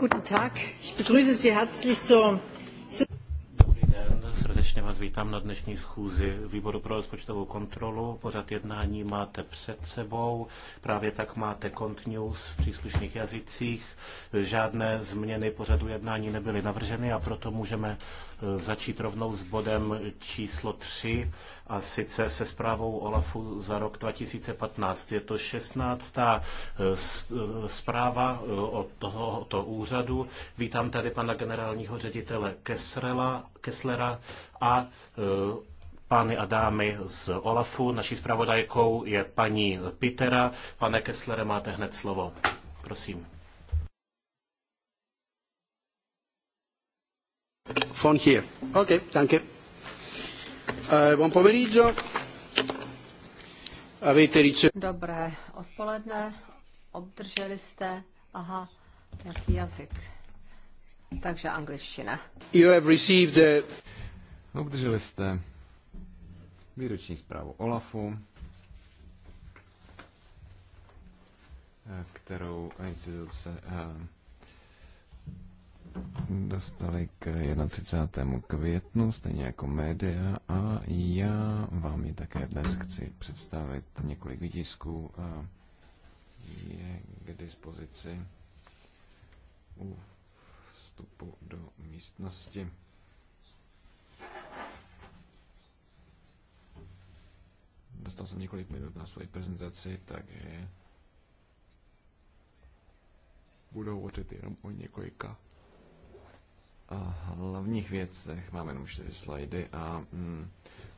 Dobrý den. Srdečně vás vítám na dnešní schůzi Výboru pro rozpočtovou kontrolu. Pořad jednání máte před sebou, právě tak máte kont News v příslušných jazycích. Žádné změny pořadu jednání nebyly navrženy a proto můžeme eh, začít rovnou s bodem číslo 3 a sice se zprávou OLAFu za rok 2015. Je to 16. Eh, eh, zpráva eh, od tohoto úřadu. Vítám tady pana generálního ředitele Kesrela, Kesslera a pány a dámy z OLAFu. Naší zpravodajkou je paní Pitera. Pane Kesslere, máte hned slovo. Prosím. Von hier. Okay, danke. Eh, buon pomeriggio. Avete ricevuto... Dobré odpoledne. Obdrželi jste... Aha, jaký jazyk? Takže angličtina. You have received the... Obdrželi jste výroční zprávu OLAFu, eh, kterou instituce eh, dostali k 31. květnu, stejně jako média, a já vám je také dnes chci představit několik výtisků a je k dispozici u vstupu do místnosti. Dostal jsem několik minut na svoji prezentaci, takže budou odjety jenom o několika hlavních věcech máme jenom čtyři slajdy a mm,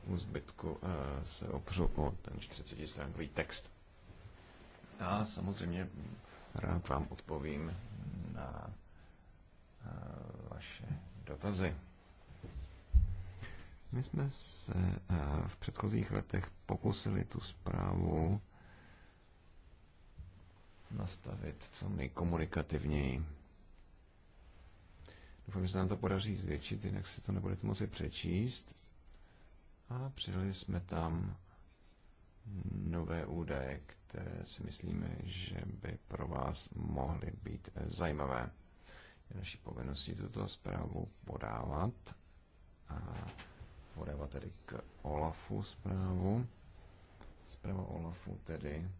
u zbytku eh, se opřu o ten 40 stránkový text. A samozřejmě rád vám odpovím na eh, vaše dotazy. My jsme se eh, v předchozích letech pokusili tu zprávu nastavit co nejkomunikativněji. Doufám, že se nám to podaří zvětšit, jinak si to nebudete moci přečíst. A přidali jsme tam nové údaje, které si myslíme, že by pro vás mohly být zajímavé. Je naší povinností tuto zprávu podávat a podávat tedy k OLAFu zprávu. Zpráva OLAFu tedy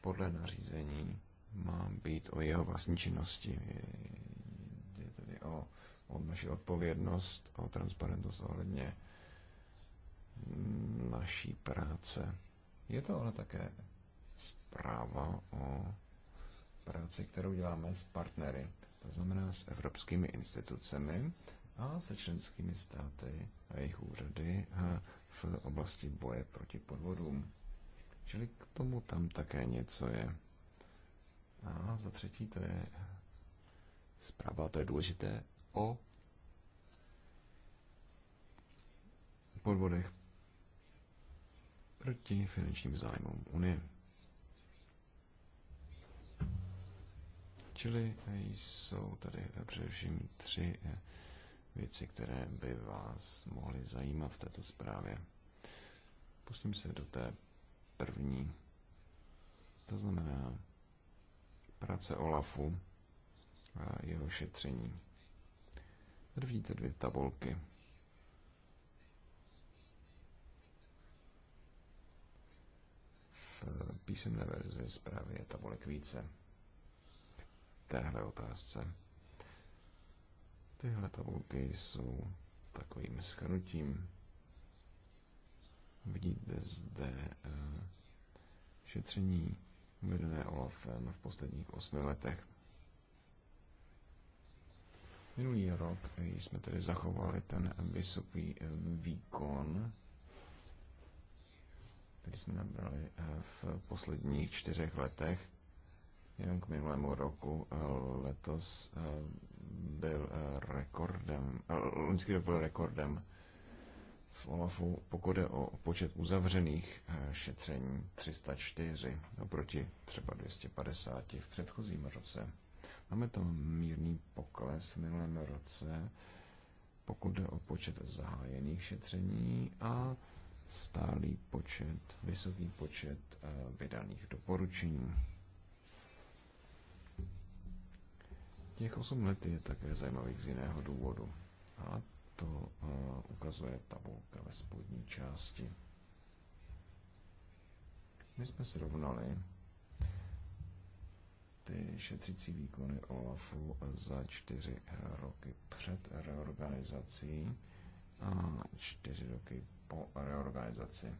podle nařízení má být o jeho vlastní činnosti. Je tedy o, o naši odpovědnost, o transparentnost ohledně naší práce. Je to ale také zpráva o práci, kterou děláme s partnery, to znamená s evropskými institucemi a se členskými státy a jejich úřady a eh, v oblasti boje proti podvodům. Čili k tomu tam také něco je. A za třetí to je zpráva, to je důležité, o podvodech proti finančním zájmům Unie. Čili jsou tady především tři věci, které by vás mohly zajímat v této zprávě. Pustím se do té první. To znamená práce Olafu a jeho šetření. Tady vidíte dvě tabulky. V písemné verzi zprávy je tabulek více. Téhle otázce. Tyhle tabulky jsou takovým schrnutím. Vidíte zde eh, šetření vedené Olafem v posledních osmi letech. Minulý rok jsme tedy zachovali ten vysoký eh, výkon, který jsme nabrali eh, v posledních čtyřech letech. Jenom k minulému roku eh, letos byl rekordem, loňský rok byl rekordem v OLAFu, pokud je o počet uzavřených eh, šetření 304 oproti třeba 250 v předchozím roce. Máme tam mírný pokles v minulém roce, pokud je o počet zahájených šetření a stálý počet, vysoký počet eh, vydaných doporučení. Těch 8 let je také zajímavých z jiného důvodu. A to eh, ukazuje tabulka ve spodní části. My jsme srovnali ty šetřící výkony OLAFu za čtyři roky před reorganizací a čtyři roky po reorganizaci.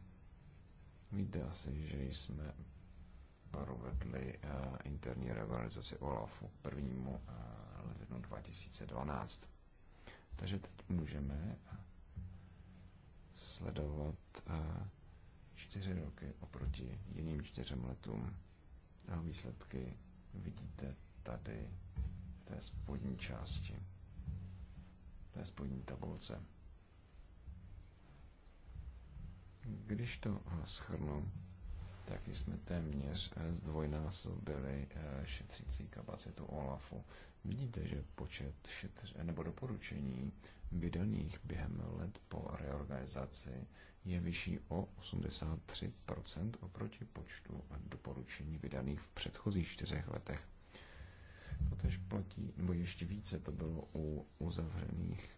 Víte asi, že jsme provedli eh, interní reorganizaci OLAFu k 1. Eh, lednu 2012. Takže teď můžeme sledovat eh, čtyři roky oproti jiným čtyřem letům. A výsledky vidíte tady v té spodní části, v té spodní tabulce. Když to schrnu, tak jsme téměř eh, zdvojnásobili eh, šetřící kapacitu OLAFu. Vidíte, že počet šetř, eh, nebo doporučení vydaných během let po reorganizaci je vyšší o 83% oproti počtu doporučení vydaných v předchozích čtyřech letech. To tež platí, nebo ještě více to bylo u uzavřených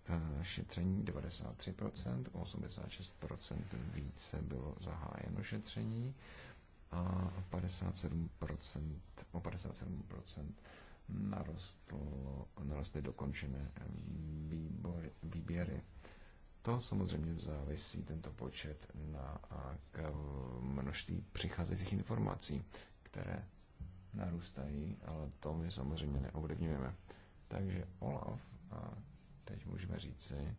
šetření 93%, 86% více bylo zahájeno šetření a 57%, o 57% narostlo, narostly dokončené výbory, výběry. To samozřejmě závisí tento počet na k množství přicházejících informací, které narůstají, ale to my samozřejmě neovlivňujeme. Takže Olaf, a teď můžeme říci,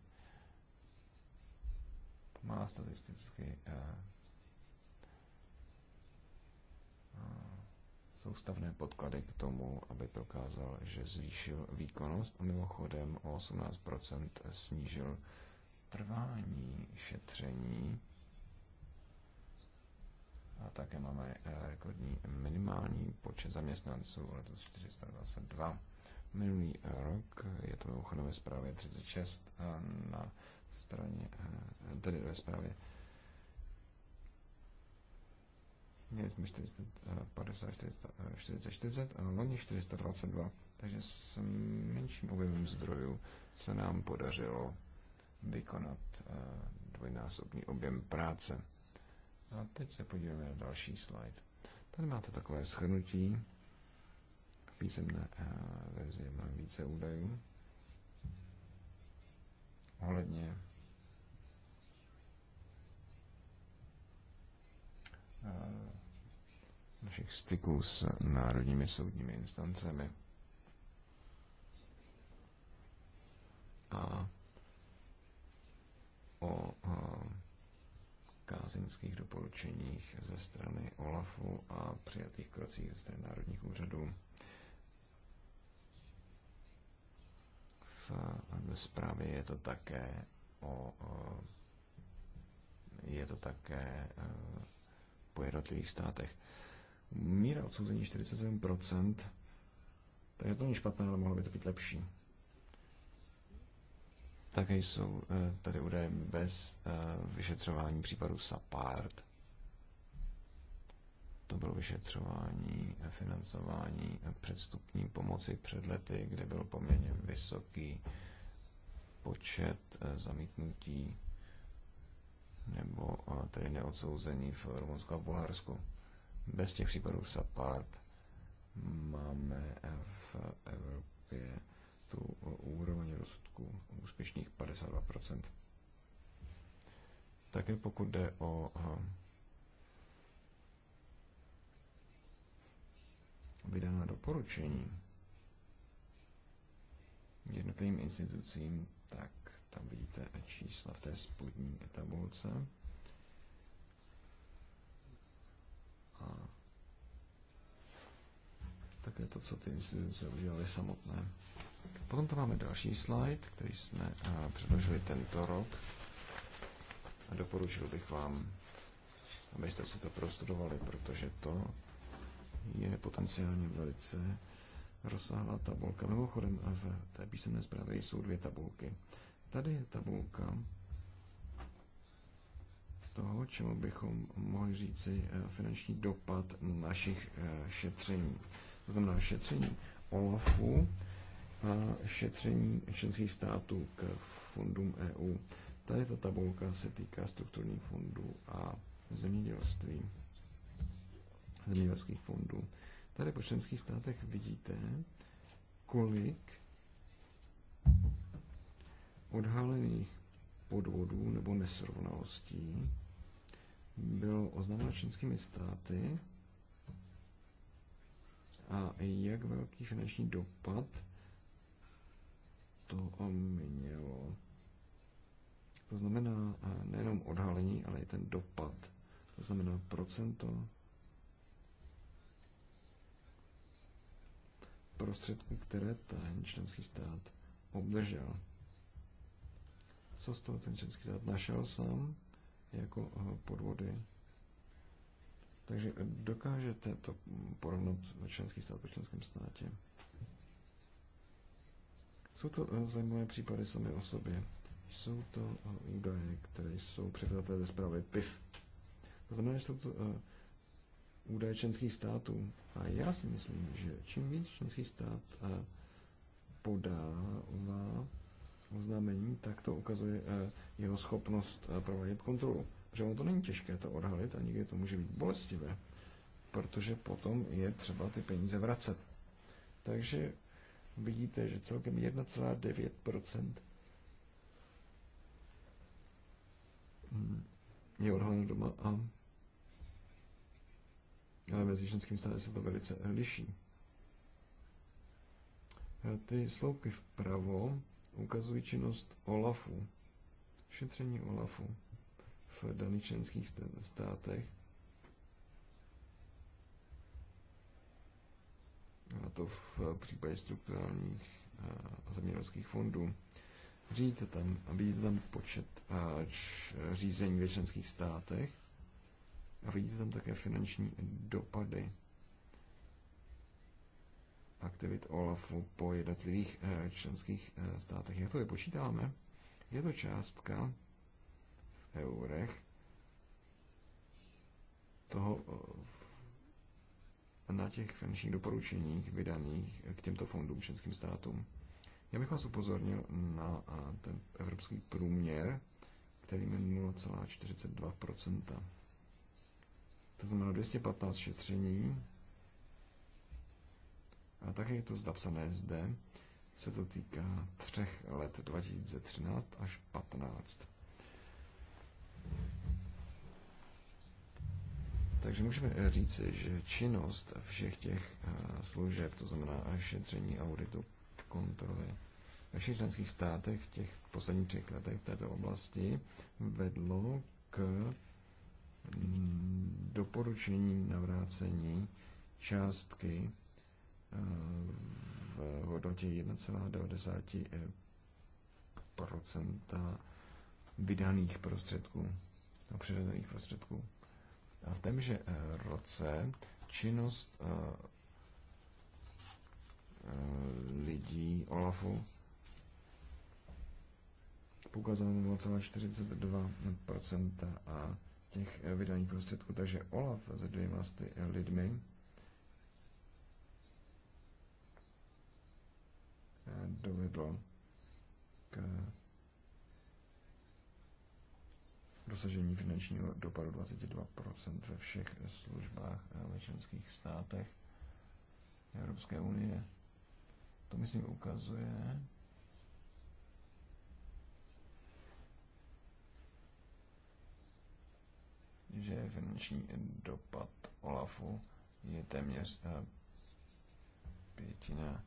má statisticky soustavné podklady k tomu, aby prokázal, že zvýšil výkonnost a mimochodem o 18% snížil trvání šetření. A také máme eh, rekordní minimální počet zaměstnanců letos 422. Minulý rok je to mimochodem ve zprávě 36 eh, na straně, eh, tedy ve zprávě Měli jsme 40, 50, 40, 40, 40 a loni 422. Takže s menším objemem zdrojů se nám podařilo vykonat eh, dvojnásobný objem práce. A teď se podíváme na další slide. Tady máte takové shrnutí. V písemné eh, verzi mám více údajů ohledně eh, našich styků s národními soudními instancemi. A o kázeňských doporučeních ze strany OLAFu a přijatých krocích ze strany národních úřadů v zprávě je to také o je to také po jednotlivých státech. Míra odsouzení 47%, takže to není špatné, ale mohlo by to být lepší. Také jsou eh, tady údaje bez eh, vyšetřování případu SAPART. To bylo vyšetřování, financování předstupní pomoci před lety, kde byl poměrně vysoký počet eh, zamítnutí nebo tedy neodsouzení v Rumunsku a Bulharsku. Bez těch případů SAPART máme v Evropě tu úroveň rozsudku úspěšných 52%. Také pokud jde o eh, vydaná doporučení jednotlivým institucím, tak tam vidíte čísla v té spodní tabulce. a také to, co ty instituce udělali samotné. Potom tam máme další slide, který jsme eh, předložili tento rok. A doporučil bych vám, abyste si to prostudovali, protože to je potenciálně velice rozsáhlá tabulka. Mimochodem, eh, v té písemné zprávě jsou dvě tabulky. Tady je tabulka toho, čemu bychom mohli říci eh, finanční dopad našich eh, šetření. To znamená šetření OLAFu a šetření členských států k fondům EU. Tady ta tabulka se týká strukturních fondů a zemědělství, zemědělských fondů. Tady po členských státech vidíte, kolik odhalených podvodů nebo nesrovnalostí byl oznámen členskými státy a jak velký finanční dopad to mělo. To znamená nejenom odhalení, ale i ten dopad. To znamená procento prostředků, které ten členský stát obdržel. Co z toho ten členský stát našel sám? jako eh, podvody. Takže dokážete to porovnat členský stát po členském státě. Jsou to eh, zajímavé případy sami o sobě. Jsou to eh, údaje, které jsou předatelé ze zprávy PIF. To znamená, že jsou to údaje členských států. A já si myslím, že čím víc členský stát podává oznámení, tak to ukazuje eh, jeho schopnost eh, provádět kontrolu. že ono to není těžké to odhalit a někdy to může být bolestivé, protože potom je třeba ty peníze vracet. Takže vidíte, že celkem 1,9% hm, je odhaleno doma a ale mezi ženským státy se to velice liší. Eh, ty sloupky vpravo ukazují činnost OLAFu, šetření OLAFu v daných členských státech. A to v případě strukturálních a zemědělských fondů. Vidíte tam, vidíte tam počet č, řízení ve členských státech a vidíte tam také finanční dopady aktivit OLAFu po jednotlivých eh, členských eh, státech. Jak to vypočítáme? Je to částka v eurech toho eh, na těch finančních doporučeních vydaných k těmto fondům členským státům. Já bych vás upozornil na ten evropský průměr, kterým je 0,42%. To znamená 215 šetření a tak je to zapsané zde, se to týká třech let 2013 až 2015. Takže můžeme eh, říci, že činnost všech těch eh, služeb, to znamená šetření, auditu, kontroly, ve všech členských státech v těch posledních třech letech v této oblasti vedlo k mm, doporučení navrácení částky v hodnotě 1,9% vydaných prostředků a předaných prostředků. A v témže eh, roce činnost eh, eh, lidí Olafu poukázala na 2,42% a těch vydaných prostředků, takže Olaf se dvěma lidmi dovedl k dosažení finančního dopadu 22% ve všech službách eh, ve členských státech Evropské unie. To myslím ukazuje, že finanční dopad OLAFu je téměř eh, pětina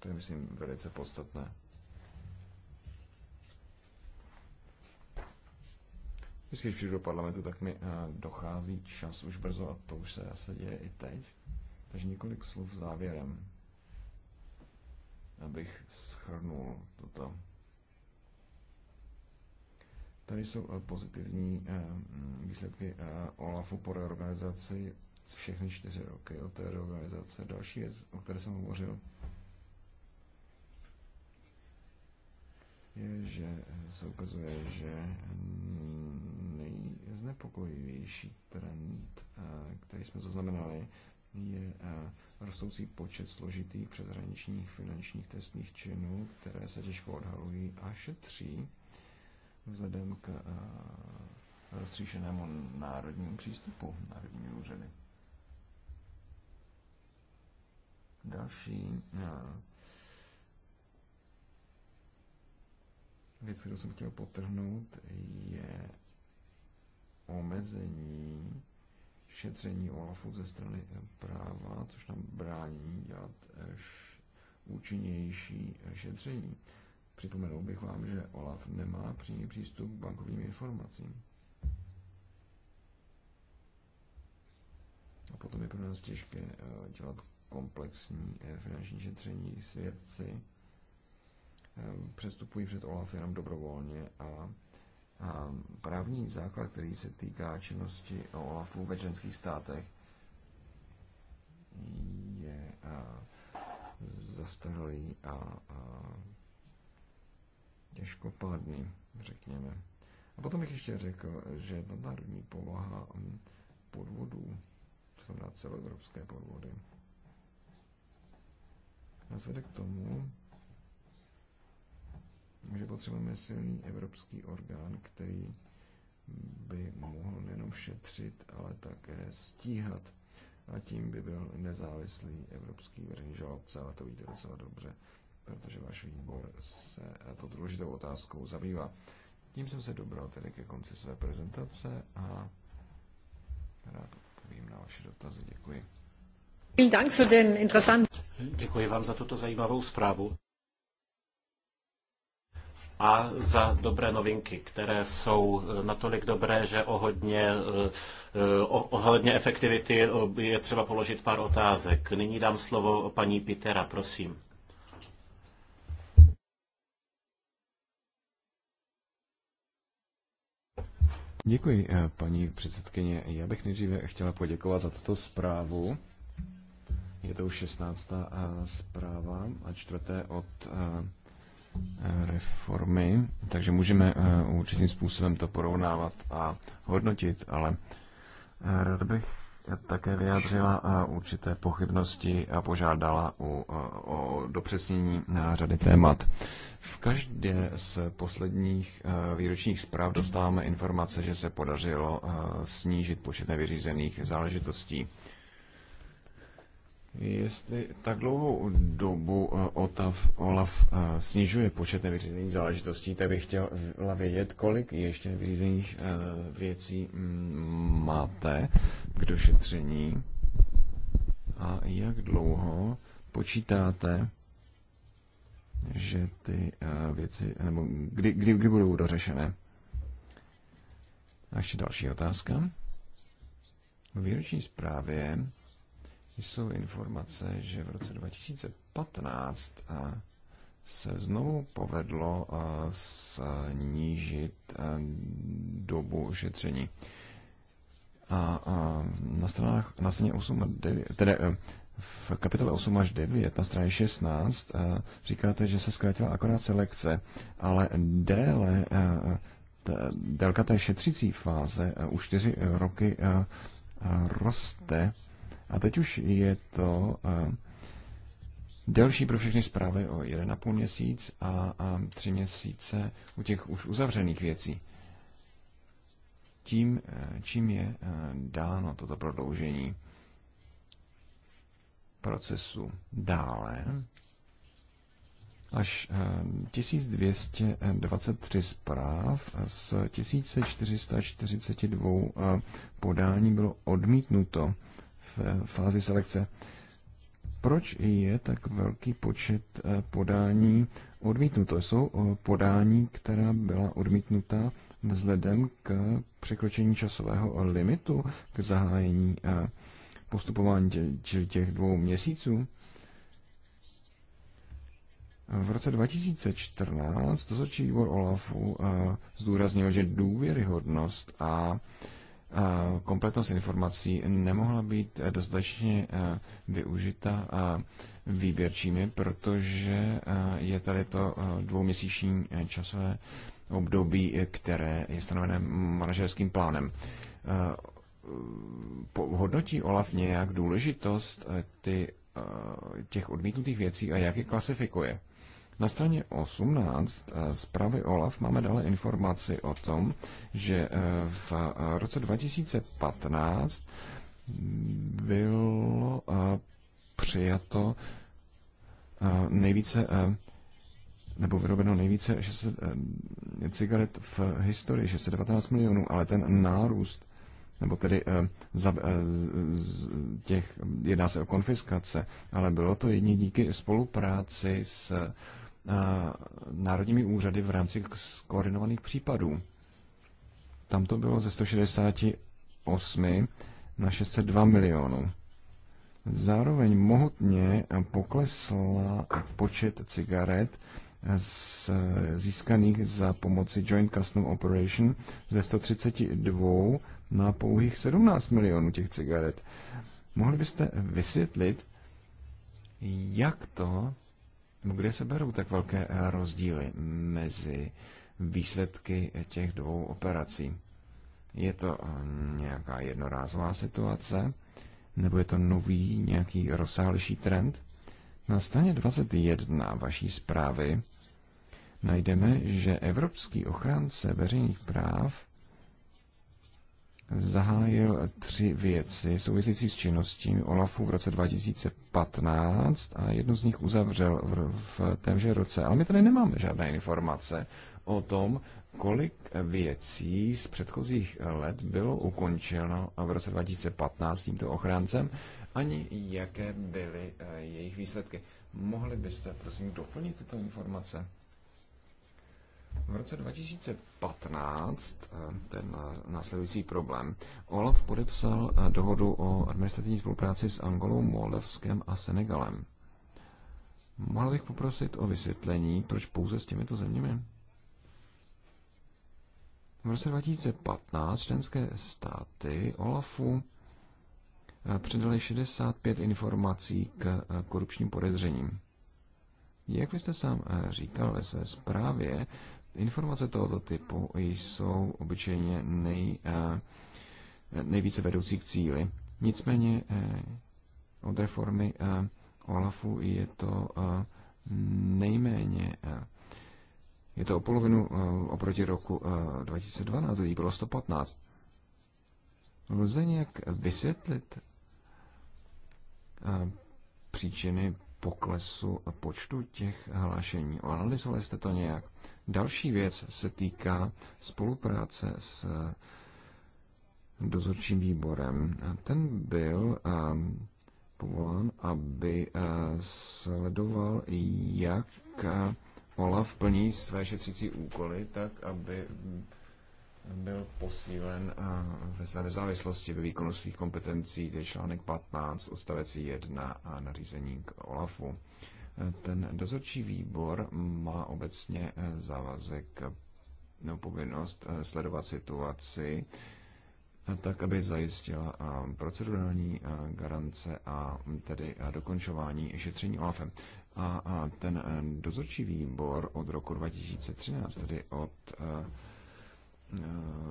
to je, myslím, velice podstatné. Vždycky, když přijdu do parlamentu, tak mi eh, dochází čas už brzo a to už se asi děje i teď. Takže několik slov závěrem, abych schrnul toto. Tady jsou eh, pozitivní eh, mm, výsledky OLAFu po reorganizaci všechny čtyři roky od té reorganizace. Další věc, o které jsem hovořil, je, že se ukazuje, že nejznepokojivější trend, eh, který jsme zaznamenali, je eh, rostoucí počet složitých přeshraničních finančních trestných činů, které se těžko odhalují a šetří vzhledem k eh, rozstříšenému národnímu přístupu národní úřady. Další věc, kterou jsem chtěl potrhnout, je omezení šetření OLAFu ze strany práva, což nám brání dělat eh, účinnější šetření. Připomenul bych vám, že OLAF nemá přímý přístup k bankovním informacím. A potom je pro nás těžké eh, dělat komplexní eh, finanční šetření svědci Eh, přestupují před OLAF jenom dobrovolně a, a právní základ, který se týká činnosti OLAFu ve členských státech, je a, eh, zastaralý a, a těžkopádný, řekněme. A potom bych ještě řekl, že nadnárodní povaha hm, podvodů, to znamená celoevropské podvody, nás vede k tomu, že potřebujeme silný evropský orgán, který by mohl nejenom šetřit, ale také stíhat. A tím by byl nezávislý evropský veřejný žalobce, ale to víte docela dobře, protože váš výbor se to důležitou otázkou zabývá. Tím jsem se dobral tedy ke konci své prezentace a rád odpovím na vaše dotazy. Děkuji. Děkuji vám za tuto zajímavou zprávu a za dobré novinky, které jsou eh, natolik dobré, že ohledně, eh, eh, ohledně efektivity je třeba položit pár otázek. Nyní dám slovo paní Pitera, prosím. Děkuji, paní předsedkyně. Já bych nejdříve chtěla poděkovat za tuto zprávu. Je to už 16. zpráva a čtvrté od reformy, takže můžeme eh, určitým způsobem to porovnávat a hodnotit, ale eh, rád bych také vyjádřila eh, určité pochybnosti a požádala o, o dopřesnění na řady témat. V každé z posledních výročních zpráv dostáváme informace, že se podařilo snížit počet nevyřízených záležitostí. Jestli tak dlouhou dobu eh, OTAV, OLAF eh, snižuje počet nevyřízených záležitostí, tak bych chtěl vědět, kolik ještě nevyřízených eh, věcí mm, máte k došetření a jak dlouho počítáte, že ty věci, nebo kdy, kdy, kdy budou dořešené. A ještě další otázka. V výroční zprávě jsou informace, že v roce 2015 se znovu povedlo snížit dobu ošetření. A, na stranách, na 8 a 9, tedy e, v kapitole 8 až 9 na straně 16 říkáte, že se zkrátila akorát selekce, ale déle, e, délka té šetřící fáze e, už 4 roky roste a teď už je to eh, delší pro všechny zprávy o 1,5 měsíc a, a 3 měsíce u těch už uzavřených věcí. Tím, eh, čím je eh, dáno toto prodloužení procesu dále, až 1223 zpráv z 1442 podání bylo odmítnuto v eh, fázi selekce. Proč je tak velký počet eh, podání odmítnuto? Jsou eh, podání, která byla odmítnuta vzhledem k překročení časového limitu k zahájení postupování těch dvou měsíců? V roce 2014 dozorčí výbor OLAFu zdůraznil, že důvěryhodnost a kompletnost informací nemohla být eh, dostatečně eh, využita eh, výběrčími, protože je tady to dvouměsíční časové období, které je stanovené manažerským plánem. Hodnotí Olaf nějak důležitost ty, těch odmítnutých věcí a jak je klasifikuje? Na straně 18 eh, zprávy OLAF máme dále informaci o tom, že eh, v eh, roce 2015 bylo přijato nejvíce nebo vyrobeno nejvíce 600 cigaret v historii, 619 milionů, ale ten nárůst, nebo tedy z těch, jedná se o konfiskace, ale bylo to jedině díky spolupráci s národními úřady v rámci skoordinovaných případů. Tam to bylo ze 168 na 602 milionů. Zároveň mohutně poklesla počet cigaret z, získaných za pomoci Joint Custom Operation ze 132 na pouhých 17 milionů těch cigaret. Mohli byste vysvětlit, jak to, nebo kde se berou tak velké rozdíly mezi výsledky těch dvou operací? Je to eh, nějaká jednorázová situace? Nebo je to nový nějaký rozsáhlejší trend? Na straně 21 vaší zprávy najdeme, že Evropský ochránce veřejných práv zahájil tři věci související s činností Olafu v roce 2015 a jednu z nich uzavřel v, v témže roce. Ale my tady nemáme žádné informace o tom, kolik věcí z předchozích let bylo ukončeno v roce 2015 tímto ochráncem, ani jaké byly eh, jejich výsledky. Mohli byste, prosím, doplnit tyto informace? V roce 2015 eh, ten eh, následující problém. Olaf podepsal eh, dohodu o administrativní spolupráci s Angolou, Moldavskem a Senegalem. Mohl bych poprosit o vysvětlení, proč pouze s těmito zeměmi? V roce 2015 členské státy Olafu předali 65 informací k korupčním podezřením. Jak byste jste sám říkal ve své zprávě, Informace tohoto typu jsou obyčejně nej, eh, nejvíce vedoucí k cíli. Nicméně eh, od reformy eh, OLAFu je to nejméně. Je to o polovinu oproti roku 2012, kdy bylo 115. Lze nějak vysvětlit příčiny poklesu počtu těch hlášení? Analyzovali jste to nějak? Další věc se týká spolupráce s dozorčím výborem. Ten byl povolán, aby sledoval, jak Olaf plní své šetřící úkoly, tak aby byl posílen ve své nezávislosti ve výkonu svých kompetencí, to je článek 15, odstavec 1 a nařízení k OLAFu. Ten dozorčí výbor má obecně eh, závazek eh, nebo povinnost eh, sledovat situaci tak, aby zajistila procedurální garance a hm, tedy dokončování šetření OLAFem. A ten dozorčí výbor od roku 2013, tedy od Eh,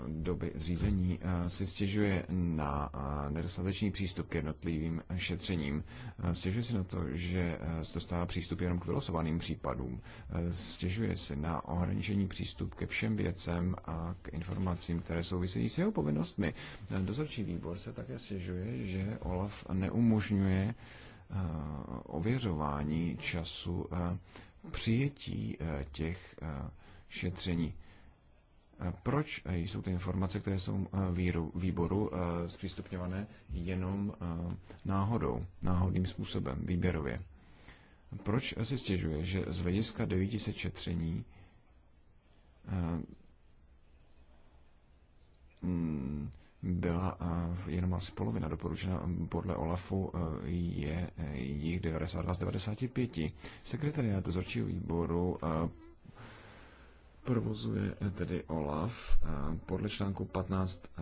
doby zřízení eh, si stěžuje na eh, nedostatečný přístup k jednotlivým šetřením. Stěžuje si na to, že se dostává přístup jenom k vylosovaným případům. Stěžuje si na ohraničení přístup ke všem věcem a k informacím, které souvisejí s jeho povinnostmi. Dozorčí výbor se také stěžuje, že OLAF neumožňuje ověřování času přijetí těch šetření proč jsou ty informace, které jsou eh, výru, výboru eh, zpřístupňované jenom eh, náhodou, náhodným způsobem, výběrově? Proč si stěžuje, že z hlediska 900 šetření mm, byla jenom asi polovina doporučena podle OLAFu je jich 92 z 95. Sekretariát dozorčího výboru provozuje eh, tedy OLAF podle článku 15 eh,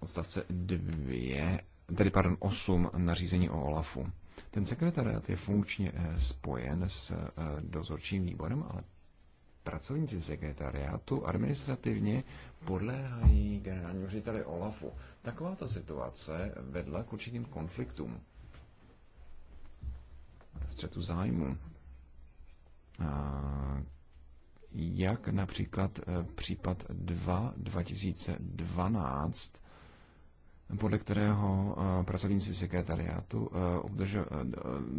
odstavce 2, tedy pardon 8 nařízení o OLAFu. Ten sekretariat je funkčně eh, spojen s dozorčím výborem, ale pracovníci sekretariátu administrativně podléhají generálnímu řediteli OLAFu. Taková ta situace vedla k určitým konfliktům střetu zájmu, jak například eh, případ 2 2012, podle kterého eh, pracovníci sekretariátu eh, obdržel,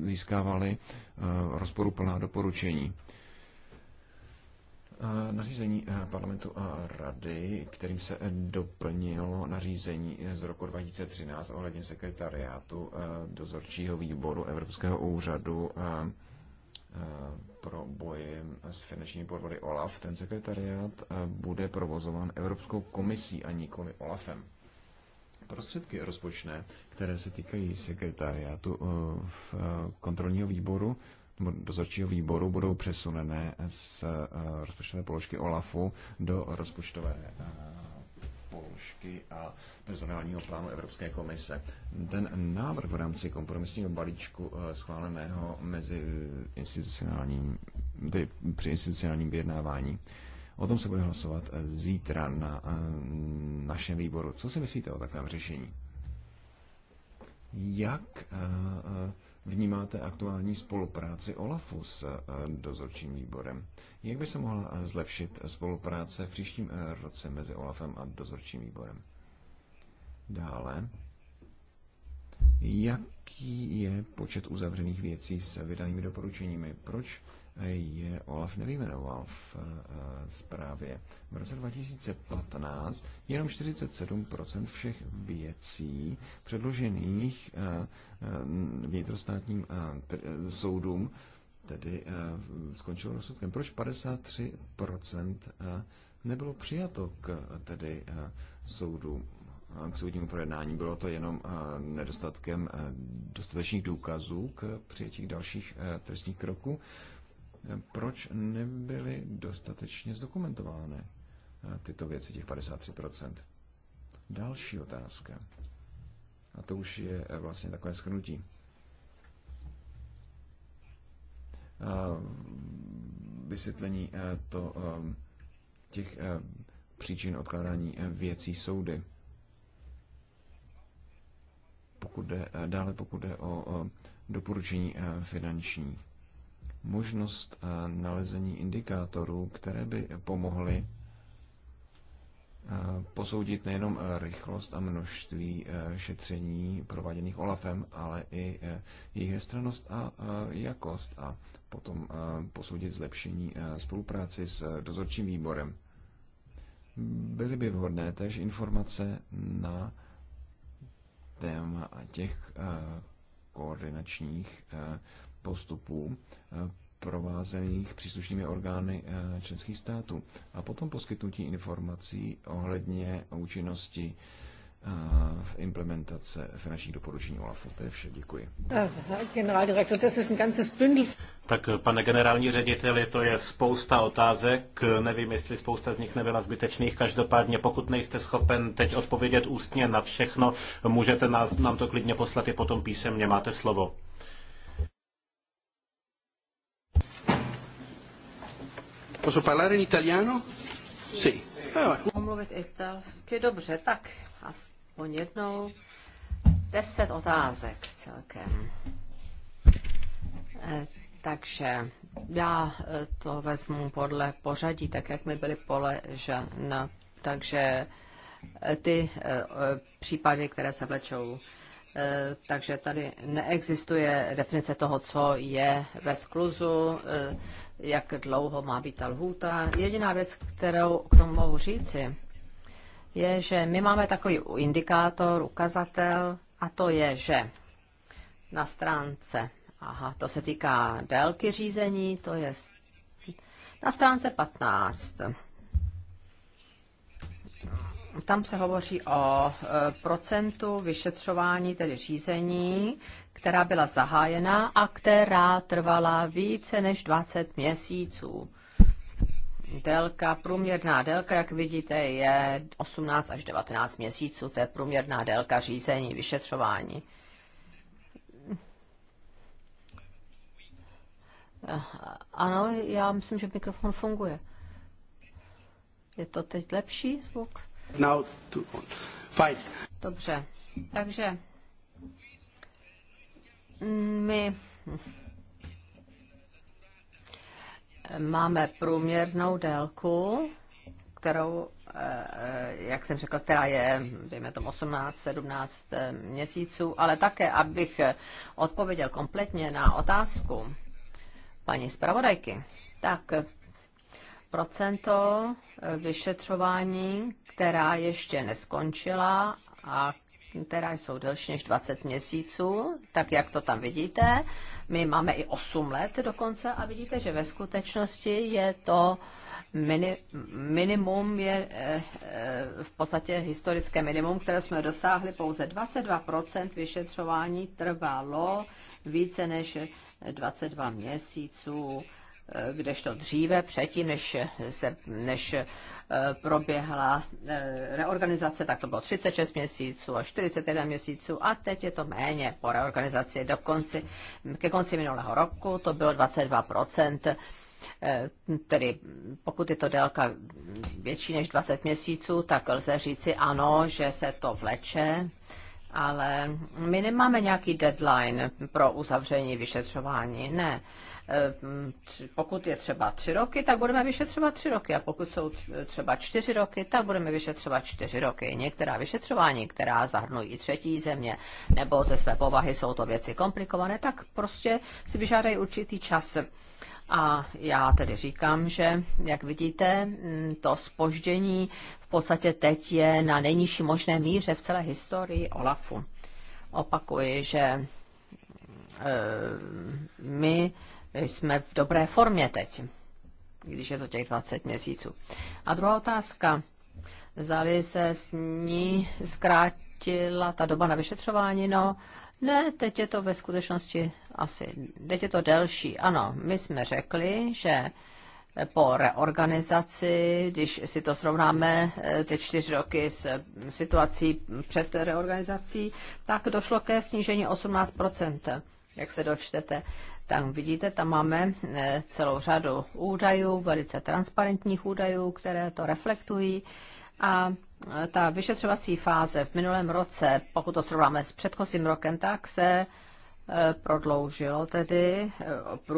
získávali rozporuplná doporučení. Nařízení parlamentu a rady, kterým se doplnilo nařízení z roku 2013 ohledně sekretariátu dozorčího výboru Evropského úřadu pro boj s finančními podvody OLAF, ten sekretariát eh, bude provozován Evropskou komisí a nikoli OLAFem. Prostředky rozpočné, které se týkají sekretariátu eh, v eh, kontrolního výboru nebo dozorčího výboru, budou přesunené z rozpočtové položky OLAFu do rozpočtové položky a personálního plánu Evropské komise. Ten návrh v rámci kompromisního balíčku eh, schváleného mezi institucionálním, tedy při institucionálním vyjednávání O tom se bude hlasovat eh, zítra na eh, našem výboru. Co si myslíte o takovém řešení? Jak vnímáte aktuální spolupráci OLAFu s eh, dozorčím výborem? Jak by se mohla eh, zlepšit spolupráce v příštím eh, roce mezi OLAFem a dozorčím výborem? Dále. Jaký je počet uzavřených věcí s vydanými doporučeními? Proč je Olaf nevyjmenoval v eh, zprávě. V roce 2015 jenom 47% všech věcí předložených eh, eh, vnitrostátním soudům tedy skončilo rozsudkem. Proč 53% nebylo přijato k tedy soudu? k soudnímu projednání. Bylo to jenom nedostatkem dostatečných důkazů k přijetí dalších trestních kroků proč nebyly dostatečně zdokumentovány eh, tyto věci, těch 53%. Další otázka. A to už je eh, vlastně takové schrnutí. Mm, vysvětlení eh, to ehm, těch příčin odkládání věcí soudy. Pokud jde, dále pokud jde o doporučení finanční možnost eh, nalezení indikátorů, které by pomohly eh, posoudit nejenom eh, rychlost a množství šetření prováděných OLAFem, ale i jejich stranost a jakost a potom posoudit zlepšení spolupráci s dozorčím výborem. Byly by vhodné též informace na téma těch koordinačních postupů eh, provázených příslušnými orgány eh, členských států a potom poskytnutí informací ohledně účinnosti eh, v implementace finančních doporučení OLAFu. To je vše, děkuji. Tak pane generální řediteli, to je spousta otázek. Nevím, jestli spousta z nich nebyla zbytečných. Každopádně, pokud nejste schopen teď odpovědět ústně na všechno, můžete nás, nám to klidně poslat i potom písemně. Máte slovo. Posso parlare in italiano? Sì. Eh, mluvit italsky, dobře, tak aspoň jednou. Deset otázek celkem. Eh, takže já eh, to vezmu podle pořadí, tak jak mi byly poležena. Takže ty případy, které se vlečou Eh, takže tady neexistuje definice toho, co je ve skluzu, eh, jak dlouho má být ta lhůta. Jediná věc, kterou k tomu mohu říci, je, že my máme takový indikátor, ukazatel, a to je, že na stránce, aha, to se týká délky řízení, to je na stránce 15 tam se hovoří o e, procentu vyšetřování, tedy řízení, která byla zahájena a která trvala více než 20 měsíců. Délka, průměrná délka, jak vidíte, je 18 až 19 měsíců. To je průměrná délka řízení, vyšetřování. Ano, já myslím, že mikrofon funguje. Je to teď lepší zvuk? Now to... Dobře, takže my máme průměrnou délku, kterou, eh, jak jsem řekl, která je, dejme tomu, 18-17 eh, měsíců, ale také, abych odpověděl kompletně na otázku paní zpravodajky, tak procento vyšetřování která ještě neskončila a která jsou delší než 20 měsíců, tak jak to tam vidíte. My máme i 8 let dokonce a vidíte, že ve skutečnosti je to mini, minimum, je eh, eh, v podstatě historické minimum, které jsme dosáhli pouze 22% vyšetřování trvalo více než 22 měsíců. Eh, kdežto dříve, předtím, než, se, než eh, proběhla eh, reorganizace, tak to bylo 36 měsíců a 41 měsíců a teď je to méně po reorganizaci. Do konci, ke konci minulého roku to bylo 22%, tedy pokud je to délka větší než 20 měsíců, tak lze říci ano, že se to vleče, ale my nemáme nějaký deadline pro uzavření vyšetřování, ne. Eh, pokud je třeba tři roky, tak budeme vyšetřovat tři roky a pokud jsou třeba čtyři roky, tak budeme vyšetřovat čtyři roky. Některá vyšetřování, která zahrnují i třetí země, nebo ze své povahy jsou to věci komplikované, tak prostě si vyžádají určitý čas. A já tedy říkám, že, jak vidíte, mm, to spoždění v podstatě teď je na nejnižší možné míře v celé historii OLAFu. Opakuji, že eh, my jsme v dobré formě teď, když je to těch 20 měsíců. A druhá otázka. Zdali se s ní zkrátila ta doba na vyšetřování? No, ne, teď je to ve skutečnosti asi, teď je to delší. Ano, my jsme řekli, že po reorganizaci, když si to srovnáme eh, ty čtyři roky s eh, situací před reorganizací, tak došlo ke snížení 18 jak se dočtete. Tam vidíte, tam máme eh, celou řadu údajů, velice transparentních údajů, které to reflektují. A eh, ta vyšetřovací fáze v minulém roce, pokud to srovnáme s předchozím rokem, tak se eh, prodloužilo tedy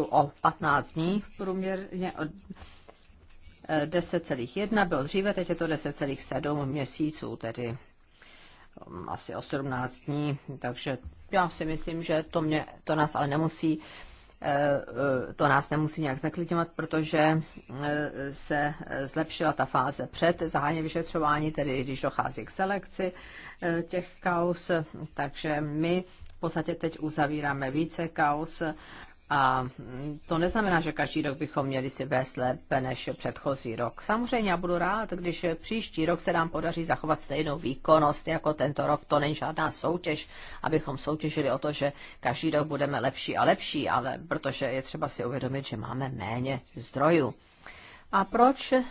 o 15 dní průměrně 10,1 bylo dříve, teď je to 10,7 měsíců, tedy mm, asi o 17 dní, takže já si myslím, že to, mě, to nás ale nemusí Eh, eh, to nás nemusí nějak zneklidňovat, protože eh, se zlepšila ta fáze před zahájením vyšetřování, tedy když dochází k selekci těch kaus, takže my v podstatě teď uzavíráme více kaus a to neznamená, že každý rok bychom měli si vést lépe než předchozí rok. Samozřejmě já budu rád, když příští rok se nám podaří zachovat stejnou výkonnost jako tento rok. To není žádná soutěž, abychom soutěžili o to, že každý rok budeme lepší a lepší, ale protože je třeba si uvědomit, že máme méně zdrojů. A proč eh,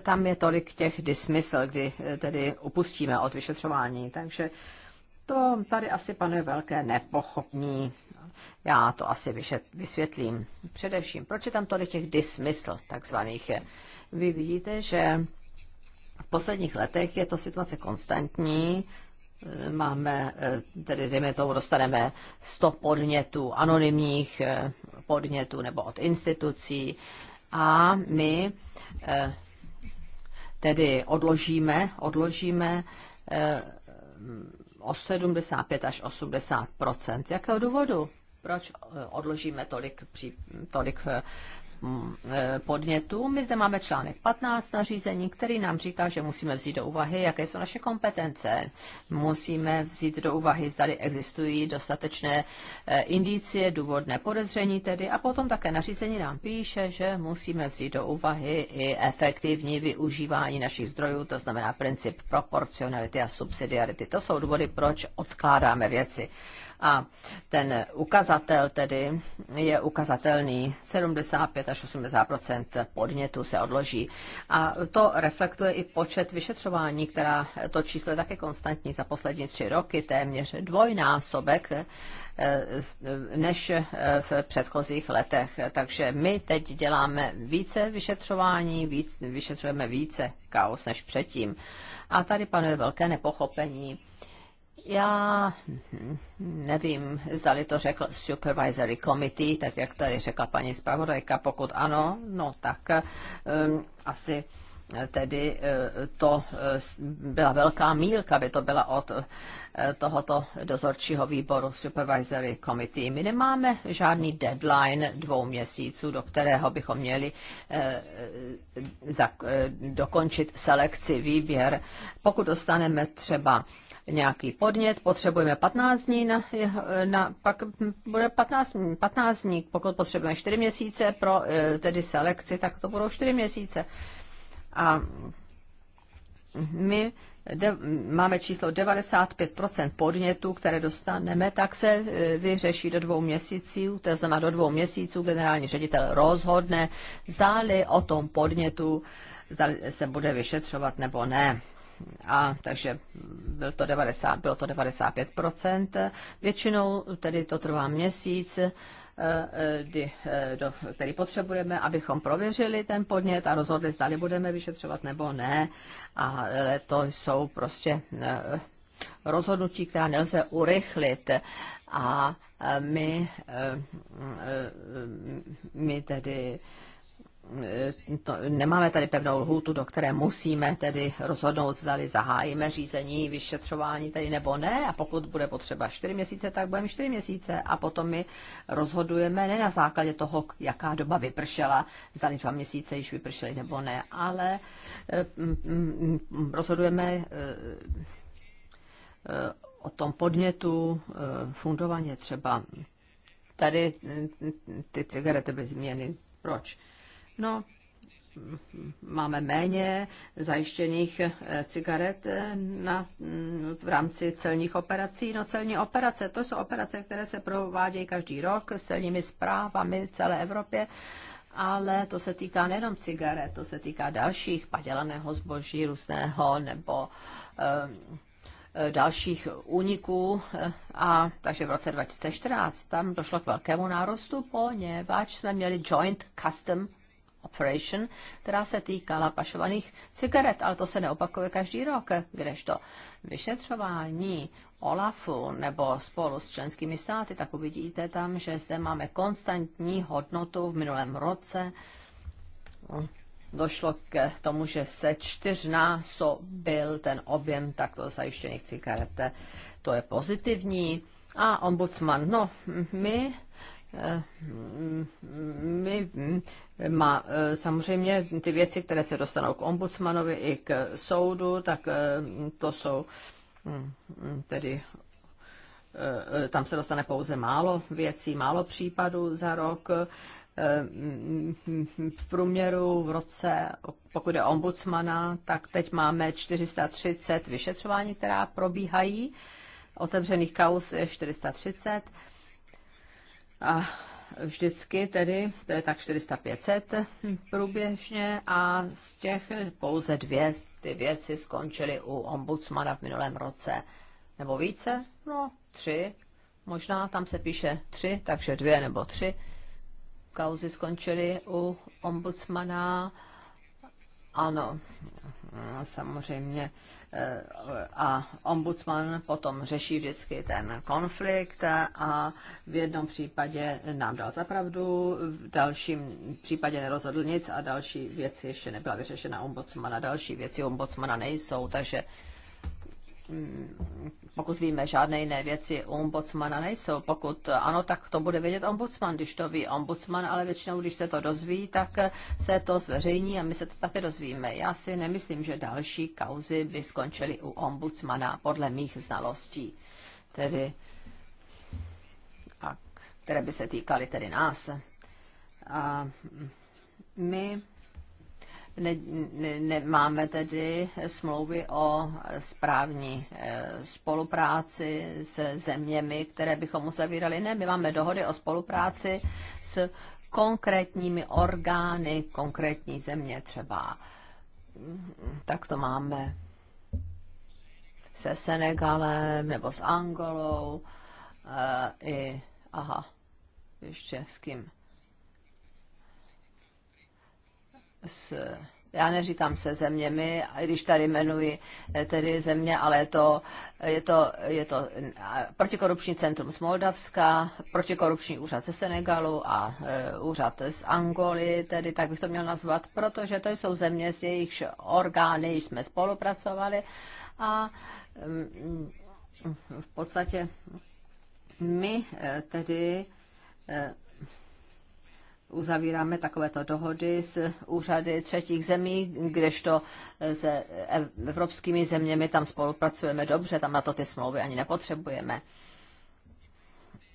tam je tolik těch dismysl, kdy eh, tedy upustíme od vyšetřování? Takže to tady asi panuje velké nepochopní já to asi vysvětlím. Především, proč je tam tolik těch dismysl, takzvaných. Vy vidíte, že v posledních letech je to situace konstantní, máme, eh, tedy dejme tomu, dostaneme 100 podnětů, anonymních eh, podnětů nebo od institucí a my eh, tedy odložíme, odložíme o 75 až 80 Z jakého důvodu? proč eh, odložíme tolik, při, tolik eh, eh, podnětů. My zde máme článek 15 nařízení, který nám říká, že musíme vzít do úvahy, jaké jsou naše kompetence. Musíme vzít do úvahy, zda existují dostatečné indicie, důvodné podezření tedy. A potom také nařízení nám píše, že musíme vzít do úvahy i efektivní využívání našich zdrojů, to znamená princip proporcionality a subsidiarity. To jsou důvody, proč odkládáme věci. A ten ukazatel tedy je ukazatelný. 75 až 80 podnětu se odloží. A to reflektuje i počet vyšetřování, která to číslo je také konstantní za poslední tři roky, téměř dvojnásobek eh, než eh, v předchozích letech. Takže my teď děláme více vyšetřování, víc, vyšetřujeme více kaos než předtím. A tady panuje velké nepochopení já nevím, zdali to řekl Supervisory Committee, tak jak tady řekla paní zpravodajka. Pokud ano, no tak um, asi tedy uh, to uh, byla velká mílka, by to byla od uh, tohoto dozorčího výboru Supervisory Committee. My nemáme žádný deadline dvou měsíců, do kterého bychom měli dokončit selekci, výběr. Pokud dostaneme třeba nějaký podnět, potřebujeme 15 dní, na, na, pak bude 15, 15 dní, pokud potřebujeme 4 měsíce pro eh, tedy selekci, tak to budou 4 měsíce. A my de, máme číslo 95% podnětů, které dostaneme, tak se eh, vyřeší do dvou měsíců, to znamená do dvou měsíců generální ředitel rozhodne, zdáli o tom podnětu, zdali se bude vyšetřovat nebo ne a takže byl to 90, bylo to 95%. Většinou tedy to trvá měsíc, eh, eh, kdy, eh, do, který potřebujeme, abychom prověřili ten podnět a rozhodli, zdali budeme vyšetřovat nebo ne. A to jsou prostě rozhodnutí, která nelze urychlit. A my, my tedy Eh, to, nemáme tady pevnou lhůtu, do které musíme tedy rozhodnout, zdali zahájíme řízení, vyšetřování tedy nebo ne. A pokud bude potřeba čtyři měsíce, tak budeme čtyři měsíce. A potom my rozhodujeme ne na základě toho, jaká doba vypršela, zdali dva měsíce již vypršely nebo ne, ale eh, rozhodujeme eh, o tom podnětu fundovaně třeba. Tady ty cigarety byly změny. Proč? No, máme méně zajištěných eh, cigaret eh, na, mm, v rámci celních operací. No celní operace, to jsou operace, které se provádějí každý rok s celními zprávami v celé Evropě, ale to se týká nejenom cigaret, to se týká dalších padělaného zboží různého nebo e, dalších úniků. A takže v roce 2014 tam došlo k velkému nárostu, poněvadž jsme měli joint custom Operation, která se týkala pašovaných cigaret, ale to se neopakuje každý rok, kdežto vyšetřování OLAFu nebo spolu s členskými státy, tak uvidíte tam, že zde máme konstantní hodnotu v minulém roce. Došlo k tomu, že se čtyřnásobil ten objem takto zajištěných cigaret. To je pozitivní. A ombudsman, no, my my mm, má, eh, samozřejmě ty věci, které se dostanou k ombudsmanovi i k soudu, tak eh, to jsou mm, tedy eh, tam se dostane pouze málo věcí, málo případů za rok. Mm, v průměru v roce, pokud je ombudsmana, tak teď máme 430 vyšetřování, která probíhají. Otevřených kaus je 430 a vždycky tedy, to je tak 400-500 průběžně a z těch pouze dvě ty věci skončily u ombudsmana v minulém roce. Nebo více? No, tři. Možná tam se píše tři, takže dvě nebo tři. Kauzy skončily u ombudsmana. Ano, samozřejmě e, a ombudsman potom řeší vždycky ten konflikt a v jednom případě nám dal zapravdu, v dalším případě nerozhodl nic a další věc ještě nebyla vyřešena ombudsmana, další věci ombudsmana nejsou, takže Mm, pokud víme, žádné jiné věci u ombudsmana nejsou. Pokud ano, tak to bude vědět ombudsman, když to ví ombudsman, ale většinou, když se to dozví, tak se to zveřejní a my se to také dozvíme. Já si nemyslím, že další kauzy by skončily u ombudsmana podle mých znalostí, tedy, a které by se týkaly tedy nás. A my nemáme ne, ne tedy smlouvy o správní eh, spolupráci se zeměmi, které bychom uzavírali. Ne, my máme dohody o spolupráci s konkrétními orgány konkrétní země třeba. Mm, tak to máme se Senegalem nebo s Angolou e, i, aha, ještě s kým? s já neříkám se zeměmi, když tady jmenuji eh, tedy země, ale je to, je to, je to protikorupční centrum z Moldavska, protikorupční úřad ze Senegalu a e, úřad z Angoly, tedy tak bych to měl nazvat, protože to jsou země, s jejichž orgány jsme spolupracovali a mm, v podstatě my eh, tedy uzavíráme takovéto dohody s úřady třetích zemí, kdežto s evropskými zeměmi tam spolupracujeme dobře, tam na to ty smlouvy ani nepotřebujeme.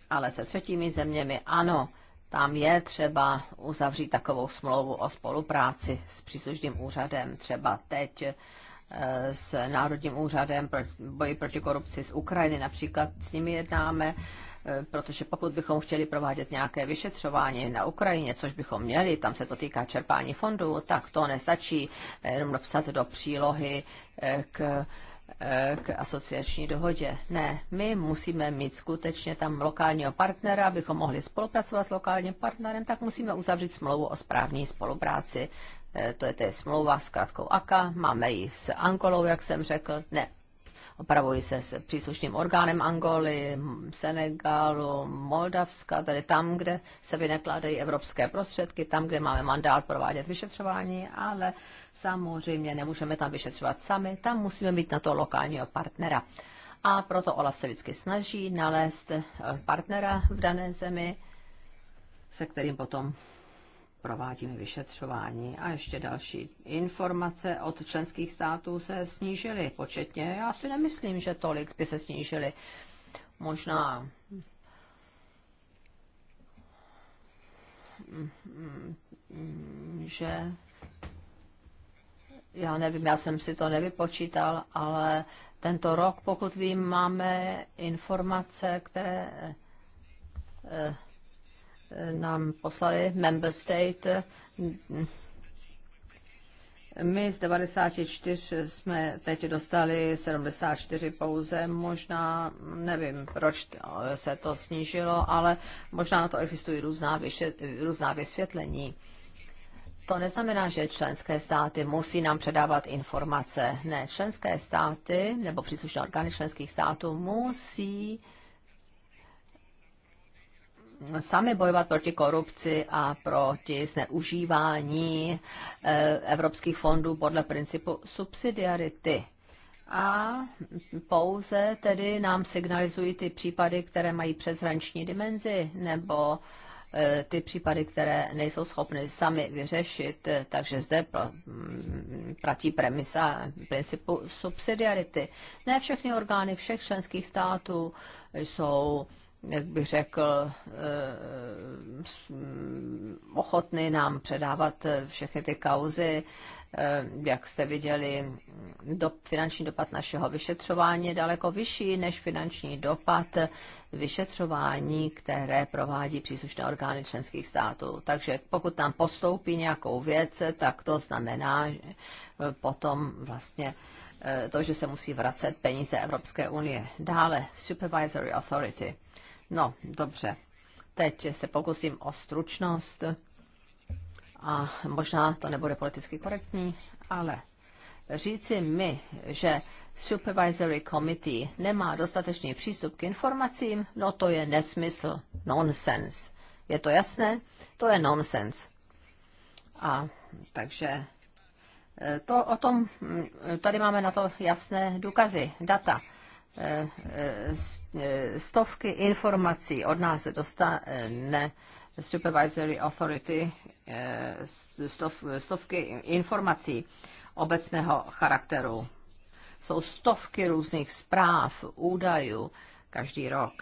Ale se třetími zeměmi ano, tam je třeba uzavřít takovou smlouvu o spolupráci s příslušným úřadem, třeba teď eh, s Národním úřadem pro boji proti korupci z Ukrajiny. Například s nimi jednáme protože pokud bychom chtěli provádět nějaké vyšetřování na Ukrajině, což bychom měli, tam se to týká čerpání fondů, tak to nestačí eh, jenom napsat do přílohy eh, k eh, k asociační dohodě. Ne, my musíme mít skutečně tam lokálního partnera, abychom mohli spolupracovat s lokálním partnerem, tak musíme uzavřít smlouvu o správní spolupráci. To je tedy smlouva s krátkou AKA, máme ji s Ankolou, jak jsem řekl, ne, opravuji se s příslušným orgánem Angoly, Senegalu, Moldavska, tedy tam, kde se vynakládají evropské prostředky, tam, kde máme mandát provádět vyšetřování, ale samozřejmě nemůžeme tam vyšetřovat sami, tam musíme mít na to lokálního partnera. A proto Olaf se vždycky snaží nalézt partnera v dané zemi, se kterým potom provádíme vyšetřování. A ještě další informace od členských států se snížily početně. Já si nemyslím, že tolik by se snížily. Možná že já nevím, já jsem si to nevypočítal, ale tento rok, pokud vím, máme informace, které eh, nám poslali member state. My z 94 jsme teď dostali 74 pouze, možná nevím, proč se to snížilo, ale možná na to existují různá, vyšet, různá vysvětlení. To neznamená, že členské státy musí nám předávat informace. Ne, členské státy nebo příslušné orgány členských států musí sami bojovat proti korupci a proti zneužívání eh, evropských fondů podle principu subsidiarity. A pouze tedy nám signalizují ty případy, které mají přeshraniční dimenzi nebo eh, ty případy, které nejsou schopny sami vyřešit. Takže zde mm, platí premisa principu subsidiarity. Ne všechny orgány všech členských států jsou jak bych řekl, eh, ochotný nám předávat eh, všechny ty kauzy, eh, jak jste viděli, do, finanční dopad našeho vyšetřování je daleko vyšší než finanční dopad vyšetřování, které provádí příslušné orgány členských států. Takže pokud tam postoupí nějakou věc, tak to znamená že potom vlastně to, že se musí vracet peníze Evropské unie. Dále Supervisory Authority. No, dobře. Teď se pokusím o stručnost a možná to nebude politicky korektní, ale říci mi, že Supervisory Committee nemá dostatečný přístup k informacím, no to je nesmysl, nonsense. Je to jasné? To je nonsense. A takže e, to o tom, tady máme na to jasné důkazy, data. Eh, eh, stovky informací od nás dostane Supervisory Authority eh, stovky informací obecného charakteru. Jsou stovky různých zpráv, údajů každý rok.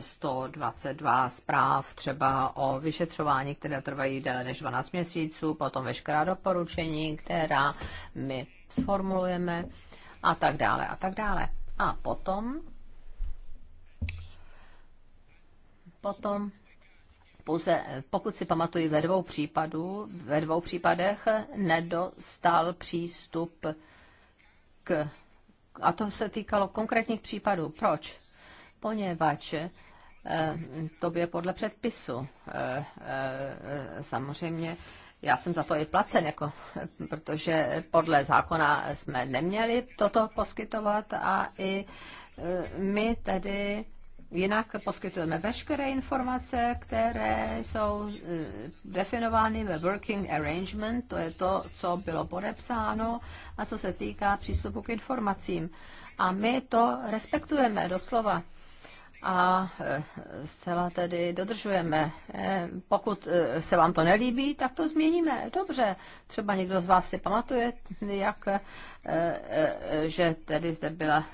122 zpráv třeba o vyšetřování, které trvají déle než 12 měsíců, potom veškerá doporučení, která my sformulujeme a tak dále a tak dále. A potom, potom pouze, pokud si pamatuju, ve dvou případů, ve dvou případech nedostal přístup k, a to se týkalo konkrétních případů. Proč? Poněvadž eh, to je podle předpisu. Eh, eh, samozřejmě já jsem za to i placen, jako, protože podle zákona jsme neměli toto poskytovat a i e, my tedy jinak poskytujeme veškeré informace, které jsou e, definovány ve working arrangement, to je to, co bylo podepsáno a co se týká přístupu k informacím. A my to respektujeme doslova a e, zcela tedy dodržujeme. E, pokud e, se vám to nelíbí, tak to změníme. Dobře, třeba někdo z vás si pamatuje, jak, že tedy zde byla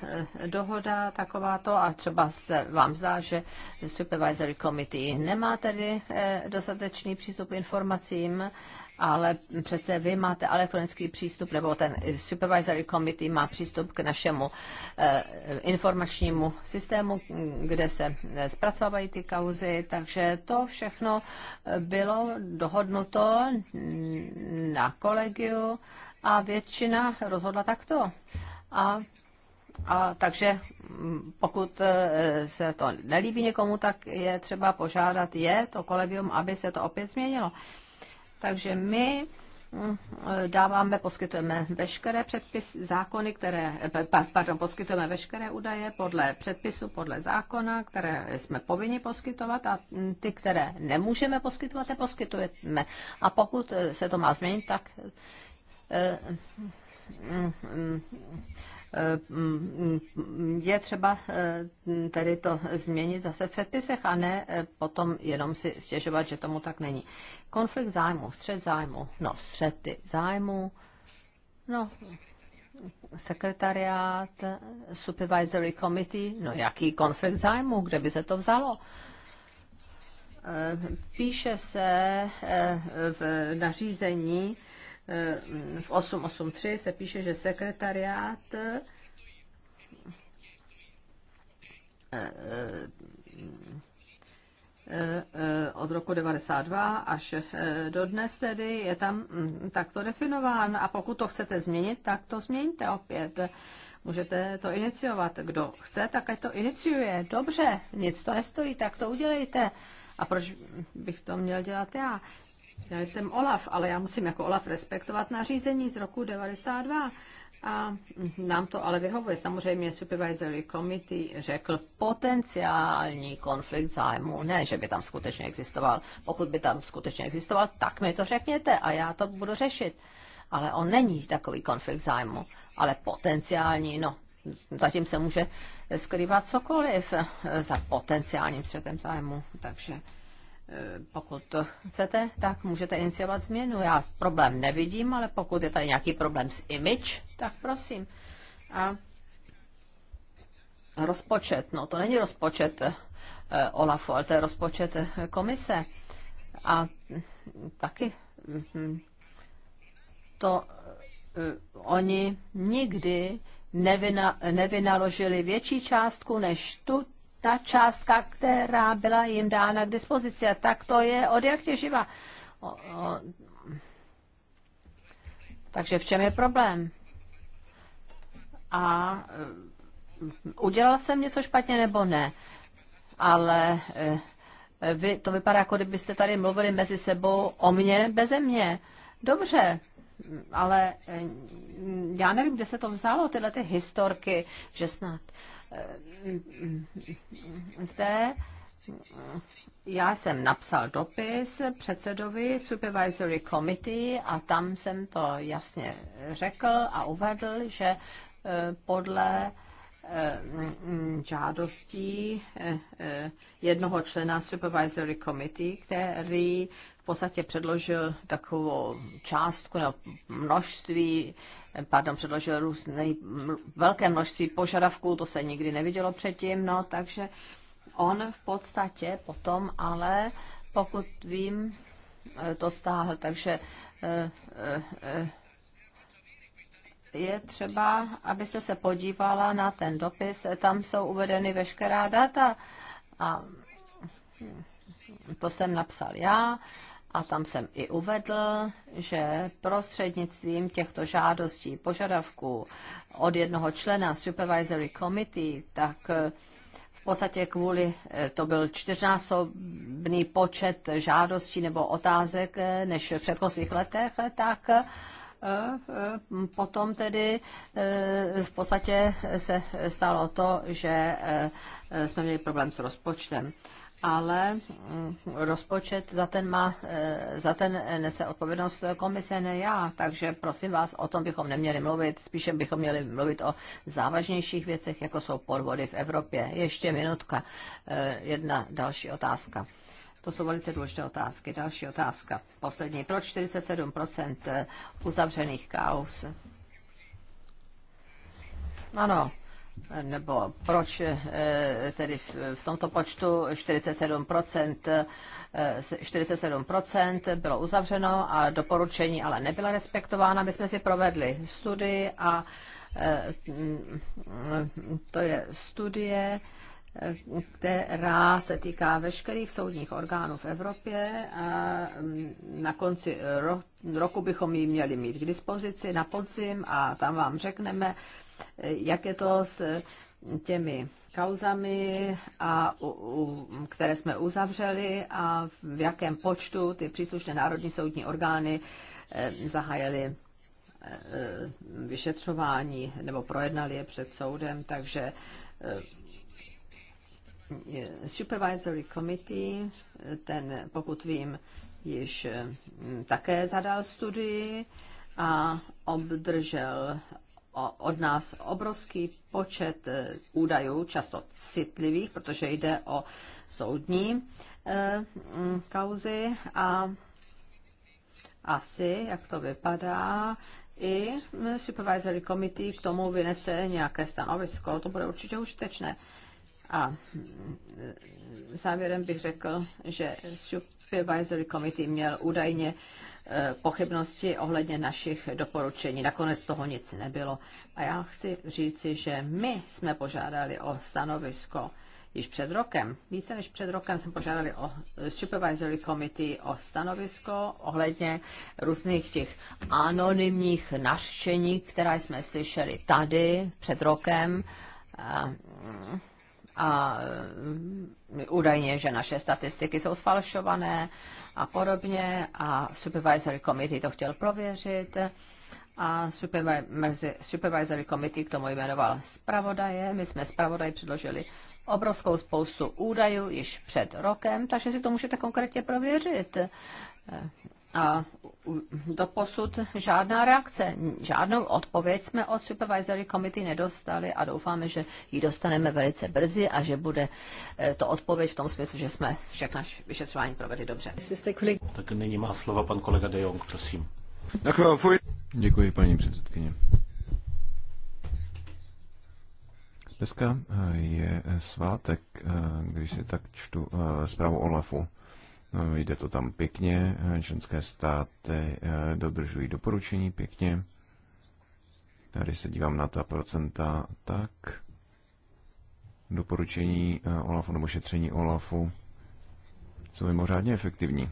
dohoda takováto a třeba se vám zdá, že Supervisory Committee nemá tedy dostatečný přístup k informacím ale přece vy máte elektronický přístup, nebo ten supervisory committee má přístup k našemu eh, informačnímu systému, kde se eh, zpracovávají ty kauzy, takže to všechno eh, bylo dohodnuto na kolegiu a většina rozhodla takto. A a takže mm, pokud se to nelíbí někomu, tak je třeba požádat je, to kolegium, aby se to opět změnilo. Takže my mm, dáváme, poskytujeme veškeré předpisy, zákony, které, pardon, poskytujeme veškeré údaje podle předpisu, podle zákona, které jsme povinni poskytovat a ty, které nemůžeme poskytovat, neposkytujeme. A pokud eh, se to má změnit, tak eh, mm, mm, je třeba eh, tedy to změnit zase v předpisech a ne eh, potom jenom si stěžovat, že tomu tak není. Konflikt zájmu, střed zájmu, no střety zájmu, no sekretariát, supervisory committee, no jaký konflikt zájmu, kde by se to vzalo? Eh, píše se v nařízení, Eh, v 883 se píše, že sekretariát eh, eh, od roku 92 až do dnes tedy je tam mm, takto definován a pokud to chcete změnit, tak to změňte opět. Můžete to iniciovat. Kdo chce, tak ať to iniciuje. Dobře, nic to nestojí, tak to udělejte. A proč bych to měl dělat já? Já jsem Olaf, ale já musím jako Olaf respektovat nařízení z roku 92. A nám to ale vyhovuje. Samozřejmě Supervisory Committee řekl potenciální konflikt zájmu. Ne, že by tam skutečně existoval. Pokud by tam skutečně existoval, tak mi to řekněte a já to budu řešit. Ale on není takový konflikt zájmu. Ale potenciální, no, zatím se může skrývat cokoliv za potenciálním střetem zájmu. Takže Eh, pokud to chcete, tak můžete iniciovat změnu. Já problém nevidím, ale pokud je tady nějaký problém s image, tak prosím. A rozpočet, no to není rozpočet eh, Olafu, ale to je rozpočet eh, komise. A hm, taky hm, to oni nikdy nevynaložili větší částku než tu ta částka, která byla jim dána k dispozici. A tak to je od jak těživa. O, o, takže v čem je problém? A e, udělal jsem něco špatně nebo ne? Ale e, e, vy, to vypadá, jako kdybyste tady mluvili mezi sebou o mně beze mě. Dobře, ale já nevím, kde se to vzalo, tyhle ty historky, že snad Eh, zde já jsem napsal dopis předsedovi Supervisory Committee a tam jsem to jasně řekl a uvedl, že eh, podle eh, mm, mm, žádostí jednoho člena Supervisory Committee, který podstatě předložil takovou částku nebo množství, pardon, předložil různé velké množství požadavků, to se nikdy nevidělo předtím, no takže on v podstatě potom ale, pokud vím, to stáhl, takže eh, eh, eh, je třeba, abyste se podívala na ten dopis, tam jsou uvedeny veškerá data a to jsem napsal já a tam jsem i uvedl, že prostřednictvím těchto žádostí, požadavků od jednoho člena Supervisory Committee, tak eh, v podstatě kvůli, eh, to byl čtyřnásobný počet žádostí nebo otázek eh, než v předchozích letech, tak Potom tedy v podstatě se stalo to, že jsme měli problém s rozpočtem ale mm, rozpočet za ten, má, e, za ten nese odpovědnost komise, ne já. Takže prosím vás, o tom bychom neměli mluvit, spíše bychom měli mluvit o závažnějších věcech, jako jsou podvody v Evropě. Ještě minutka, e, jedna další otázka. To jsou velice důležité otázky. Další otázka, poslední. Proč 47% e, uzavřených kaus? Ano, nebo proč eh, tedy v tomto počtu 47%, 47% eh, bylo uzavřeno a doporučení ale nebyla respektována. My jsme si provedli studii a eh, to je studie, která se týká veškerých soudních orgánů v Evropě a mm, na konci roku bychom ji měli mít k dispozici na podzim a tam vám řekneme, jak je to s těmi kauzami, a, u, u, které jsme uzavřeli a v jakém počtu ty příslušné národní soudní orgány e, zahájily e, vyšetřování nebo projednali je před soudem, takže e, Supervisory Committee, ten, pokud vím, již také zadal studii a obdržel od nás obrovský počet e, údajů, často citlivých, protože jde o soudní e, kauzy a asi, jak to vypadá, i Supervisory Committee k tomu vynese nějaké stanovisko, to bude určitě užitečné. A závěrem bych řekl, že Supervisory Committee měl údajně pochybnosti ohledně našich doporučení. Nakonec toho nic nebylo. A já chci říci, že my jsme požádali o stanovisko již před rokem. Více než před rokem jsme požádali o Supervisory Committee o stanovisko ohledně různých těch anonymních naštění, která jsme slyšeli tady před rokem. A, mm, a mm, údajně, že naše statistiky jsou sfalšované a podobně a Supervisory Committee to chtěl prověřit a Supervisory Committee k tomu jmenoval zpravodaje. My jsme zpravodaj předložili obrovskou spoustu údajů již před rokem, takže si to můžete konkrétně prověřit. A posud žádná reakce, žádnou odpověď jsme od Supervisory Committee nedostali a doufáme, že ji dostaneme velice brzy a že bude eh, to odpověď v tom smyslu, že jsme naše vyšetřování provedli dobře. Tak nyní má slova pan kolega De Jong, prosím. Děkuji, paní předsedkyně. Dneska eh, je svátek, eh, když si tak čtu zprávu Olafu Jde to tam pěkně, členské státy eh, dodržují doporučení pěkně. Tady se dívám na ta procenta, tak doporučení eh, OLAFu nebo šetření OLAFu jsou mimořádně efektivní.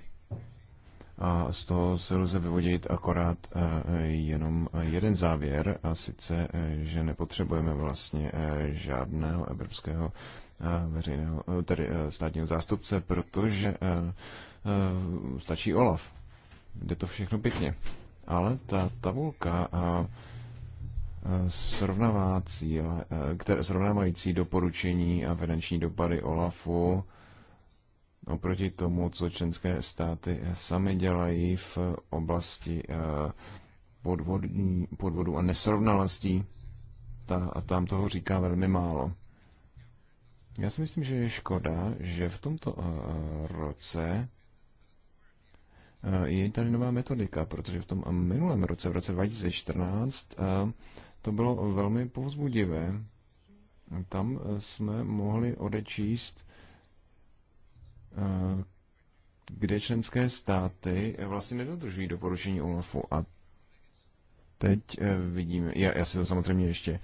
A z toho se lze vyvodit akorát eh, jenom jeden závěr, a sice, že nepotřebujeme vlastně žádného evropského Eh, veřejného, eh, tedy eh, státního zástupce, protože stačí OLAF. Jde to všechno pěkně. Ale ta tabulka a cíle, které srovnávající doporučení a finanční dopady OLAFu oproti tomu, co členské státy sami dělají v oblasti podvodní, podvodu a nesrovnalostí, ta, a tam toho říká velmi málo. Já si myslím, že je škoda, že v tomto eh, roce eh, je tady nová metodika, protože v tom minulém roce, v roce 2014, eh, to bylo velmi povzbudivé. Tam jsme mohli odečíst, kde členské státy vlastně nedodržují doporučení OLAFu. A teď vidíme, já, já si to samozřejmě ještě uh,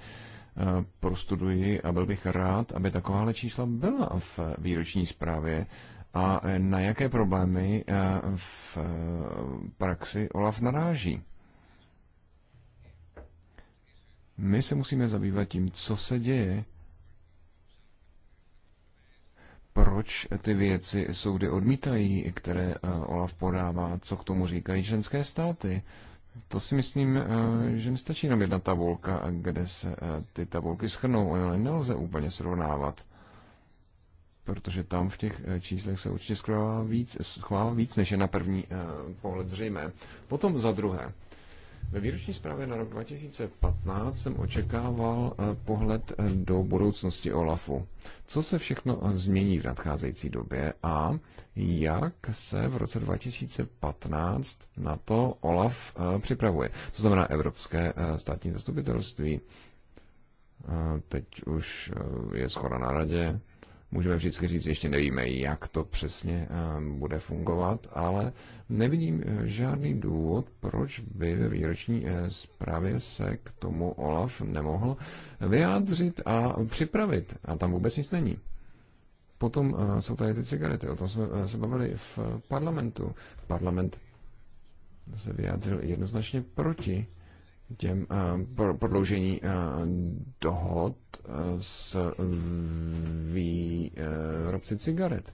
Eh, prostuduji a byl bych rád, aby takováhle čísla byla v výroční zprávě a eh, na jaké problémy eh, v praxi OLAF naráží. My se musíme zabývat tím, co se děje, proč ty věci soudy odmítají, které OLAF podává, co k tomu říkají členské státy. To si myslím, eh, že nestačí jenom jedna tabulka, kde se eh, ty tabulky schrnou. Ono nelze úplně srovnávat, protože tam v těch eh, číslech se určitě schovává víc, schovává víc než je na první pohled zřejmé. Potom za druhé, ve výroční zprávě na rok 2015 jsem očekával eh, pohled eh, do budoucnosti OLAFu. Co se všechno eh, změní v nadcházející době a jak se v roce 2015 na to OLAF připravuje? To znamená Evropské státní zastupitelství. Teď už je skoro na radě Můžeme vždycky říct, ještě nevíme, jak to přesně eh, bude fungovat, ale nevidím eh, žádný důvod, proč by ve výroční eh, zprávě se k tomu Olaf nemohl vyjádřit a připravit. A tam vůbec nic není. Potom jsou tady ty cigarety, o tom jsme se bavili v parlamentu. Parlament se vyjádřil jednoznačně proti těm eh, prodloužení eh, dohod eh, s výrobci cigaret.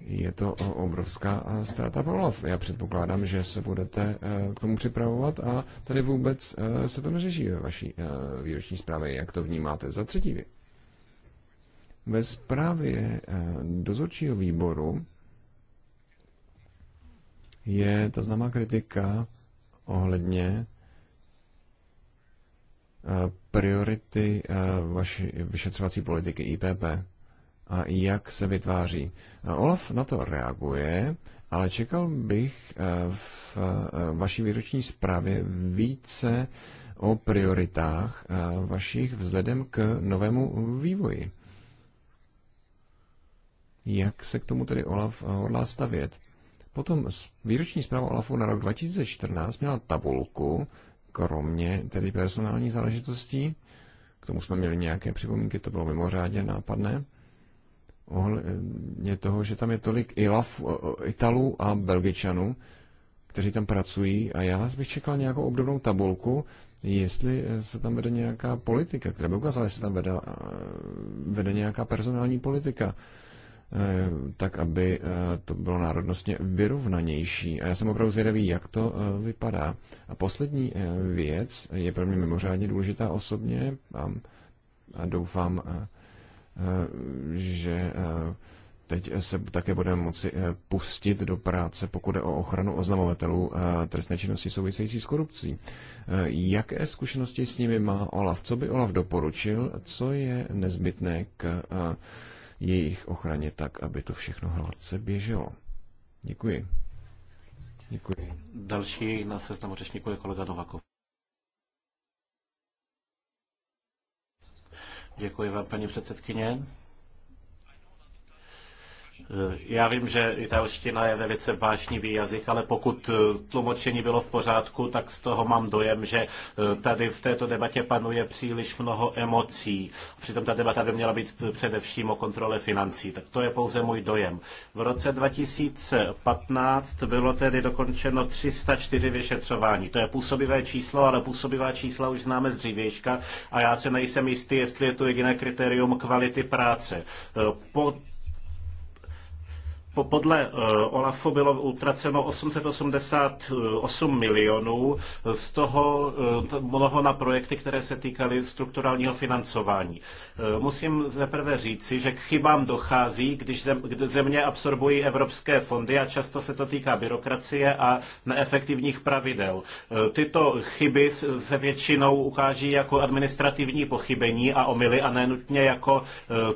Je to obrovská ztráta lov. Já předpokládám, že se budete k tomu připravovat a tady vůbec se to neřeší ve vaší výroční zprávě, jak to vnímáte. Za třetí vy. Ve zprávě dozorčího výboru je ta známá kritika ohledně eh, priority eh, vaší vyšetřovací politiky IPP a jak se vytváří. Eh, Olaf na to reaguje, ale čekal bych v vaší výroční zprávě více o prioritách vašich vzhledem k novému vývoji. Jak se k tomu tedy Olaf hodlá stavět? Potom výroční zpráva OLAFu na rok 2014 měla tabulku, kromě tedy personální záležitostí, k tomu jsme měli nějaké připomínky, to bylo mimořádně nápadné, ohledně toho, že tam je tolik Ilaf, Italů a Belgičanů, kteří tam pracují a já bych čekal nějakou obdobnou tabulku, jestli se tam vede nějaká politika, která by ukázala, jestli tam vede, vede nějaká personální politika Eh, tak aby eh, to bylo národnostně vyrovnanější. A já jsem opravdu zvědavý, jak to eh, vypadá. A poslední věc je pro mě mimořádně důležitá osobně a doufám, že teď se také budeme moci pustit do práce, pokud je o ochranu oznamovatelů trestné činnosti související s korupcí. Jaké zkušenosti s nimi má Olaf? Co by Olaf doporučil? Co je nezbytné k jejich ochraně tak, aby to všechno hladce běželo. Děkuji. Děkuji. Další na seznamu řečníků je kolega Novakov. Děkuji vám, paní předsedkyně. Eh, já vím, že italština je velice vášnivý jazyk, ale pokud eh, tlumočení bylo v pořádku, tak z toho mám dojem, že eh, tady v této debatě panuje příliš mnoho emocí. Přitom ta debata by měla být především o kontrole financí. Tak to je pouze můj dojem. V roce 2015 bylo tedy dokončeno 304 vyšetřování. To je působivé číslo, ale působivá čísla už známe z dřívějška a já se nejsem jistý, jestli je to jediné kritérium kvality práce. Po podle eh, OLAFu bylo utraceno 888 milionů, z toho mnoho eh, na projekty, které se týkaly strukturálního financování. Eh, musím zaprvé říci, že k chybám dochází, když země absorbují evropské fondy a často se to týká byrokracie a neefektivních pravidel. Tyto chyby se většinou ukáží jako administrativní pochybení a omily a nenutně jako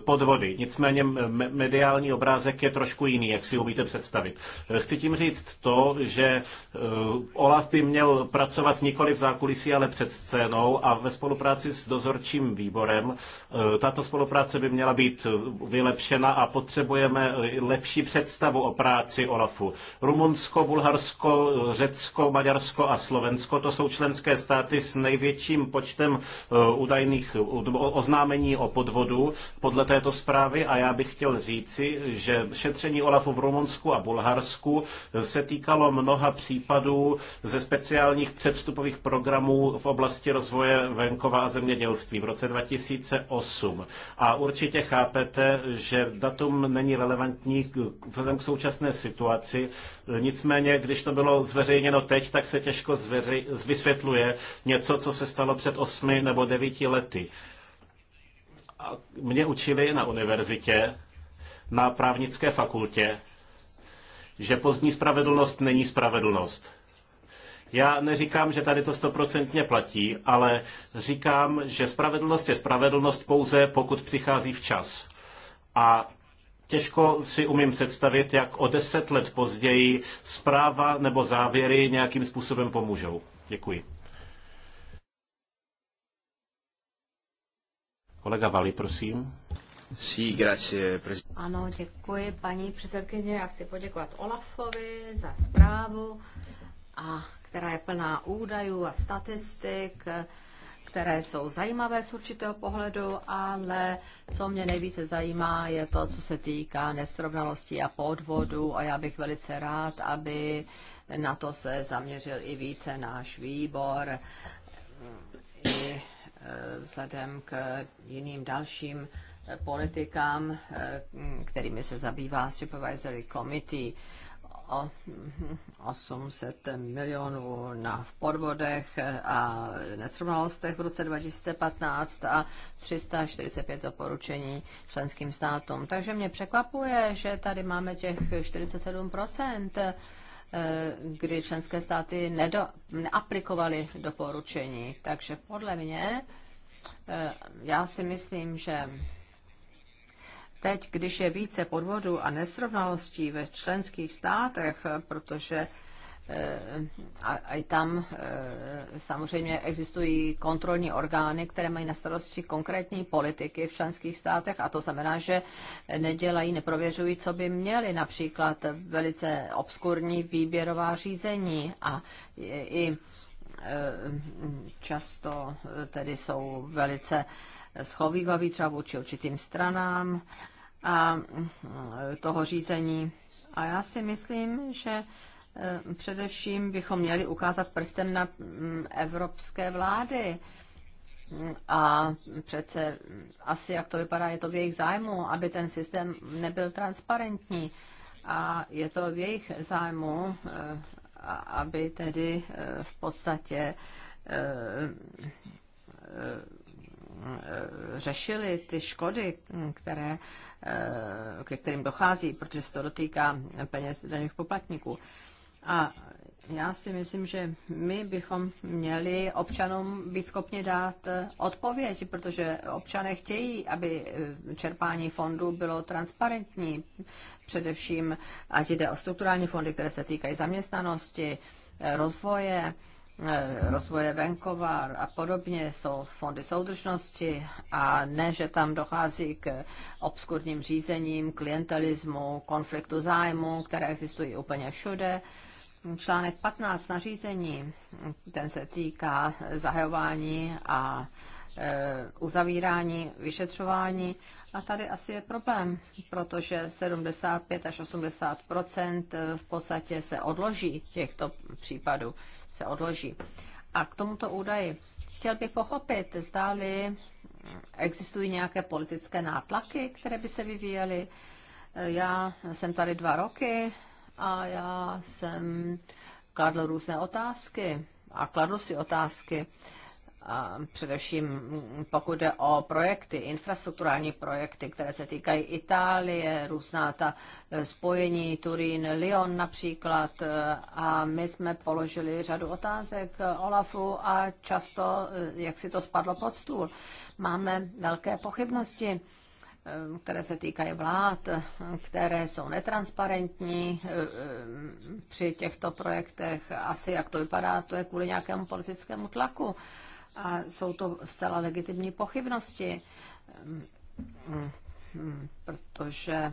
podvody. Nicméně mediální obrázek je trošku jiný jak si umíte představit. Chci tím říct to, že eh, Olaf by měl pracovat nikoli v zákulisí, ale před scénou a ve spolupráci s dozorčím výborem. Eh, tato spolupráce by měla být eh, vylepšena a potřebujeme lepší představu o práci Olafu. Rumunsko, Bulharsko, Řecko, Maďarsko a Slovensko, to jsou členské státy s největším počtem údajných oznámení o podvodu podle této zprávy a já bych chtěl říci, že šetření Olafu právu v Rumunsku a Bulharsku se týkalo mnoha případů ze speciálních předstupových programů v oblasti rozvoje venkova a zemědělství v roce 2008. A určitě chápete, že datum není relevantní vzhledem k současné situaci. Nicméně, když to bylo zveřejněno teď, tak se těžko zveři- vysvětluje něco, co se stalo před osmi nebo devíti lety. A mě učili na univerzitě, na právnické fakultě, že pozdní spravedlnost není spravedlnost. Já neříkám, že tady to stoprocentně platí, ale říkám, že spravedlnost je spravedlnost pouze, pokud přichází včas. A těžko si umím představit, jak o deset let později zpráva nebo závěry nějakým způsobem pomůžou. Děkuji. Kolega Vali, prosím ano, děkuji paní předsedkyně. Já chci poděkovat Olafovi za zprávu, a která je plná údajů a statistik, které jsou zajímavé z určitého pohledu, ale co mě nejvíce zajímá, je to, co se týká nesrovnalostí a podvodů. A já bych velice rád, aby na to se zaměřil i více náš výbor. I e, vzhledem k jiným dalším politikám, eh, kterými se zabývá Supervisory Committee. O 800 milionů na podvodech a nesrovnalostech v roce 2015 a 345 doporučení členským státům. Takže mě překvapuje, že tady máme těch 47 eh, kdy členské státy nedo, neaplikovaly doporučení. Takže podle mě, eh, já si myslím, že Teď, když je více podvodů a nesrovnalostí ve členských státech, protože eh, a, i tam eh, samozřejmě existují kontrolní orgány, které mají na starosti konkrétní politiky v členských státech a to znamená, že nedělají, neprověřují, co by měli, například velice obskurní výběrová řízení a i eh, často tedy jsou velice schovývavý třeba vůči určitým stranám a eh, toho řízení. A já si myslím, že eh, především bychom měli ukázat prstem na mm, evropské vlády. A přece asi, jak to vypadá, je to v jejich zájmu, aby ten systém nebyl transparentní. A je to v jejich zájmu, eh, aby tedy v podstatě Eh, řešili ty škody, které, eh, ke kterým dochází, protože se to dotýká peněz daných poplatníků. A já si myslím, že my bychom měli občanům být schopni dát eh, odpověď, protože občané chtějí, aby čerpání fondů bylo transparentní, především ať jde o strukturální fondy, které se týkají zaměstnanosti, rozvoje, E, rozvoje venkova a podobně, jsou fondy soudržnosti a ne, že tam dochází k obskurním řízením, klientelismu, konfliktu zájmu, které existují úplně všude. Článek 15 nařízení, ten se týká zahajování a e, uzavírání, vyšetřování. A tady asi je problém, protože 75 až 80 v podstatě se odloží těchto případů se odloží. A k tomuto údaji chtěl bych pochopit, zdáli existují nějaké politické nátlaky, které by se vyvíjely. Já jsem tady dva roky a já jsem kladl různé otázky a kladl si otázky především mm, pokud jde o projekty, infrastrukturální projekty, které se týkají Itálie, různá ta e, spojení Turín, Lyon například. E, a my jsme položili řadu otázek Olafu a často, e, jak si to spadlo pod stůl, máme velké pochybnosti které se týkají vlád, které jsou netransparentní při těchto projektech. Asi jak to vypadá, to je kvůli nějakému politickému tlaku a jsou to zcela legitimní pochybnosti, protože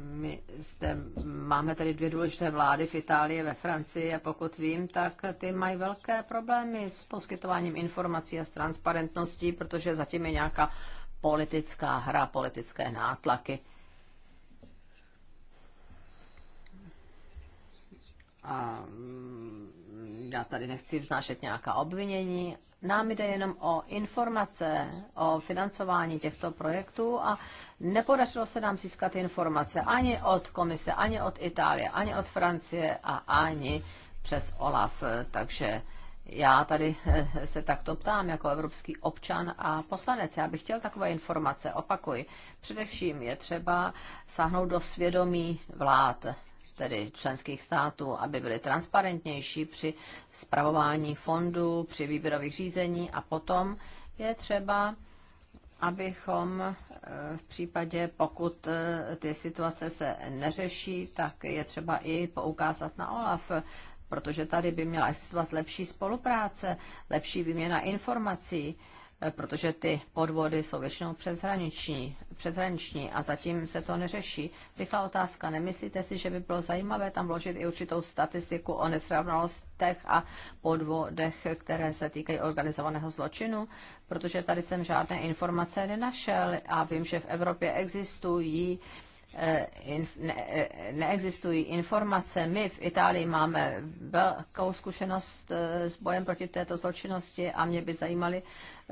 my zde máme tady dvě důležité vlády v Itálii, ve Francii a pokud vím, tak ty mají velké problémy s poskytováním informací a s transparentností, protože zatím je nějaká politická hra, politické nátlaky. A já tady nechci vznášet nějaká obvinění, nám jde jenom o informace o financování těchto projektů a nepodařilo se nám získat informace ani od komise, ani od Itálie, ani od Francie a ani přes OLAF. Takže já tady eh, se takto ptám jako evropský občan a poslanec. Já bych chtěl takové informace, opakuj. Především je třeba sáhnout do svědomí vlád tedy členských států, aby byly transparentnější při zpravování fondů, při výběrových řízení a potom je třeba abychom eh, v případě, pokud eh, ty situace se neřeší, tak je třeba i poukázat na OLAF, protože tady by měla existovat lepší spolupráce, lepší výměna informací Eh, protože ty podvody jsou většinou přeshraniční, přeshraniční a zatím se to neřeší. Rychlá otázka, nemyslíte si, že by bylo zajímavé tam vložit i určitou statistiku o nesrovnalostech a podvodech, které se týkají organizovaného zločinu? Protože tady jsem žádné informace nenašel a vím, že v Evropě existují Eh, eh, neexistují informace. My v Itálii máme velkou zkušenost eh, s bojem proti této zločinnosti a mě by zajímaly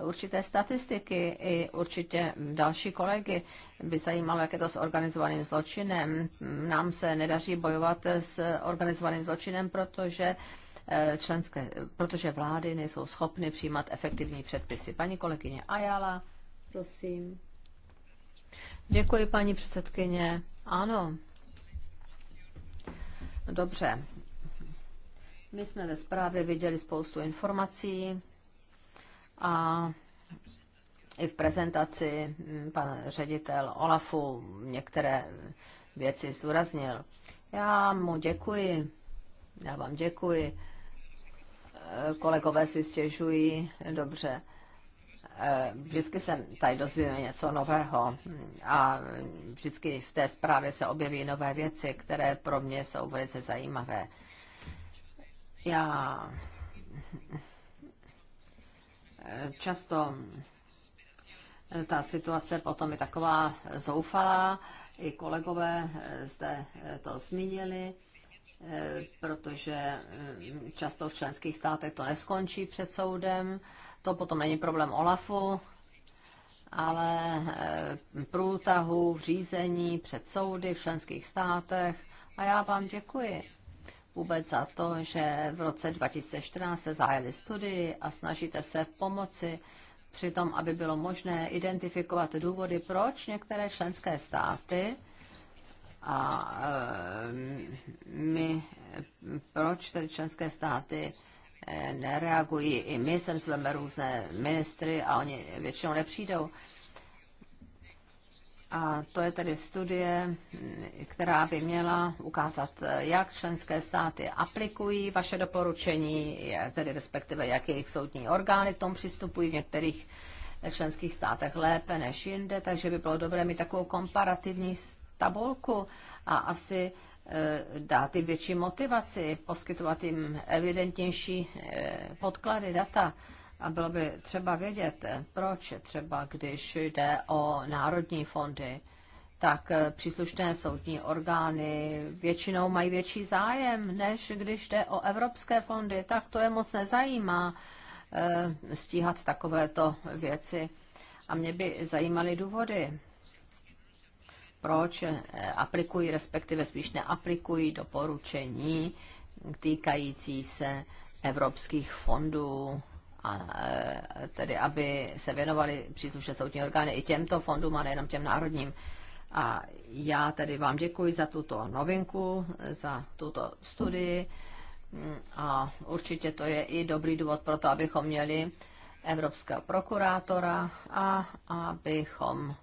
určité statistiky i určitě další kolegy by zajímalo, jak je to s organizovaným zločinem. Nám se nedaří bojovat s organizovaným zločinem, protože členské, protože vlády nejsou schopny přijímat efektivní předpisy. Paní kolegyně Ajala, prosím. Děkuji, paní předsedkyně. Ano. Dobře. My jsme ve zprávě viděli spoustu informací a i v prezentaci hm, pan ředitel Olafu některé věci zdůraznil. Já mu děkuji, já vám děkuji. Kolegové si stěžují, dobře. Eh, vždycky se tady dozvíme něco nového a vždycky v té zprávě se objeví nové věci, které pro mě jsou velice zajímavé. Já eh, často eh, ta situace potom je taková zoufalá, i kolegové zde to zmínili, protože často v členských státech to neskončí před soudem, to potom není problém OLAFu, ale eh, průtahu v řízení před soudy v členských státech. A já vám děkuji vůbec za to, že v roce 2014 se zahájili studii a snažíte se pomoci při tom, aby bylo možné identifikovat důvody, proč některé členské státy a eh, my, proč tedy členské státy Eh, nereagují. I my sem zveme různé ministry a oni většinou nepřijdou. A to je tedy studie, mm, která by měla ukázat, eh, jak členské státy aplikují vaše doporučení, tedy respektive jak jejich soudní orgány k tomu přistupují v některých eh, členských státech lépe než jinde, takže by bylo dobré mít takovou komparativní tabulku a asi Eh, dát jim větší motivaci, poskytovat jim evidentnější eh, podklady, data. A bylo by třeba vědět, eh, proč třeba, když jde o národní fondy, tak příslušné soudní orgány většinou mají větší zájem, než když jde o evropské fondy, tak to je moc nezajímá stíhat takovéto věci. A mě by zajímaly důvody proč eh, aplikují, respektive spíš neaplikují doporučení týkající se evropských fondů, a, eh, tedy aby se věnovali příslušné soudní orgány i těmto fondům a nejenom těm národním. A já tedy vám děkuji za tuto novinku, za tuto studii a určitě to je i dobrý důvod pro to, abychom měli evropského prokurátora a abychom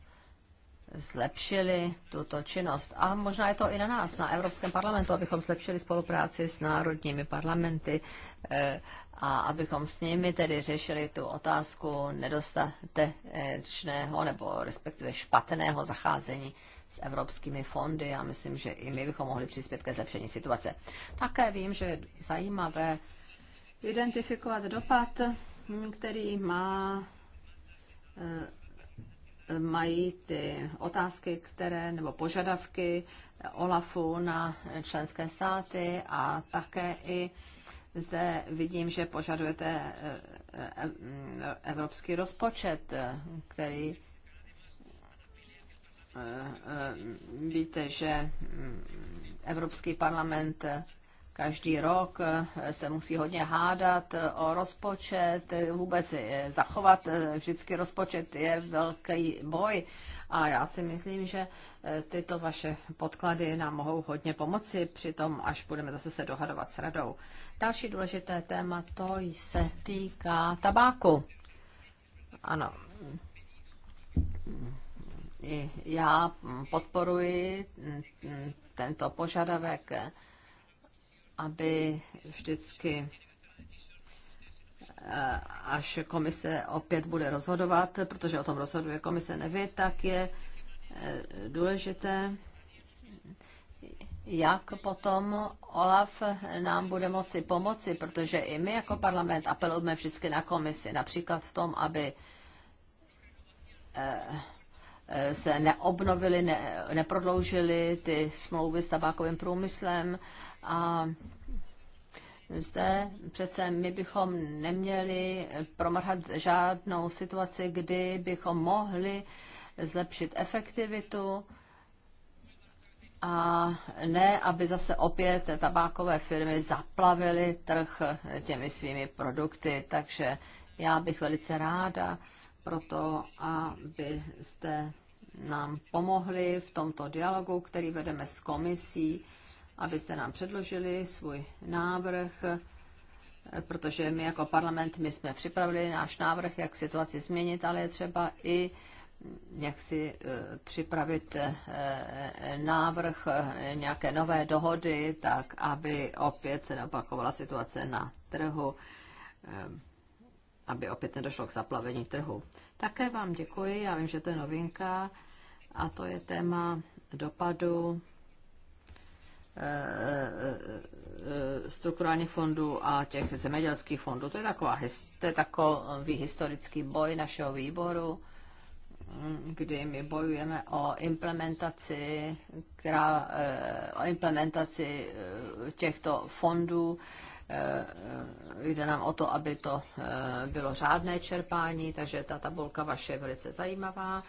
zlepšili tuto činnost. A možná je to i na nás, na Evropském parlamentu, abychom zlepšili spolupráci s národními parlamenty eh, a abychom s nimi tedy řešili tu otázku nedostatečného nebo respektive špatného zacházení s evropskými fondy. Já myslím, že i my bychom mohli přispět ke zlepšení situace. Také vím, že je zajímavé identifikovat dopad, který má eh, mají ty otázky, které, nebo požadavky OLAFu na členské státy a také i zde vidím, že požadujete eh, eh, evropský rozpočet, eh, který víte, že mm, Evropský parlament každý rok eh, se musí hodně hádat eh, o rozpočet, eh, vůbec zachovat vždycky rozpočet je velký boj. A já si myslím, že tyto vaše podklady nám mohou hodně pomoci při tom, až budeme zase se dohadovat s radou. Další důležité téma, to se týká tabáku. Ano. já podporuji mm, mm, tento požadavek aby vždycky eh, až komise opět bude rozhodovat, protože o tom rozhoduje komise nevy, tak je eh, důležité, jak potom OLAF nám bude moci pomoci, protože i my jako parlament apelujeme vždycky na komisi, například v tom, aby eh, se neobnovily, ne, neprodloužily ty smlouvy s tabákovým průmyslem, a zde přece my bychom neměli promrhat žádnou situaci, kdy bychom mohli zlepšit efektivitu a ne, aby zase opět tabákové firmy zaplavily trh těmi svými produkty. Takže já bych velice ráda pro to, abyste nám pomohli v tomto dialogu, který vedeme s komisí abyste nám předložili svůj návrh, protože my jako parlament my jsme připravili náš návrh, jak situaci změnit, ale je třeba i mm, jak si eh, připravit eh, návrh eh, nějaké nové dohody, tak aby opět se neopakovala situace na trhu, aby opět nedošlo k zaplavení trhu. Také vám děkuji, já vím, že to je novinka a to je téma dopadu Eh, eh, strukturálních fondů a těch zemědělských fondů. To je, taková, to je takový historický boj našeho výboru, mm, kdy my bojujeme o implementaci, která, eh, o implementaci těchto fondů. Jde nám o to, aby to bylo řádné čerpání, takže ta tabulka vaše je velice zajímavá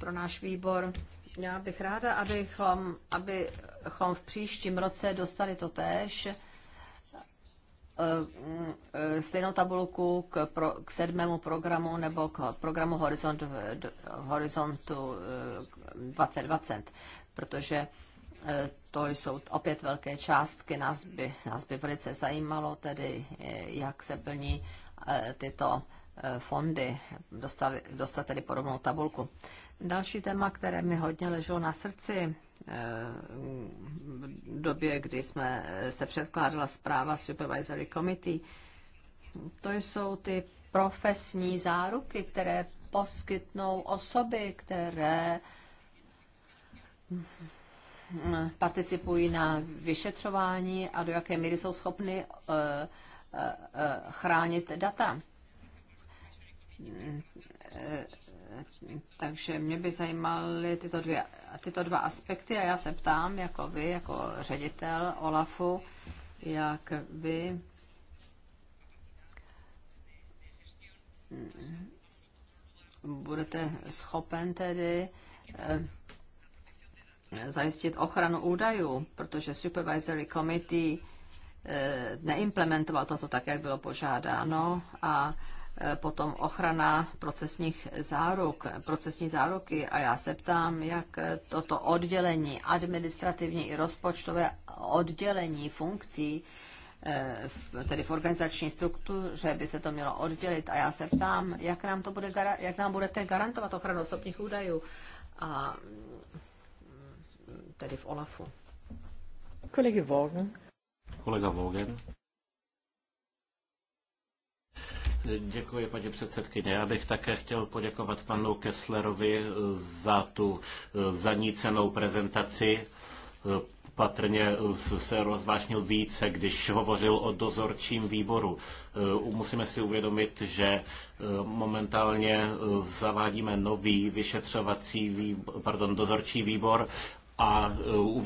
pro náš výbor. Já bych ráda, abychom, abychom v příštím roce dostali to též, eh, eh, stejnou tabulku k, pro, k sedmému programu nebo k programu Horizont, Horizontu 2020, eh, protože to jsou opět velké částky, nás by, nás by velice zajímalo tedy, jak se plní tyto fondy, dostat, dostat tedy podobnou tabulku. Další téma, které mi hodně leželo na srdci, eh, v době, kdy jsme eh, se předkládala zpráva Supervisory Committee, to jsou ty profesní záruky, které poskytnou osoby, které hm, participují na vyšetřování a do jaké míry jsou schopny eh, chránit data takže mě by zajímaly tyto, dvě, tyto dva aspekty a já se ptám, jako vy, jako ředitel OLAFu, jak vy budete schopen tedy eh, zajistit ochranu údajů, protože Supervisory Committee eh, neimplementoval toto tak, jak bylo požádáno a Eh, potom ochrana procesních záruk, procesní záruky a já se ptám, jak eh, toto oddělení, administrativní i rozpočtové oddělení funkcí, eh, tedy v organizační struktuře by se to mělo oddělit a já se ptám, jak nám, to bude, jak nám budete garantovat ochranu osobních údajů a tedy v OLAFu. Kolegy Volgen. Kolega Volgen. Děkuji, paní předsedkyně. Já bych také chtěl poděkovat panu Kesslerovi eh, za tu eh, zanícenou prezentaci eh, patrně se rozvášnil více, když hovořil o dozorčím výboru. Musíme si uvědomit, že momentálně zavádíme nový vyšetřovací výbor, pardon, dozorčí výbor a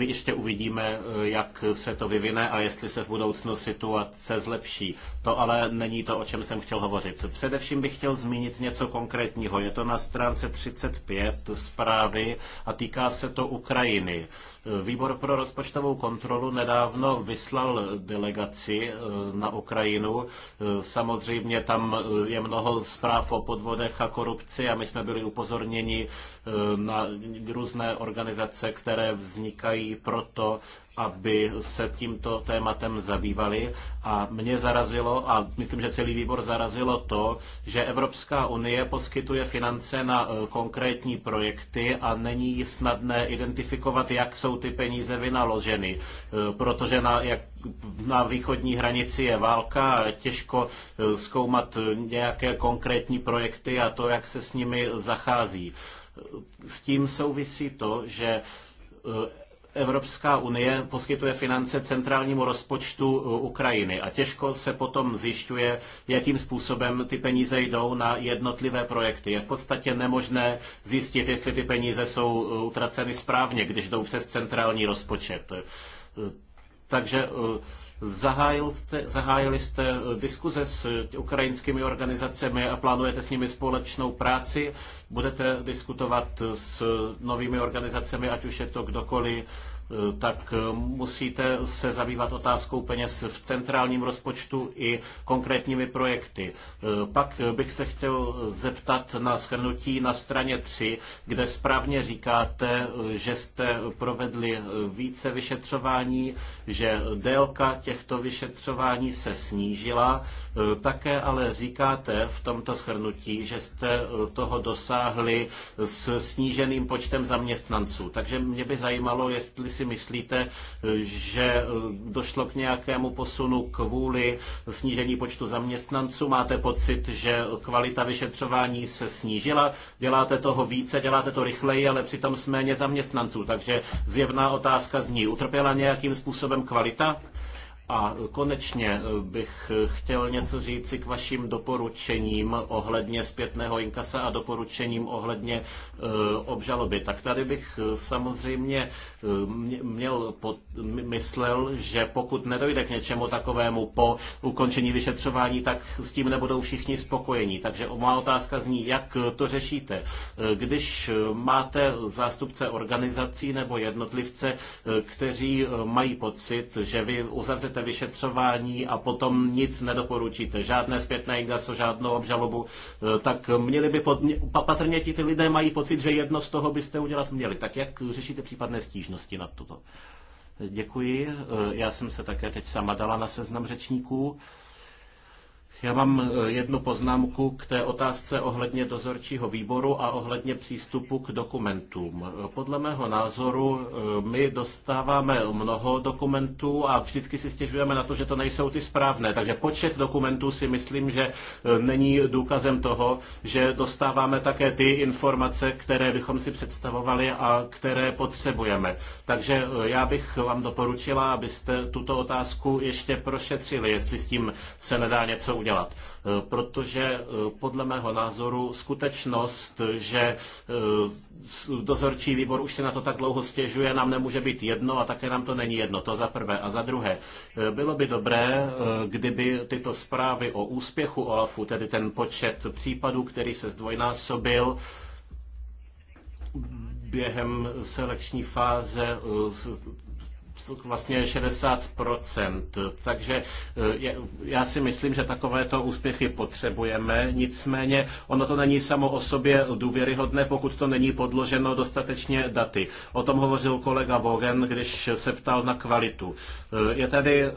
eh, ještě uvidíme, eh, jak se to vyvine a jestli se v budoucnu situace zlepší. To ale není to, o čem jsem chtěl hovořit. Především bych chtěl zmínit něco konkrétního. Je to na stránce 35 zprávy a týká se to Ukrajiny. Eh, výbor pro rozpočtovou kontrolu nedávno vyslal delegaci na Ukrajinu. Samozřejmě tam je mnoho zpráv o podvodech a korupci a my jsme byli upozorněni Eh, na různé organizace, které vznikají proto, aby se tímto tématem zabývali. A mě zarazilo, a myslím, že celý výbor zarazilo to, že Evropská unie poskytuje finance na eh, konkrétní projekty a není snadné identifikovat, jak jsou ty peníze vynaloženy. Eh, protože na, jak, na východní hranici je válka a těžko zkoumat nějaké konkrétní projekty a to, jak se s nimi zachází. S tím souvisí to, že eh, Evropská unie poskytuje finance centrálnímu rozpočtu eh, Ukrajiny a těžko se potom zjišťuje, jakým způsobem ty peníze jdou na jednotlivé projekty. Je v podstatě nemožné zjistit, jestli ty peníze jsou eh, utraceny správně, když jdou přes centrální rozpočet. Takže Zahájil jste, zahájili jste eh, diskuze s eh, ukrajinskými organizacemi a plánujete s nimi společnou práci? Budete diskutovat eh, s novými organizacemi, ať už je to kdokoliv tak eh, musíte se zabývat otázkou peněz v centrálním rozpočtu i konkrétními projekty. Eh, pak bych se chtěl zeptat na shrnutí na straně 3, kde správně říkáte, eh, že jste provedli více vyšetřování, že délka těchto vyšetřování se snížila. Také ale říkáte v tomto shrnutí, že jste toho dosáhli s sníženým počtem zaměstnanců. Takže mě by zajímalo, jestli si si myslíte, že e, došlo k nějakému posunu kvůli snížení počtu zaměstnanců? Máte pocit, že kvalita vyšetřování se snížila? Děláte toho více, děláte to rychleji, ale přitom jsme méně zaměstnanců. Takže zjevná otázka zní, utrpěla nějakým způsobem kvalita? A konečně eh, bych eh, chtěl něco říci k vašim doporučením ohledně zpětného inkasa a doporučením ohledně eh, obžaloby. Tak tady bych samozřejmě měl pod, myslel, že pokud nedojde k něčemu takovému po ukončení vyšetřování, tak s tím nebudou všichni spokojení. Takže má otázka zní, jak to řešíte. Když máte zástupce organizací nebo jednotlivce, kteří mají pocit, že vy uzavřete zahájíte vyšetřování a potom nic nedoporučíte, žádné zpětné ingaso, žádnou obžalobu, eh, tak měli by pod, patrně ti ty lidé mají pocit, že jedno z toho byste udělat měli. Tak jak řešíte případné stížnosti na toto? Děkuji. Eh, já jsem se také teď sama dala na seznam řečníků. Já mám e, jednu poznámku k té otázce ohledně dozorčího výboru a ohledně přístupu k dokumentům. E, podle mého názoru e, my dostáváme mnoho dokumentů a vždycky si stěžujeme na to, že to nejsou ty správné. Takže počet dokumentů si myslím, že není důkazem toho, že dostáváme také ty informace, které bychom si představovali a které potřebujeme. Takže já bych vám doporučila, abyste tuto otázku ještě prošetřili, jestli s tím se nedá něco udělat udělat. Eh, protože eh, podle mého názoru skutečnost, že eh, dozorčí výbor už se na to tak dlouho stěžuje, nám nemůže být jedno a také nám to není jedno. To za prvé. A za druhé, bylo by dobré, kdyby tyto zprávy o úspěchu OLAFu, tedy ten počet případů, který se zdvojnásobil, během selekční fáze vlastně 60%. Takže eh, já si myslím, že takovéto úspěchy potřebujeme, nicméně ono to není samo o sobě důvěryhodné, pokud to není podloženo dostatečně daty. O tom hovořil kolega Vogen, když se ptal na kvalitu. Eh, je tady eh,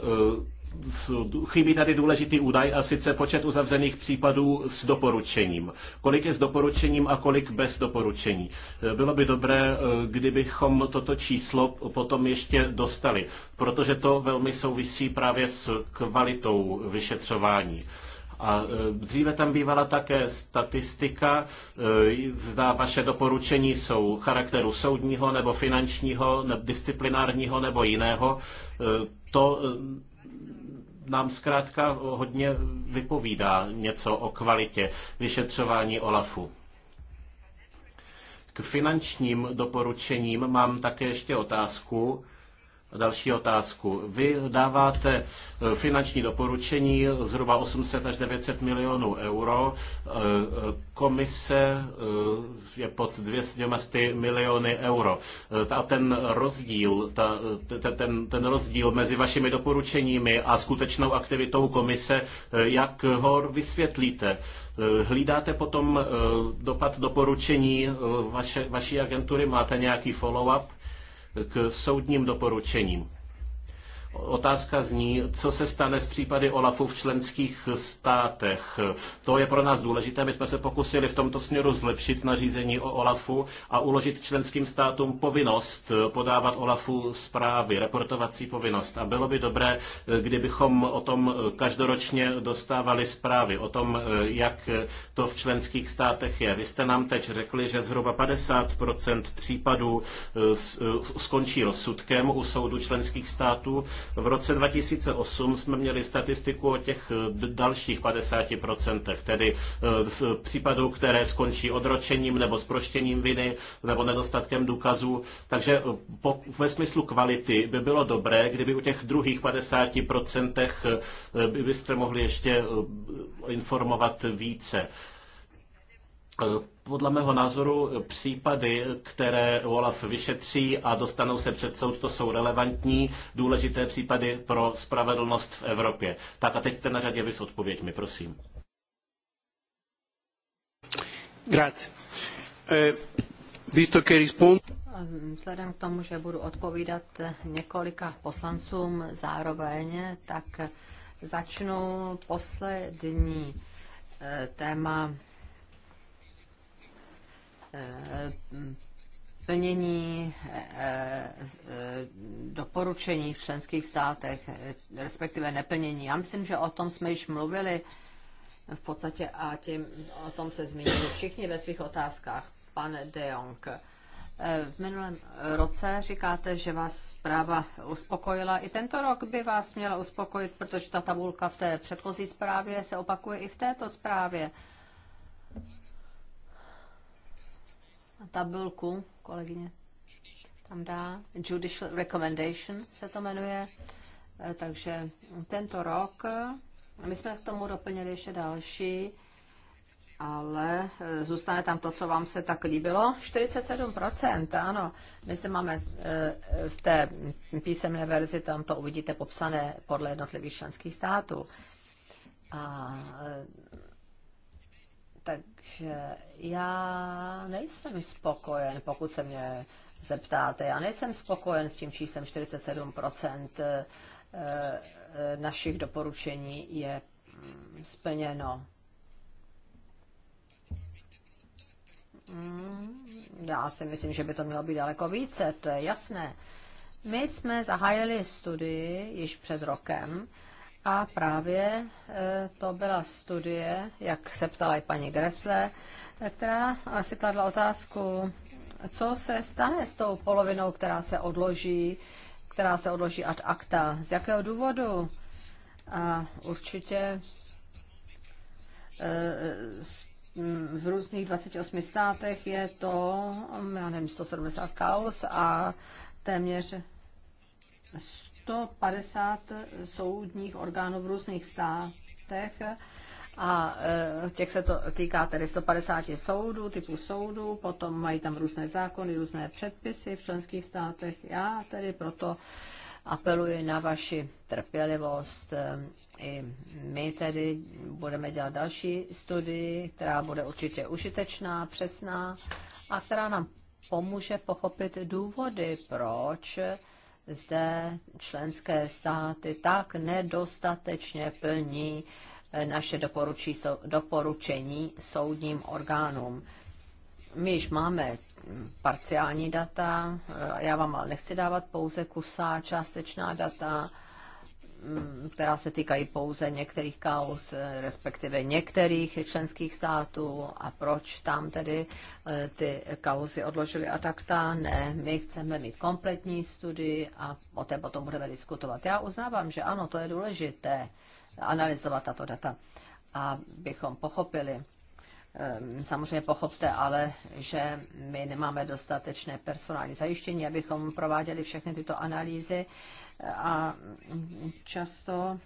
chybí tady důležitý údaj a sice počet uzavřených případů s doporučením. Kolik je s doporučením a kolik bez doporučení. E, bylo by dobré, e, kdybychom toto číslo potom ještě dostali, protože to velmi souvisí právě s kvalitou vyšetřování. A e, dříve tam bývala také statistika, zda vaše doporučení jsou charakteru soudního nebo finančního, nebo disciplinárního nebo jiného. To nám zkrátka hodně vypovídá něco o kvalitě vyšetřování OLAFu. K finančním doporučením mám také ještě otázku další otázku. Vy dáváte e, finanční doporučení zhruba 800 až 900 milionů euro. E, e, komise je pod 200 miliony euro. A ten rozdíl, ta, ten, ten rozdíl mezi vašimi doporučeními a skutečnou aktivitou komise, jak ho vysvětlíte? Hlídáte potom dopad doporučení vaše, vaší agentury? Máte nějaký follow-up? k soudním doporučením. Otázka zní, co se stane s případy OLAFu v členských státech. To je pro nás důležité. My jsme se pokusili v tomto směru zlepšit nařízení o OLAFu a uložit členským státům povinnost podávat OLAFu zprávy, reportovací povinnost. A bylo by dobré, kdybychom o tom každoročně dostávali zprávy, o tom, jak to v členských státech je. Vy jste nám teď řekli, že zhruba 50% případů skončí rozsudkem u soudu členských států. V roce 2008 jsme měli statistiku o těch eh, dalších 50%, tedy eh, případů, které skončí odročením nebo zproštěním viny nebo nedostatkem důkazů. Takže eh, po, ve smyslu kvality by bylo dobré, kdyby u těch druhých 50% by byste mohli ještě informovat více podle mého názoru případy, které Olaf vyšetří a dostanou se před soud, to jsou relevantní, důležité případy pro spravedlnost v Evropě. Tak a teď jste na řadě vy s odpověďmi, prosím. Grazie. Eh, visto che rispondo... Vzhledem k tomu, že budu odpovídat několika poslancům zároveň, tak začnu poslední eh, téma Eh, plnění eh, eh, doporučení v členských státech, respektive neplnění. Já myslím, že o tom jsme již mluvili v podstatě a tím, o tom se zmínili všichni ve svých otázkách. Pane De Jong, v minulém roce říkáte, že vás zpráva uspokojila. I tento rok by vás měla uspokojit, protože ta tabulka v té předchozí zprávě se opakuje i v této zprávě. tabulku, kolegyně tam dá. Judicial Recommendation se to jmenuje. Eh, takže tento rok, eh, my jsme k tomu doplnili ještě další, ale eh, zůstane tam to, co vám se tak líbilo. 47%, ano. My zde máme v té písemné verzi, tam to uvidíte popsané podle jednotlivých členských států. A takže já nejsem spokojen, pokud se mě zeptáte. Já nejsem spokojen s tím číslem 47% eh, eh, našich doporučení je mm, splněno. Mm, já si myslím, že by to mělo být daleko více, to je jasné. My jsme zahájili studii již před rokem, a právě e, to byla studie, jak se ptala i paní Gressle, e, která asi kladla otázku, co se stane s tou polovinou, která se odloží, která se odloží ad acta, z jakého důvodu. A určitě e, v různých 28 státech je to, já nevím, 170 kaos a téměř 150 soudních orgánů v různých státech a eh, těch se to týká tedy 150 soudů, typů soudů, potom mají tam různé zákony, různé předpisy v členských státech. Já tedy proto apeluji na vaši trpělivost. Eh, I my tedy budeme dělat další studii, která bude určitě užitečná, přesná a která nám pomůže pochopit důvody, proč zde členské státy tak nedostatečně plní naše doporučení soudním orgánům. My již máme parciální data, já vám ale nechci dávat pouze kusá částečná data, Mm, která se týkají pouze některých kaus, eh, respektive některých členských států a proč tam tedy eh, ty kauzy odložili a tak ta ne. My chceme mít kompletní studii a o té potom budeme diskutovat. Já uznávám, že ano, to je důležité analyzovat tato data, abychom pochopili, ehm, Samozřejmě pochopte ale, že my nemáme dostatečné personální zajištění, abychom prováděli všechny tyto analýzy a často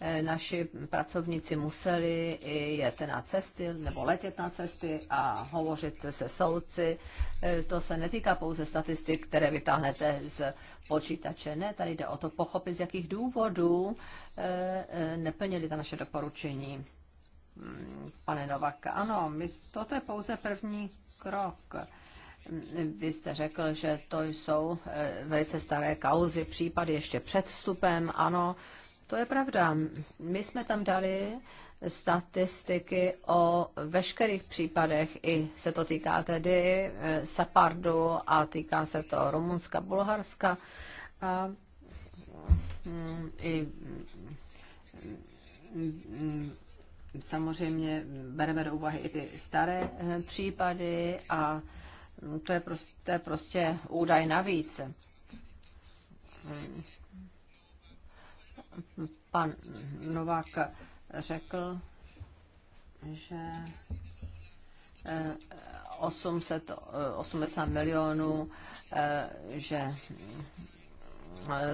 eh, naši pracovníci museli i jet na cesty nebo letět na cesty a hovořit se soudci. Eh, to se netýká pouze statistik, které vytáhnete z počítače. Ne, tady jde o to pochopit, z jakých důvodů eh, neplnili ta naše doporučení. Hmm, pane Novak, ano, my, toto je pouze první krok vy jste řekl, že to jsou eh, velice staré kauzy, případy ještě před vstupem. Ano, to je pravda. My jsme tam dali statistiky o veškerých případech, i se to týká tedy eh, Sapardu a týká se to Rumunska, Bulharska a mm, i mm, samozřejmě bereme do úvahy i ty staré eh, případy a No, to je, prostě, to je prostě údaj navíc. Pan Novák řekl, že 880 eh, milionů, eh, že eh,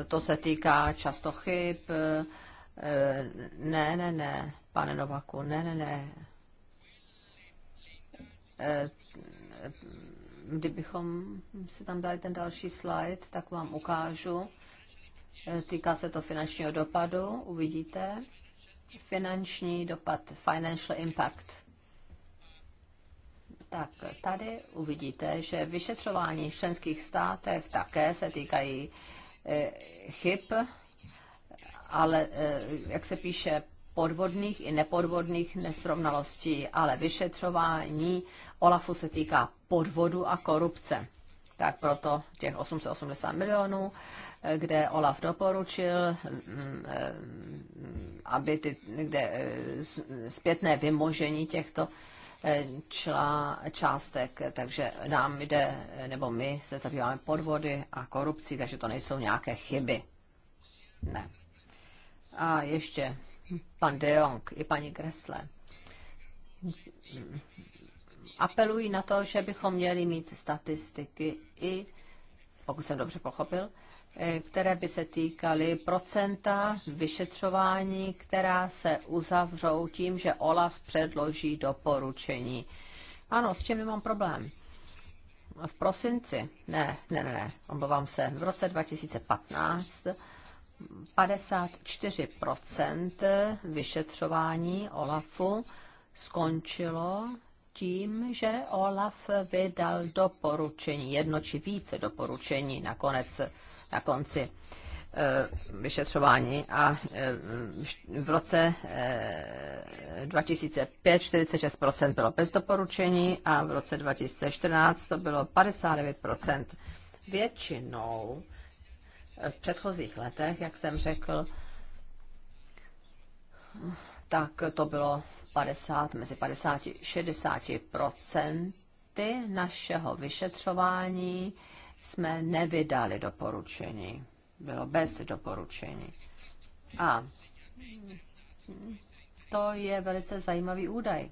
to se týká často chyb. Ne, ne, ne, pane Novaku, ne, ne, ne. Kdybychom si tam dali ten další slide, tak vám ukážu. E, týká se to finančního dopadu, uvidíte. Finanční dopad, financial impact. Tak tady uvidíte, že vyšetřování v členských státech také se týkají e, chyb, ale e, jak se píše, podvodných i nepodvodných nesrovnalostí, ale vyšetřování OLAFu se týká podvodu a korupce. Tak proto těch 880 milionů, eh, kde Olaf doporučil, mm, eh, aby ty, kde eh, zpětné vymožení těchto čla, částek, takže nám jde, nebo my se zabýváme podvody a korupcí, takže to nejsou nějaké chyby. Ne. A ještě pan De Jong i paní Gressle apelují na to, že bychom měli mít statistiky i, pokud jsem dobře pochopil, eh, které by se týkaly procenta vyšetřování, která se uzavřou tím, že OLAF předloží doporučení. Ano, s čím mám problém? V prosinci, ne, ne, ne, ne, obávám se, v roce 2015 54% vyšetřování OLAFu skončilo tím, že OLAF vydal doporučení, jedno či více doporučení na, konec, na konci eh, vyšetřování a eh, v roce 2005 eh, 46% bylo bez doporučení a v roce 2014 to bylo 59%. Většinou v předchozích letech, jak jsem řekl, tak to bylo 50, mezi 50 a 60 procenty našeho vyšetřování jsme nevydali doporučení. Bylo bez doporučení. A to je velice zajímavý údaj,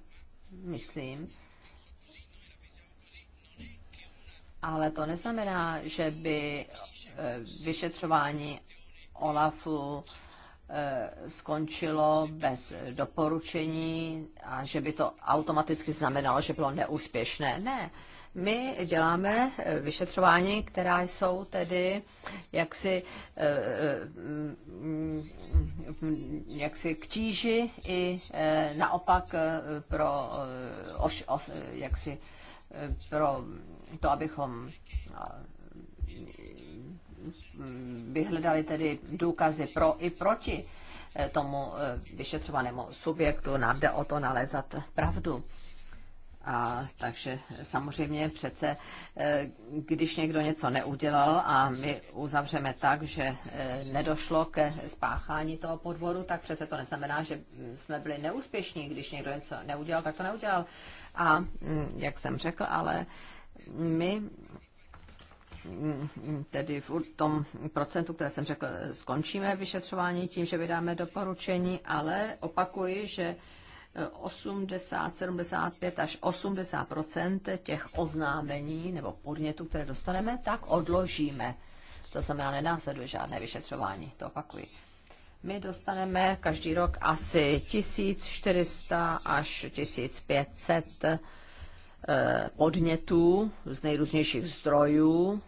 myslím. Ale to neznamená, že by eh, vyšetřování OLAFu Eh, skončilo bez doporučení a že by to automaticky znamenalo, že bylo neúspěšné. Ne, my děláme eh, vyšetřování, která jsou tedy jaksi, eh, mm, jaksi k tíži i naopak pro, jaksi pro to, abychom vyhledali tedy důkazy pro i proti eh, tomu eh, vyšetřovanému subjektu. Nám jde o to nalézat pravdu. A takže samozřejmě přece, eh, když někdo něco neudělal a my uzavřeme tak, že nedošlo ke spáchání toho podvodu, tak přece to neznamená, že jsme byli neúspěšní. Když někdo něco neudělal, tak to neudělal. A mm, jak jsem řekl, ale my tedy v tom procentu, které jsem řekl, skončíme vyšetřování tím, že vydáme doporučení, ale opakuji, že 80, 75 až 80 těch oznámení nebo podnětů, které dostaneme, tak odložíme. To znamená, nenásleduje žádné vyšetřování, to opakuji. My dostaneme každý rok asi 1400 až 1500 eh, podnětů z nejrůznějších zdrojů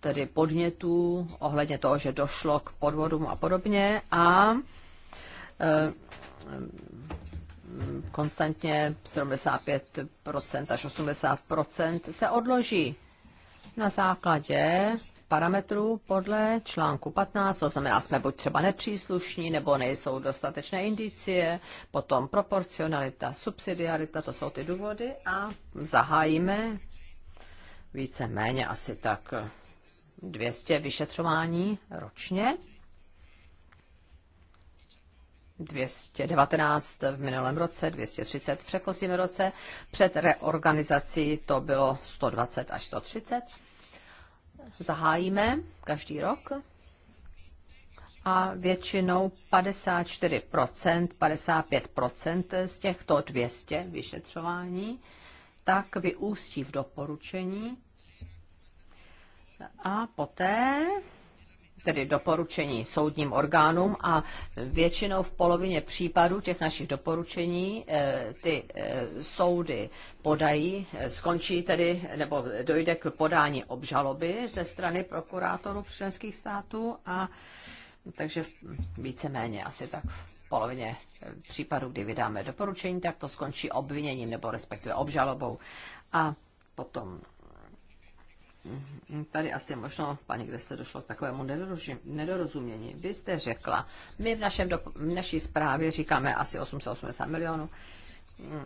tedy podnětů ohledně toho, že došlo k podvodům a podobně a eh, konstantně 75% až 80% se odloží na základě parametrů podle článku 15, to znamená, jsme buď třeba nepříslušní, nebo nejsou dostatečné indicie, potom proporcionalita, subsidiarita, to jsou ty důvody a zahájíme více méně asi tak 200 vyšetřování ročně, 219 v minulém roce, 230 v předchozím roce, před reorganizací to bylo 120 až 130. Zahájíme každý rok a většinou 54%, 55% z těchto 200 vyšetřování tak vyústí v doporučení a poté tedy doporučení soudním orgánům a většinou v polovině případů těch našich doporučení eh, ty eh, soudy podají, eh, skončí tedy, nebo dojde k podání obžaloby ze strany prokurátorů členských států a takže víceméně asi tak v polovině případů, kdy vydáme doporučení, tak to skončí obviněním nebo respektive obžalobou. A potom tady asi možno, paní, kde se došlo k takovému nedorozumění. Vy jste řekla, my v, našem do, v naší zprávě říkáme asi 880 milionů, eh,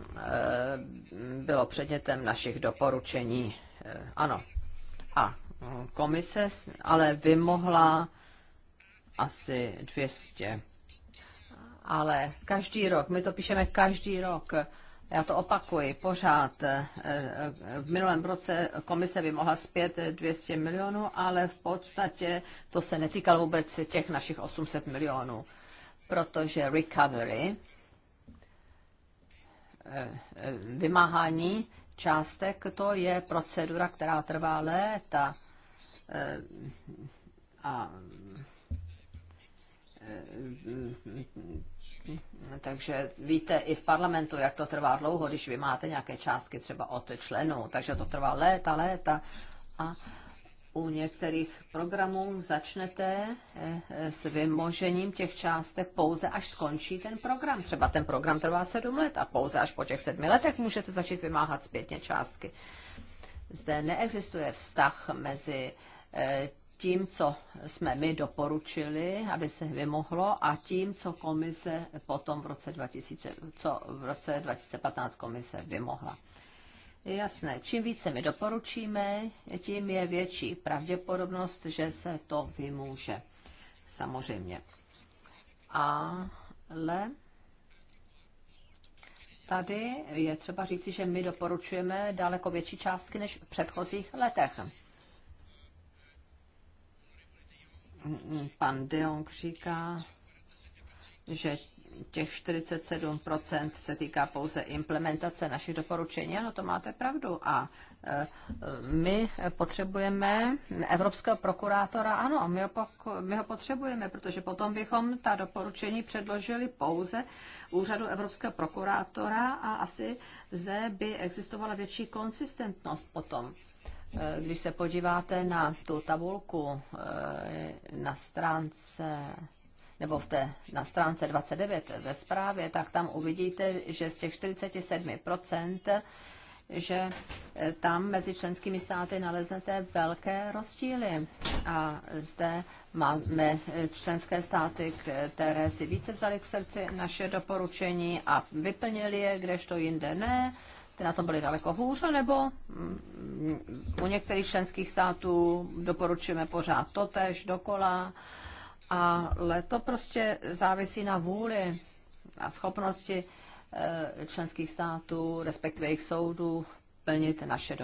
bylo předmětem našich doporučení. Eh, ano. A eh, komise ale vymohla asi 200. Ale každý rok, my to píšeme každý rok, já to opakuji pořád, eh, eh, v minulém roce komise by mohla zpět 200 milionů, ale v podstatě to se netýkalo vůbec těch našich 800 milionů, protože recovery, eh, vymáhání částek, to je procedura, která trvá léta. A Eh, takže víte i v parlamentu, jak to trvá dlouho, když vy máte nějaké částky třeba od členů, takže to trvá léta, léta a u některých programů začnete eh, s vymožením těch částek pouze až skončí ten program. Třeba ten program trvá sedm let a pouze až po těch sedmi letech můžete začít vymáhat zpětně částky. Zde neexistuje vztah mezi eh, tím, co jsme my doporučili, aby se vymohlo, a tím, co komise potom v roce, 2000, co v roce 2015 komise vymohla. Jasné, čím více my doporučíme, tím je větší pravděpodobnost, že se to vymůže. Samozřejmě. Ale tady je třeba říci, že my doporučujeme daleko větší částky než v předchozích letech. pan Deong říká, že těch 47% se týká pouze implementace našich doporučení. Ano, to máte pravdu. A e, my potřebujeme evropského prokurátora, ano, my ho, my ho potřebujeme, protože potom bychom ta doporučení předložili pouze úřadu evropského prokurátora a asi zde by existovala větší konsistentnost potom. Eh, když se podíváte na tu tabulku eh, na stránce nebo v té, na stránce 29 ve zprávě, tak tam uvidíte, že z těch 47%, že eh, tam mezi členskými státy naleznete velké rozdíly. A zde máme členské státy, které si více vzali k srdci naše doporučení a vyplnili je, kdežto jinde ne ty na tom byly daleko hůř, nebo mm, u některých členských států doporučujeme pořád totež dokola, ale to prostě závisí na vůli a schopnosti eh, členských států, respektive jejich soudů, plnit naše,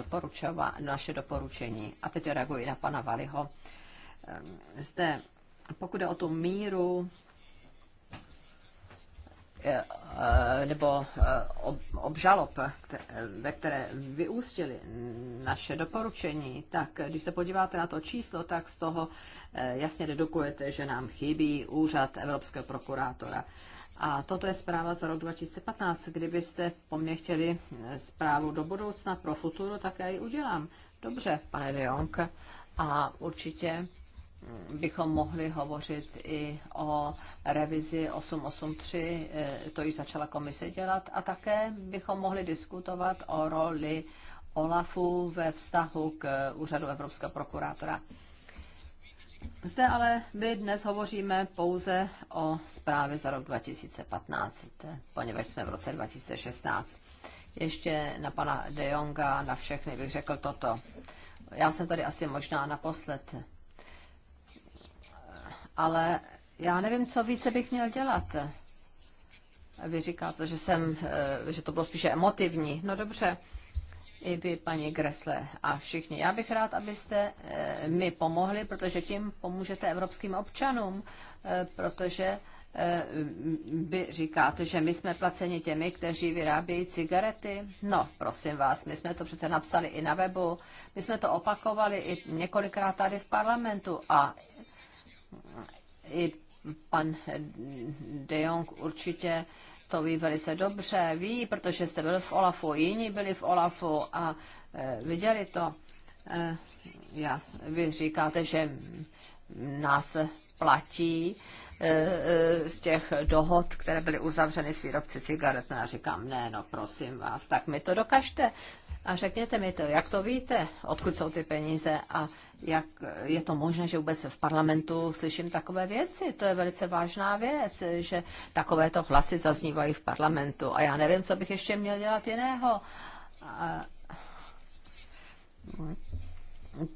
naše doporučení. A teď reaguji na pana Valiho. Ehm, zde, pokud je o tu míru Eh, nebo eh, obžalob, ve které vyústily naše doporučení, tak když se podíváte na to číslo, tak z toho eh, jasně dedukujete, že nám chybí úřad Evropského prokurátora. A toto je zpráva za rok 2015. Kdybyste po mně chtěli zprávu do budoucna pro futuro, tak já ji udělám. Dobře, pane De A určitě bychom mohli hovořit i o revizi 883, eh, to již začala komise dělat, a také bychom mohli diskutovat o roli OLAFu ve vztahu k úřadu Evropského prokurátora. Zde ale my dnes hovoříme pouze o zprávě za rok 2015, poněvadž jsme v roce 2016. Ještě na pana De Jonga, na všechny bych řekl toto. Já jsem tady asi možná naposled, ale já nevím, co více bych měl dělat. Vy říkáte, že, jsem, eh, že to bylo spíše emotivní. No dobře, i vy, paní Gresle a všichni. Já bych rád, abyste eh, mi pomohli, protože tím pomůžete evropským občanům, eh, protože vy říkáte, že my jsme placeni těmi, kteří vyrábějí cigarety. No, prosím vás, my jsme to přece napsali i na webu, my jsme to opakovali i několikrát tady v parlamentu a i pan De Jong určitě to ví velice dobře, ví, protože jste byl v Olafu, jiní byli v Olafu a e, viděli to. E, já, vy říkáte, že nás platí e, z těch dohod, které byly uzavřeny s výrobci cigaret. No já říkám, ne, no prosím vás, tak mi to dokažte a řekněte mi to, jak to víte, odkud jsou ty peníze a jak je to možné, že vůbec v parlamentu slyším takové věci. To je velice vážná věc, že takovéto hlasy zaznívají v parlamentu. A já nevím, co bych ještě měl dělat jiného.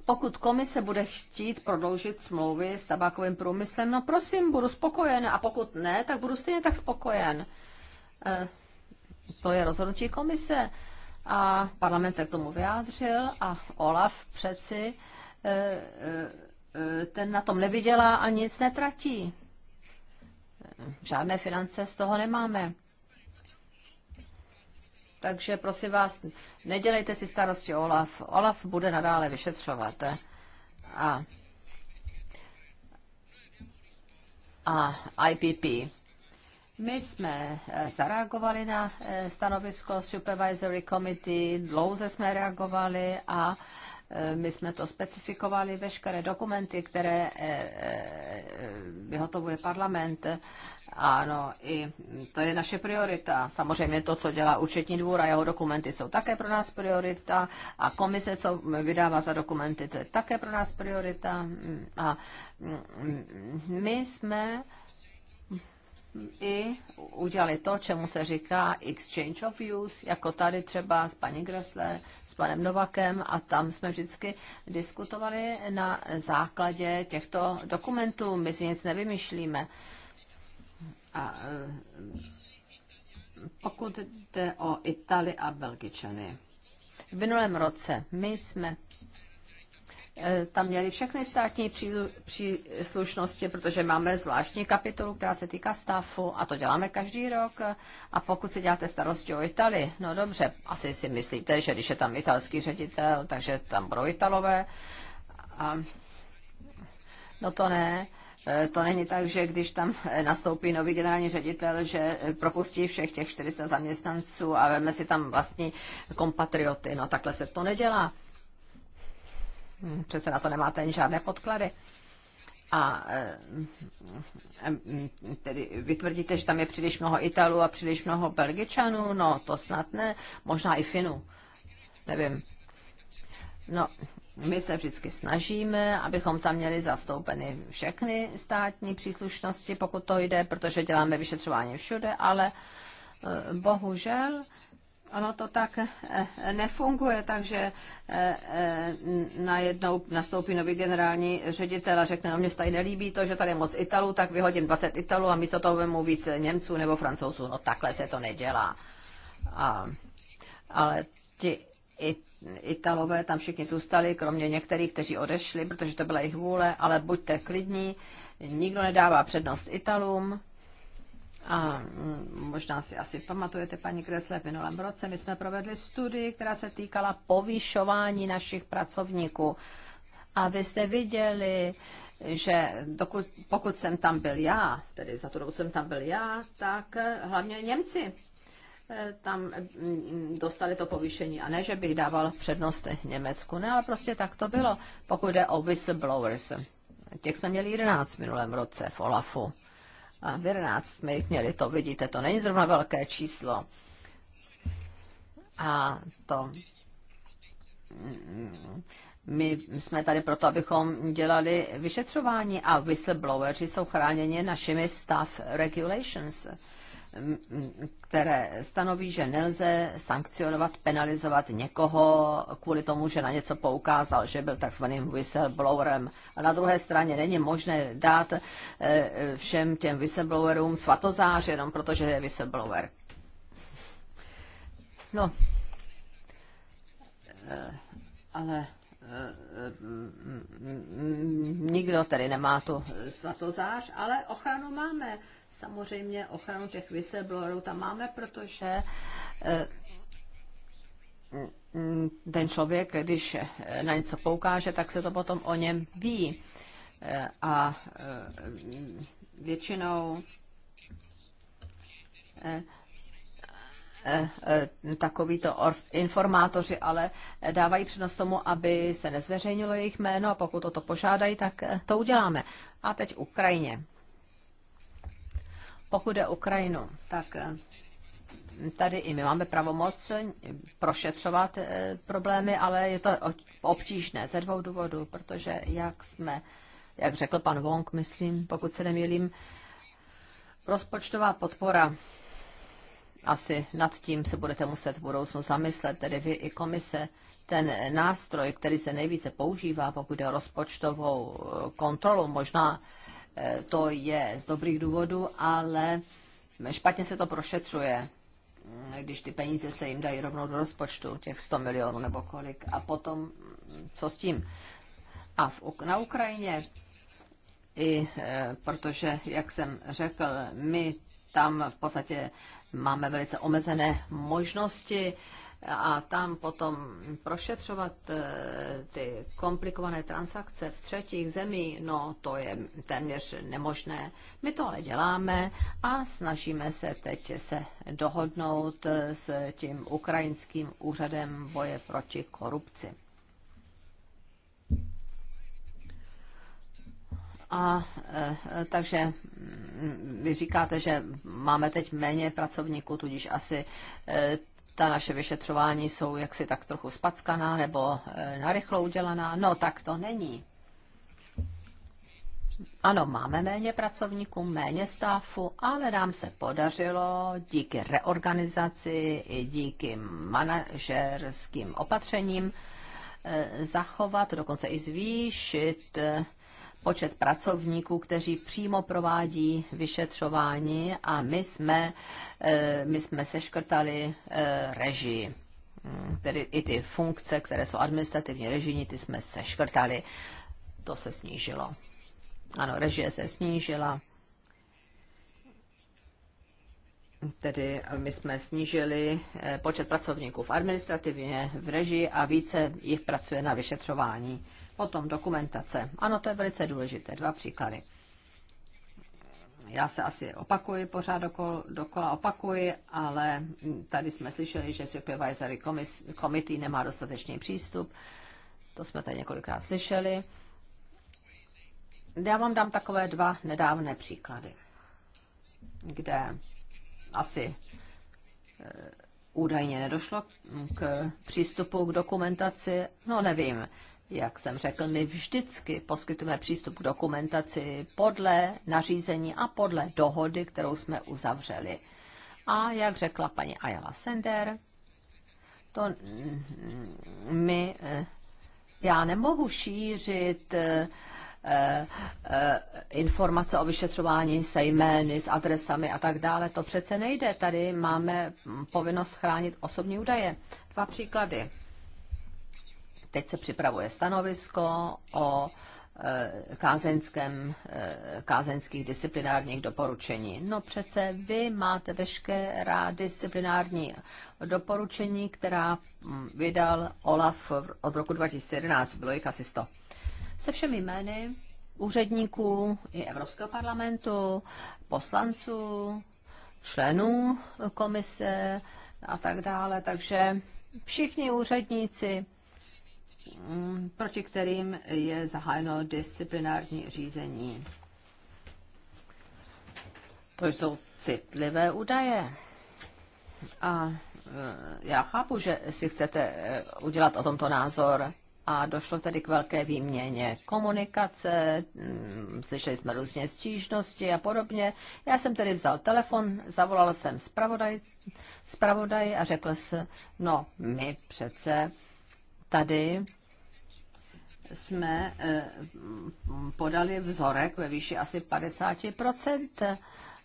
Pokud komise bude chtít prodloužit smlouvy s tabákovým průmyslem, no prosím, budu spokojen. A pokud ne, tak budu stejně tak spokojen. Eh, to je rozhodnutí komise. A parlament se k tomu vyjádřil a Olaf přeci E, e, ten na tom nevydělá a nic netratí. Žádné finance z toho nemáme. Takže prosím vás, nedělejte si starosti OLAF. OLAF bude nadále vyšetřovat. A, a IPP. My jsme e, zareagovali na stanovisko Supervisory Committee, dlouze jsme reagovali a Eh, my jsme to specifikovali, veškeré dokumenty, které eh, eh, vyhotovuje parlament. Ano, i to je naše priorita. Samozřejmě to, co dělá účetní dvůr a jeho dokumenty, jsou také pro nás priorita. A komise, co vydává za dokumenty, to je také pro nás priorita. A mm, mm, my jsme i udělali to, čemu se říká exchange of views, jako tady třeba s paní Gressle, s panem Novakem a tam jsme vždycky diskutovali na základě těchto dokumentů. My si nic nevymýšlíme. A, e, pokud jde o Itali a Belgičany. V minulém roce my jsme E, tam měli všechny státní příslušnosti, protože máme zvláštní kapitolu, která se týká stafu a to děláme každý rok. A pokud si děláte starosti o Italii, no dobře, asi si myslíte, že když je tam italský ředitel, takže tam budou Italové. A no to ne. E, to není tak, že když tam nastoupí nový generální ředitel, že propustí všech těch 400 zaměstnanců a veme si tam vlastní kompatrioty. No takhle se to nedělá. Hm, přece na to nemáte ani žádné podklady. A eh, hm, hm, tedy vytvrdíte, že tam je příliš mnoho Italů a příliš mnoho Belgičanů, no to snad ne, možná i Finů, nevím. No, my se vždycky snažíme, abychom tam měli zastoupeny všechny státní příslušnosti, pokud to jde, protože děláme vyšetřování všude, ale eh, bohužel Ono to tak eh, nefunguje, takže eh, eh, najednou nastoupí nový generální ředitel a řekne, no mě se tady nelíbí to, že tady je moc Italů, tak vyhodím 20 Italů a místo toho vemu víc Němců nebo Francouzů. No takhle se to nedělá. A, ale ti Italové tam všichni zůstali, kromě některých, kteří odešli, protože to byla jejich vůle, ale buďte klidní, nikdo nedává přednost Italům, a mm, možná si asi pamatujete, paní Kresle, v minulém roce my jsme provedli studii, která se týkala povyšování našich pracovníků. A vy jste viděli, že dokud, pokud jsem tam byl já, tedy za tu dobu jsem tam byl já, tak eh, hlavně Němci eh, tam mm, dostali to povýšení. A ne, že bych dával přednost Německu, ne, ale prostě tak to bylo, pokud jde o whistleblowers. Těch jsme měli 11 v minulém roce v OLAFu a v 11 jsme jich měli, to vidíte, to není zrovna velké číslo. A to mm, my jsme tady proto, abychom dělali vyšetřování a whistlebloweri jsou chráněni našimi staff regulations které stanoví, že nelze sankcionovat, penalizovat někoho kvůli tomu, že na něco poukázal, že byl takzvaným whistleblowerem. A na druhé straně není možné dát eh, všem těm whistleblowerům svatozář jenom protože je whistleblower. No, eh, ale eh, mm, mm, mm, nikdo tedy nemá tu svatozář, ale ochranu máme samozřejmě ochranu těch whistleblowerů tam máme, protože eh, mm, ten člověk, když eh, na něco poukáže, tak se to potom o něm ví. Eh, a většinou takovýto informátoři ale dávají přednost tomu, aby se nezveřejnilo jejich jméno a pokud o to požádají, tak to uděláme. A teď Ukrajině. Pokud je Ukrajinu, tak eh, tady i my máme pravomoc eh, prošetřovat eh, problémy, ale je to obtížné ze dvou důvodů, protože jak jsme, jak řekl pan Wong, myslím, pokud se nemýlím, rozpočtová podpora asi nad tím se budete muset v budoucnu zamyslet, tedy vy i komise, ten nástroj, který se nejvíce používá, pokud je rozpočtovou kontrolu, možná to je z dobrých důvodů, ale špatně se to prošetřuje, když ty peníze se jim dají rovnou do rozpočtu, těch 100 milionů nebo kolik. A potom, co s tím? A v, na Ukrajině, i eh, protože, jak jsem řekl, my tam v podstatě máme velice omezené možnosti, a tam potom prošetřovat eh, ty komplikované transakce v třetích zemí, no to je téměř nemožné. My to ale děláme a snažíme se teď se dohodnout eh, s tím ukrajinským úřadem boje proti korupci. A e, takže mm, vy říkáte, že máme teď méně pracovníků, tudíž asi e, ta naše vyšetřování jsou jaksi tak trochu spackaná nebo e, narychlo udělaná. No, tak to není. Ano, máme méně pracovníků, méně stáfu, ale nám se podařilo díky reorganizaci i díky manažerským opatřením e, zachovat, dokonce i zvýšit e, počet pracovníků, kteří přímo provádí vyšetřování a my jsme, eh, my jsme seškrtali eh, režii. Mm, tedy i ty funkce, které jsou administrativně režijní, ty jsme seškrtali. To se snížilo. Ano, režie se snížila. Tedy my jsme snížili eh, počet pracovníků v administrativě, v režii a více jich pracuje na vyšetřování. Potom dokumentace. Ano, to je velice důležité. Dva příklady. Já se asi opakuji, pořád dokol, dokola opakuji, ale tady jsme slyšeli, že Supervisory Committee nemá dostatečný přístup. To jsme tady několikrát slyšeli. Já vám dám takové dva nedávné příklady, kde asi e, údajně nedošlo k přístupu k dokumentaci, no nevím. Jak jsem řekl, my vždycky poskytujeme přístup k dokumentaci podle nařízení a podle dohody, kterou jsme uzavřeli. A jak řekla paní Ayala Sender, to my, eh, já nemohu šířit eh, eh, informace o vyšetřování se jmény, s adresami a tak dále. To přece nejde. Tady máme povinnost chránit osobní údaje. Dva příklady. Teď se připravuje stanovisko o e, kázenském e, kázenských disciplinárních doporučení. No přece vy máte veškerá disciplinární doporučení, která mm, vydal Olaf od roku 2011, bylo jich asi 100. Se všemi jmény úředníků i Evropského parlamentu, poslanců, členů komise a tak dále. Takže všichni úředníci Mm, proti kterým je zahájeno disciplinární řízení. To jsou citlivé údaje. A eh, já chápu, že si chcete eh, udělat o tomto názor a došlo tedy k velké výměně komunikace, mm, slyšeli jsme různě stížnosti a podobně. Já jsem tedy vzal telefon, zavolal jsem zpravodaj, zpravodaj a řekl jsem, no my přece tady jsme eh, podali vzorek ve výši asi 50%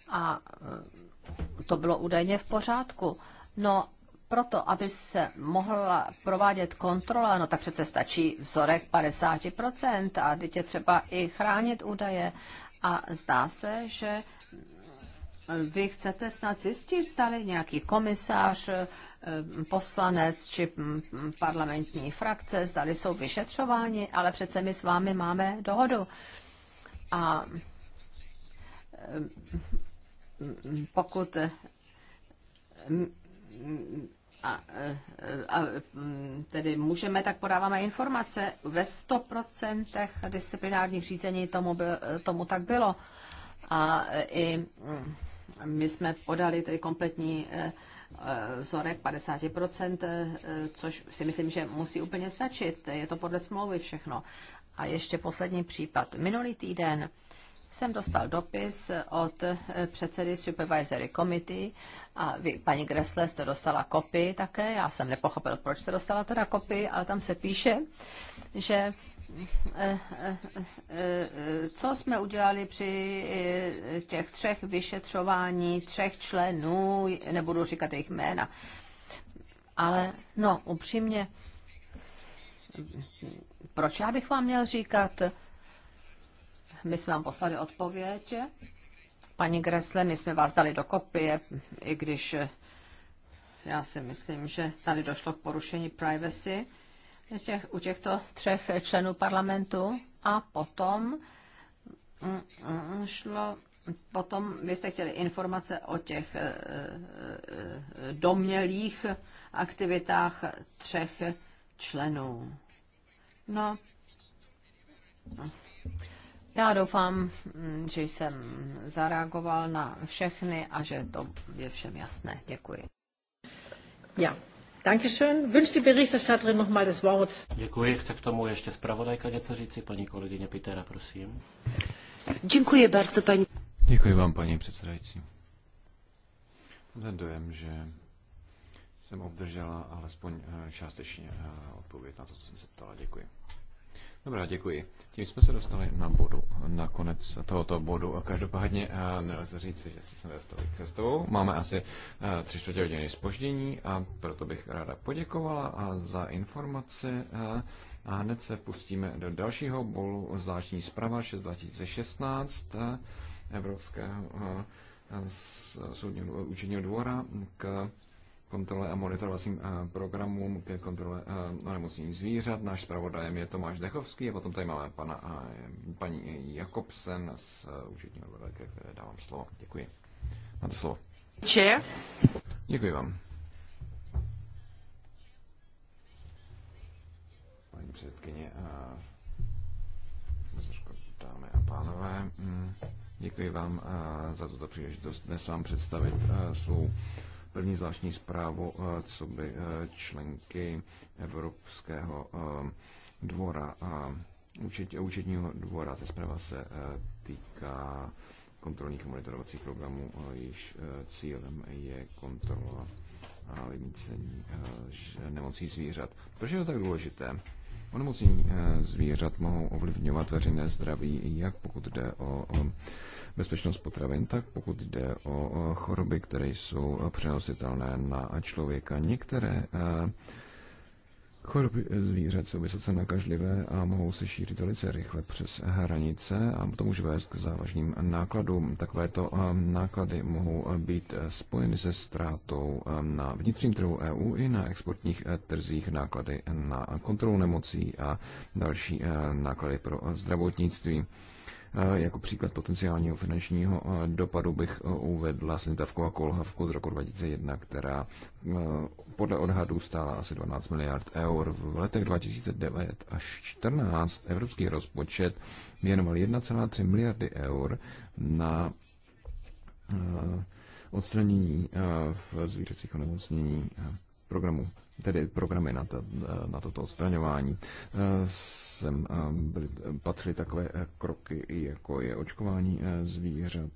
a eh, to bylo údajně v pořádku. No proto, aby se mohla provádět kontrola, no tak přece stačí vzorek 50% a teď je třeba i chránit údaje. A zdá se, že vy chcete snad zjistit, stále nějaký komisář Eh, poslanec či mm, mm, parlamentní frakce, zdali jsou vyšetřováni, ale přece my s vámi máme dohodu. A eh, pokud eh, a, a, mm, tedy můžeme, tak podáváme informace. Ve 100% disciplinárních řízení tomu, by, tomu tak bylo. A i my jsme podali tedy kompletní vzorek 50%, eh, což si myslím, že musí úplně stačit. Je to podle smlouvy všechno. A ještě poslední případ. Minulý týden jsem dostal dopis od eh, předsedy Supervisory Committee a vy, paní Gressle, jste dostala kopii také. Já jsem nepochopil, proč jste dostala teda kopii, ale tam se píše, že Eh, eh, eh, co jsme udělali při těch třech vyšetřování třech členů, nebudu říkat jejich jména, ale no, upřímně, proč já bych vám měl říkat, my jsme vám poslali odpověď, paní Gresle, my jsme vás dali do kopie, i když já si myslím, že tady došlo k porušení privacy, těch, u těchto třech členů parlamentu a potom mm, mm, šlo Potom vy jste chtěli informace o těch eh, eh, domělých aktivitách třech členů. No, já doufám, mm, že jsem zareagoval na všechny a že to je všem jasné. Děkuji. Já. Dankeschön. Wünscht die Děkuji. Chce k tomu ještě zpravodajka něco říci? Paní kolegyně Pitera, prosím. Děkuji bardzo, paní. Děkuji vám, paní předsedající. Mám ten dojem, že jsem obdržela alespoň eh, částečně eh, odpověď na to, co jsem se ptala. Děkuji. Dobrá, děkuji. Tím jsme se dostali na bodu, na konec tohoto bodu a každopádně eh, nelze říct, že se dostali k festovou. Máme asi eh, tři čtvrtě hodiny spoždění a proto bych ráda poděkovala a za informace eh, a, a hned se pustíme do dalšího bolu zvláštní zpráva 6 2016 Evropského a, z, soudního účetního dvora k kontrole a monitorovacím eh, programům ke kontrole eh, onemocnění zvířat. Náš zpravodajem je Tomáš Dechovský a potom tady máme pana, eh, paní Jakobsen z účetního dvora, které dávám slovo. Děkuji. Máte slovo. Chair. Děkuji vám. Paní předkyně a dámy a pánové, mm, děkuji vám za tuto příležitost dnes vám představit svou první zvláštní zprávu, eh, co by eh, členky Evropského eh, dvora, účet, účetního dvora, ta zpráva se týká kontrolních monitorovacích programů, již cílem je kontrola a vymícení nemocí zvířat. Proč je to tak důležité? Onemocnění zvířat mohou ovlivňovat veřejné zdraví, jak pokud jde o, o bezpečnost potravin, tak pokud jde o choroby, které jsou přenositelné na člověka. Některé eh, Choroby zvířat jsou vysoce nakažlivé a mohou se šířit velice rychle přes hranice a to může vést k závažným nákladům. Takovéto eh, náklady mohou eh, být spojeny se ztrátou na vnitřním trhu EU i na exportních trzích, náklady na kontrolu nemocí a další náklady pro zdravotnictví. Eh, jako příklad potenciálního finančního eh, dopadu bych eh, uvedla Slintavku a Kolhavku z roku 2001, která podle odhadů stála asi 12 miliard eur. V letech 2009 až 2014 evropský rozpočet věnoval 1,3 miliardy eur na odstranění v zvířecích onemocnění programu tedy programy na, to, na toto odstraňování, sem eh, byly, patřily takové eh, kroky, jako je očkování eh, zvířat,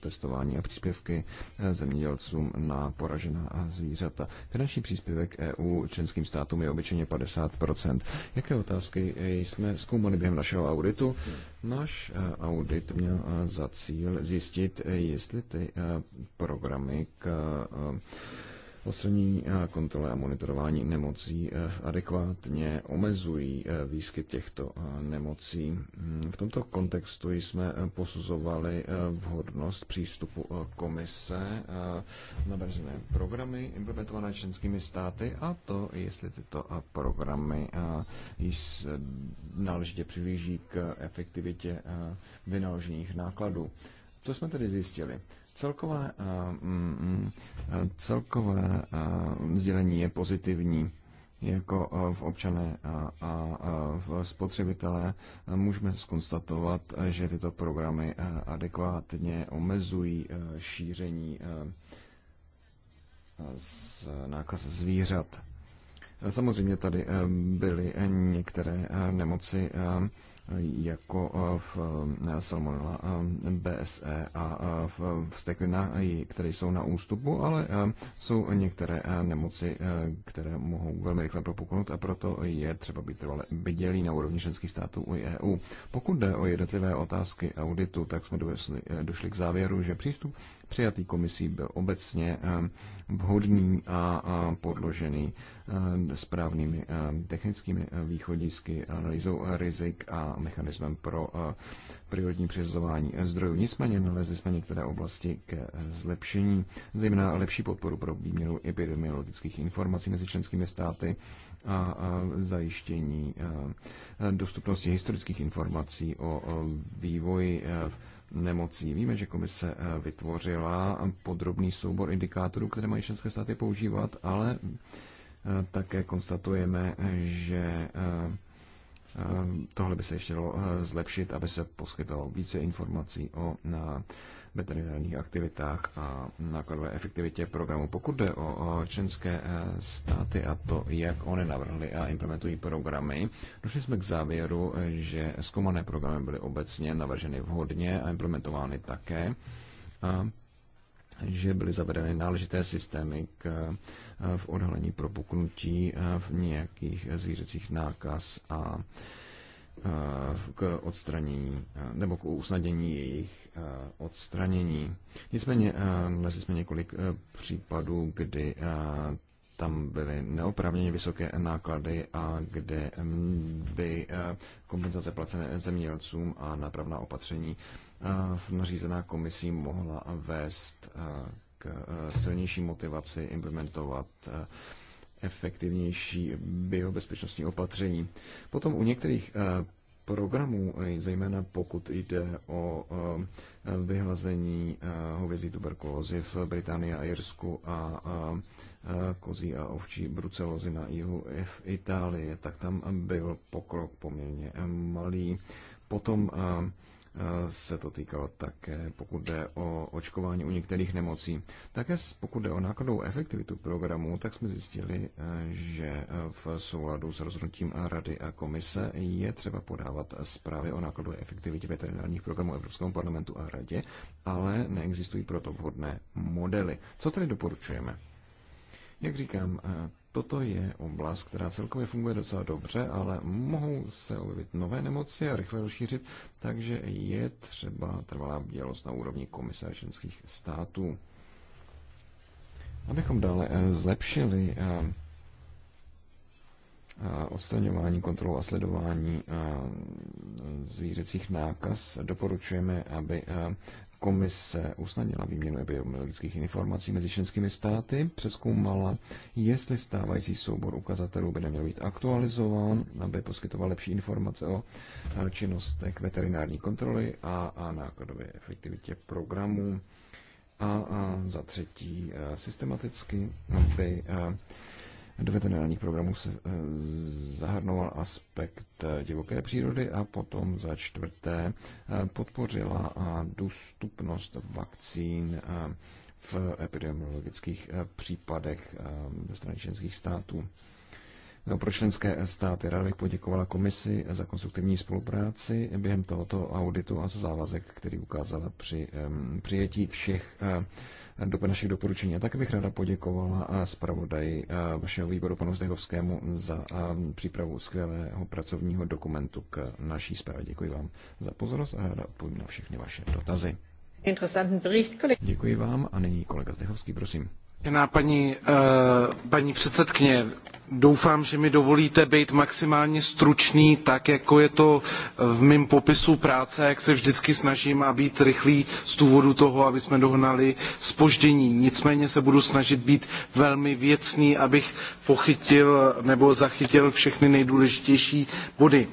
testování a příspěvky zemědělcům na poražená zvířata. Finanční příspěvek EU členským státům je obyčejně 50%. Jaké otázky jsme zkoumali během našeho auditu? Náš audit měl za cíl zjistit, jestli ty programy k odstranění a eh, kontrole a monitorování nemocí eh, adekvátně omezují eh, výskyt těchto nemocí. Mm, v tomto kontextu jsme posuzovali vhodnost přístupu komise na navržené programy implementované členskými státy a to, jestli tyto programy náležitě přihlíží k efektivitě vynaložených nákladů. Co jsme tedy zjistili? Celkové, eh, mm, mm, eh, celkové eh, sdělení je pozitivní jako v občané a v spotřebitelé můžeme skonstatovat, že tyto programy adekvátně omezují šíření z nákaz zvířat. Samozřejmě tady byly některé nemoci jako eh, v eh, salmonella eh, BSE a v vsteklinách, které jsou na ústupu, ale jsou některé nemoci, které mohou velmi rychle propuknout a proto je třeba být trvale vidělý na úrovni členských států e u EU. Pokud jde o jednotlivé otázky auditu, tak jsme došli k závěru, že přístup přijatý komisí byl obecně ehm, vhodný a podložený ehm, správnými ehm, technickými východisky, analýzou rizik a mechanismem pro eh, prioritní přizování zdrojů. Nicméně nalezli jsme některé oblasti ke zlepšení, zejména lepší podporu pro výměnu epidemiologických informací mezi členskými státy a zajištění dostupnosti historických informací o vývoji eh, nemocí. Víme, že komise eh, vytvořila podrobný soubor indikátorů, které mají členské státy používat, ale eh, také konstatujeme, že eh, tohle by se ještě dalo zlepšit, aby se poskytalo více informací o na veterinárních aktivitách a nákladové efektivitě programu. Pokud jde o členské eh, státy a to, jak oni navrhli a implementují programy, došli jsme k závěru, že zkoumané programy byly obecně navrženy vhodně a implementovány také. A že byly zavedeny náležité systémy k, eh, v odhalení propuknutí eh, v nějakých zvířecích nákaz a Eh, k odstranění eh, nebo k usnadění jejich eh, odstranění. Nicméně dnes jsme několik případů, kdy tam byly neoprávněně vysoké náklady a kde by kompenzace placené zemědělcům a nápravná opatření nařízená komisí mohla vést k silnější motivaci implementovat efektivnější biobezpečnostní opatření. Potom u některých eh, programů, eh, zejména pokud jde o eh, vyhlazení hovězí tuberkulózy v Británii a Jirsku a kozí a ovčí brucelózy na jihu v Itálii, tak tam byl pokrok poměrně malý. Potom Eh, se to týkalo také, pokud jde o očkování u některých nemocí. Také pokud jde o nákladovou efektivitu programu, tak jsme zjistili, eh, že eh, v souladu s rozhodnutím Rady a Komise je třeba podávat zprávy o nákladové efektivitě veterinárních programů Evropskému parlamentu a Radě, ale neexistují proto vhodné modely. Co tedy doporučujeme? Jak říkám, Toto je oblast, která celkově funguje docela dobře, ale mohou se objevit nové nemoci a rychle rozšířit, takže je třeba trvalá bdělost na úrovni komise členských států. Abychom dále eh, zlepšili eh, eh, odstraňování, kontrolu a sledování zvířecích nákaz doporučujeme, aby komise usnadnila výměnu epidemiologických informací mezi členskými státy, přeskoumala, jestli stávající soubor ukazatelů by neměl být aktualizován, aby poskytoval lepší informace o eh, činnostech veterinární kontroly a, a nákladové efektivitě programů. A, a za třetí, eh, systematicky by a, eh, do veterinárních programů se eh, zahrnoval aspekt eh, divoké přírody a potom za čtvrté eh, podpořila dostupnost vakcín v epidemiologických případech ze strany členských států. No, pro členské státy. Rád bych poděkovala komisi za konstruktivní spolupráci během tohoto auditu a za závazek, který ukázala při přijetí všech eh, do našich doporučení. A také bych ráda poděkovala a eh, zpravodaji eh, vašeho výboru panu Zdehovskému, za přípravu skvělého pracovního dokumentu k naší zprávě. Děkuji vám za pozornost a ráda odpovím na všechny vaše dotazy. Děkuji vám a nyní kolega Zdechovský, prosím. Paní, eh, paní předsedkyně, doufám, že mi dovolíte být maximálně stručný, tak jako je to v mém popisu práce, jak se vždycky snažím a být rychlý z důvodu toho, aby jsme dohnali spoždění. Nicméně se budu snažit být velmi věcný, abych pochytil nebo zachytil všechny nejdůležitější body.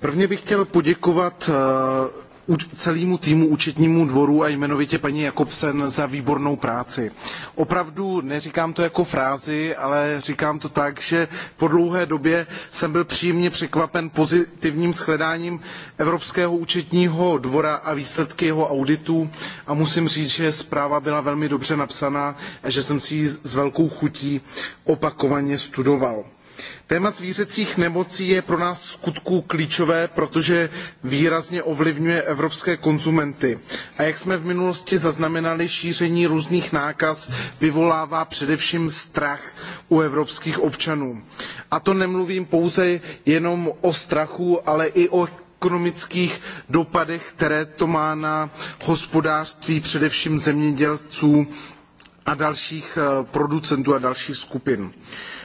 Prvně bych chtěl poděkovat eh, celému týmu účetnímu dvoru a jmenovitě paní Jakobsen za výbornou práci. Opravdu neříkám to jako frázi, ale říkám to tak, že po dlouhé době jsem byl příjemně překvapen pozitivním shledáním Evropského účetního dvora a výsledky jeho auditu a musím říct, že zpráva byla velmi dobře napsaná a že jsem si ji s velkou chutí opakovaně studoval. Téma zvířecích nemocí je pro nás skutku klíčové, protože výrazně ovlivňuje evropské konzumenty. A jak jsme v minulosti zaznamenali, šíření různých nákaz vyvolává především strach u evropských občanů. A to nemluvím pouze jenom o strachu, ale i o ekonomických dopadech, které to má na hospodářství především zemědělců a dalších eh, producentů a dalších skupin.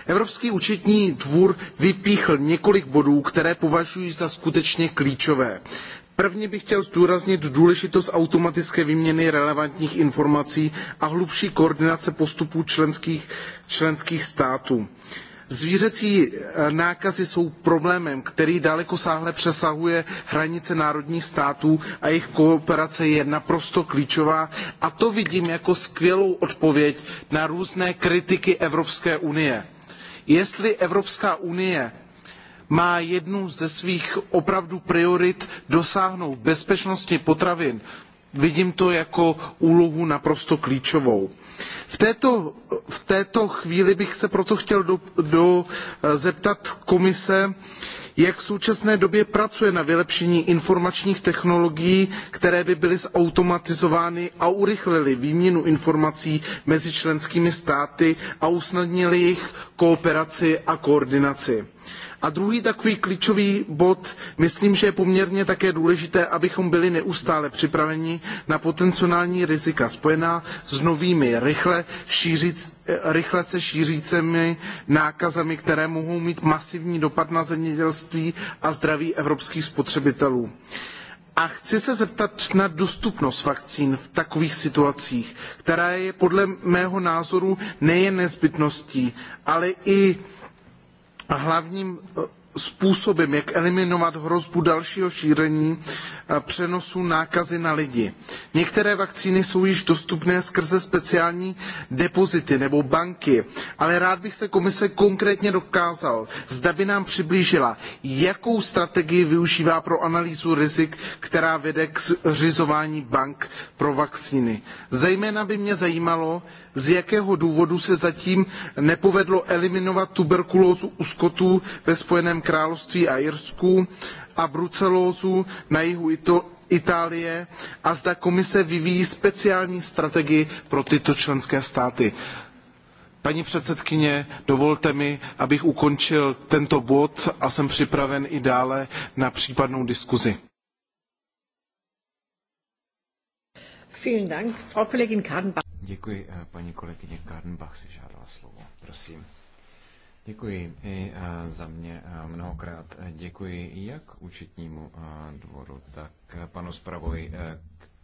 Evropský účetní dvůr vypíchl několik bodů, které považuji za skutečně klíčové. Prvně bych chtěl zdůraznit důležitost automatické výměny relevantních informací a hlubší koordinace postupů členských, členských států. Zvířecí eh, nákazy jsou problémem, který dalekosáhle přesahuje hranice národních států a jejich kooperace je naprosto klíčová a to vidím jako skvělou odpověď na různé kritiky Evropské unie. Jestli Evropská unie má jednu ze svých opravdu priorit dosáhnout bezpečnosti potravin, vidím to jako úlohu naprosto klíčovou. V této, v této chvíli bych se proto chtěl do, do, eh, zeptat komise, jak v současné době pracuje na vylepšení informačních technologií, které by byly zautomatizovány a urychlily výměnu informací mezi členskými státy a usnadnily jejich kooperaci a koordinaci. A druhý takový klíčový bod, myslím, že je poměrně také důležité, abychom byli neustále připraveni na potenciální rizika spojená s novými, rychle, šířic, rychle se šířícími nákazami, které mohou mít masivní dopad na zemědělství a zdraví evropských spotřebitelů. A chci se zeptat na dostupnost vakcín v takových situacích, která je podle mého názoru nejen nezbytností, ale i a hlavním e, způsobem, jak eliminovat hrozbu dalšího šíření e, přenosu nákazy na lidi. Některé vakcíny jsou již dostupné skrze speciální depozity nebo banky, ale rád bych se komise konkrétně dokázal, zda by nám přiblížila, jakou strategii využívá pro analýzu rizik, která vede k zřizování bank pro vakcíny. Zejména by mě zajímalo, z jakého důvodu se zatím nepovedlo eliminovat tuberkulózu u skotů ve Spojeném království a Irsku a brucelózu na jihu Itálie a zda komise vyvíjí speciální strategii pro tyto členské státy. Paní předsedkyně, dovolte mi, abych ukončil tento bod a jsem připraven i dále na případnou diskuzi. Vielen Dank, Frau Kollegin Kadenbach. Děkuji, eh, paní kolegyně Karnbach si žádala slovo. Prosím. Děkuji i eh, za mě eh, mnohokrát. Děkuji jak účetnímu dvoru, tak panu zpravoji,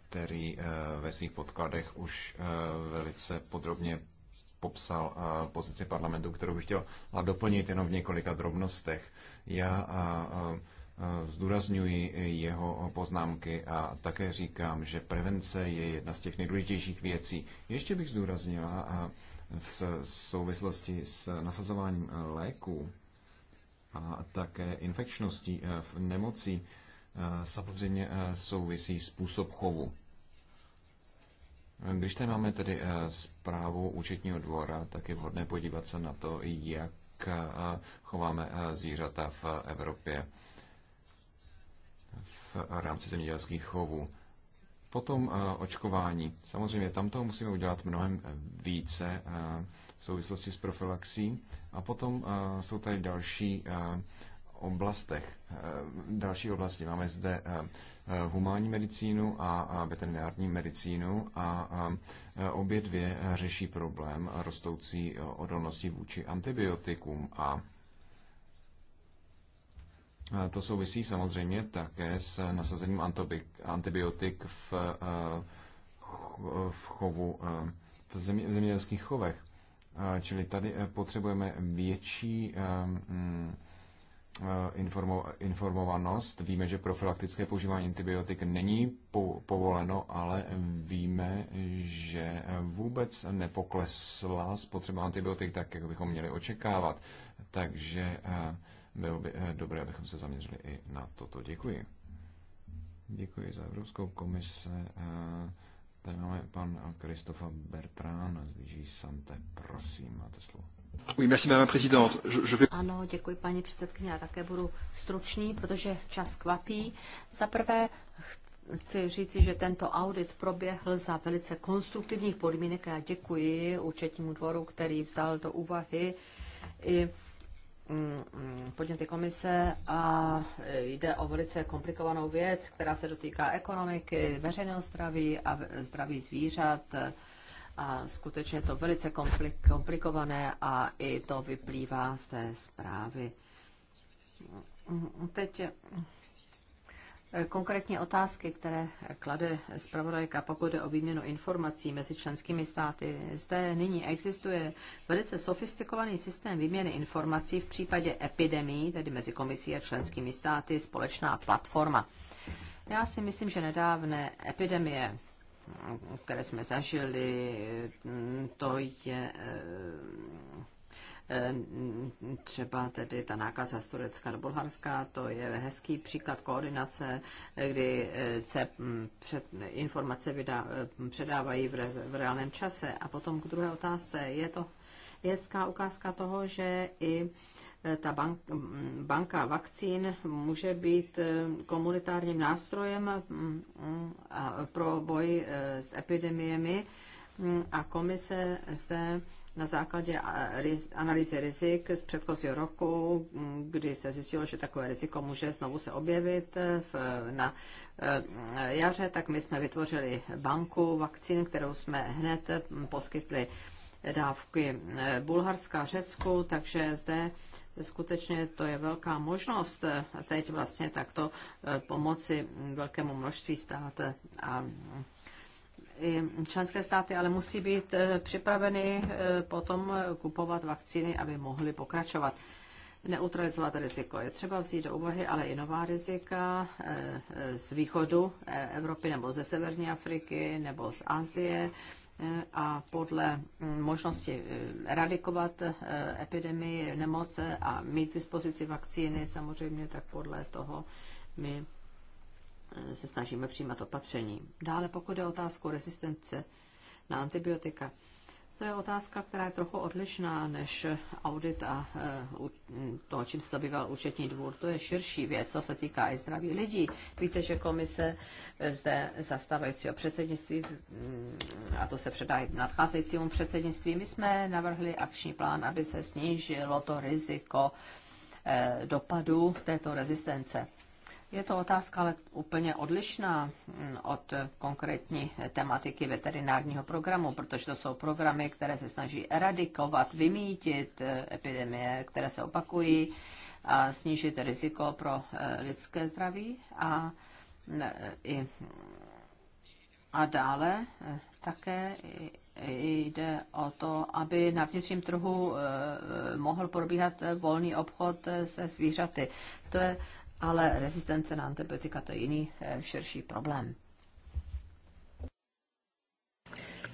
který ve svých podkladech už velice podrobně popsal pozici parlamentu, kterou bych chtěl doplnit jenom v několika drobnostech. Já zdůrazňuji jeho poznámky a také říkám, že prevence je jedna z těch nejdůležitějších věcí. Ještě bych zdůraznila v souvislosti s nasazováním léků a také infekčností v nemocí samozřejmě souvisí způsob chovu. Když tady máme tedy eh, zprávu účetního dvora, tak je vhodné podívat se na to, jak eh, chováme eh, zvířata v Evropě v rámci zemědělských chovů. Potom eh, očkování. Samozřejmě tam toho musíme udělat mnohem více eh, v souvislosti s profilaxí. A potom eh, jsou tady další oblastech, další oblasti. Máme zde humánní medicínu a veterinární medicínu a obě dvě řeší problém rostoucí odolnosti vůči antibiotikům a to souvisí samozřejmě také s nasazením antibiotik v, eh, v chovu, eh, v zemědělských chovech. Čili tady eh, potřebujeme větší mm, informovanost. Víme, že profilaktické používání antibiotik není povoleno, ale víme, že vůbec nepoklesla spotřeba antibiotik tak, jak bychom měli očekávat. Takže bylo by eh, dobré, abychom se zaměřili i na toto. Děkuji. Děkuji za Evropskou komise. Eh, tady máme pan Kristofa Bertrán z DG Sante. Prosím, máte slovo. Ano, děkuji paní předsedkyně, já také budu stručný, protože čas kvapí. Za prvé chci říci, že tento audit proběhl za velice konstruktivních podmínek a děkuji účetnímu dvoru, který vzal do úvahy i podněty komise a jde o velice komplikovanou věc, která se dotýká ekonomiky, veřejného zdraví a zdraví zvířat. A skutečně to velice komplikované a i to vyplývá z té zprávy. Teď konkrétní otázky, které klade zpravodajka, pokud jde o výměnu informací mezi členskými státy. Zde nyní existuje velice sofistikovaný systém výměny informací v případě epidemii, tedy mezi komisí a členskými státy, společná platforma. Já si myslím, že nedávné epidemie, které jsme zažili, to je eh, Ehm, třeba tedy ta nákaza z Turecka do Bulharska, to je hezký příklad koordinace, kdy eh, se mm, před, informace vydá, eh, předávají v, re, v reálném čase. A potom k druhé otázce je to hezká ukázka toho, že i eh, ta bank, mm, banka vakcín může být komunitárním nástrojem mm, pro boj s epidemiemi a komise zde na základě analýzy rizik z předchozího roku, mm, kdy se zjistilo, že takové riziko může znovu se objevit eh, v, na eh, jaře, tak my jsme vytvořili banku vakcín, kterou jsme hned eh, poskytli dávky Bulharska, Řecku, takže zde skutečně to je velká možnost teď vlastně takto pomoci velkému množství stát a i členské státy ale musí být e, připraveny e, potom kupovat vakcíny, aby mohly pokračovat. Neutralizovat riziko je třeba vzít do úvahy, ale i nová rizika e, z východu Evropy nebo ze severní Afriky nebo z Asie a podle možnosti radikovat epidemii nemoce a mít dispozici vakcíny samozřejmě, tak podle toho my Eh, se snažíme přijímat opatření. Dále pokud je otázku rezistence na antibiotika, to je otázka, která je trochu odlišná než audit a eh, to, čím se zabýval účetní dvůr. To je širší věc, co se týká i zdraví lidí. Víte, že komise eh, zde zastávajícího předsednictví, mm, a to se předá i nadcházejícímu předsednictví, my jsme navrhli akční plán, aby se snížilo to riziko dopadu této rezistence. Je to otázka ale úplně odlišná hm, od konkrétní tematiky veterinárního programu, protože to jsou programy, které se snaží eradikovat, vymítit eh, epidemie, které se opakují a snížit riziko pro eh, lidské zdraví a hm, i a dále eh, také jde o to, aby na vnitřním trhu mohl probíhat volný obchod se zvířaty. To je ale rezistence na antibiotika to je jiný eh, širší problém.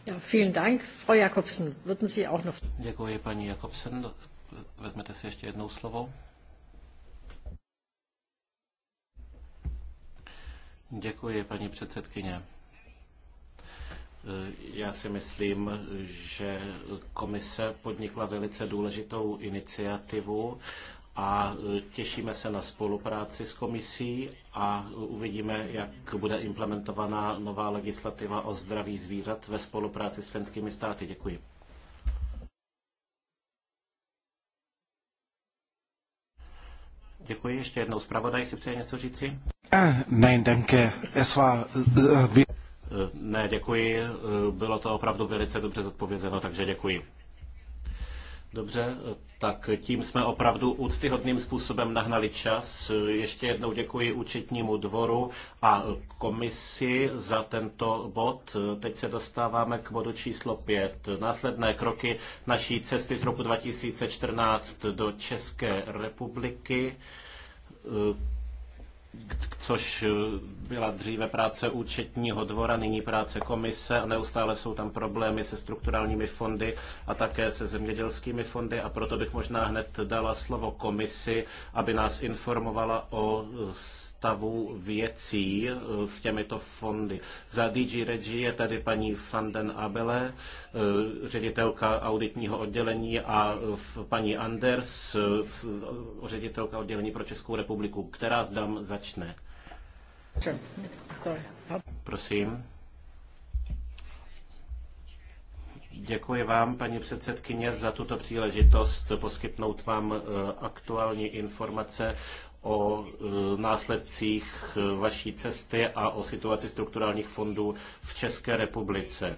Ja, vielen Dank. Frau Jakobsen, würden Sie auch noch... Děkuji, paní Jakobsen. Vezmete si ještě jednou slovo. Děkuji, paní předsedkyně. Eh, já si myslím, že komise podnikla velice důležitou iniciativu a e, těšíme se na spolupráci s komisí a e, uvidíme, jak bude implementovaná nová legislativa o zdraví zvířat ve spolupráci s členskými státy. Děkuji. Děkuji. Ještě jednou zpravodaj si přeje něco říci? Ne, danke. Es e, Ne, děkuji. Bylo to opravdu velice dobře zodpovězeno, takže děkuji. Dobře, tak tím jsme opravdu úctyhodným způsobem nahnali čas. Ještě jednou děkuji účetnímu dvoru a komisi za tento bod. Teď se dostáváme k bodu číslo 5. Následné kroky naší cesty z roku 2014 do České republiky což eh, byla dříve práce účetního dvora, nyní práce komise a neustále jsou tam problémy se strukturálními fondy a také se zemědělskými fondy a proto bych možná hned dala slovo komisi, aby nás informovala o stavu věcí eh, s těmito fondy. Za DG Regi je tady paní Fanden Abele, eh, ředitelka auditního oddělení a eh, paní Anders, ředitelka oddělení pro Českou republiku. Která z dam začne? Prosím. Děkuji vám, paní předsedkyně, za tuto příležitost poskytnout vám aktuální informace o e, následcích e, vaší cesty a o situaci strukturálních fondů v České republice.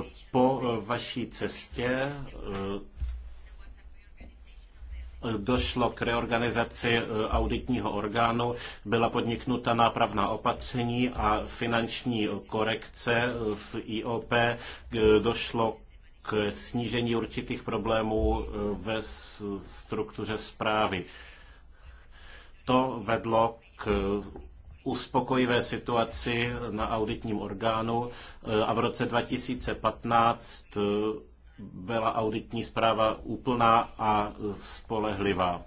E, po vaší cestě došlo k reorganizaci auditního orgánu, byla podniknuta nápravná opatření a finanční korekce v IOP, došlo k snížení určitých problémů e, ve struktuře zprávy. To vedlo k uspokojivé situaci na auditním orgánu e, a v roce 2015 e, byla auditní zpráva úplná a spolehlivá.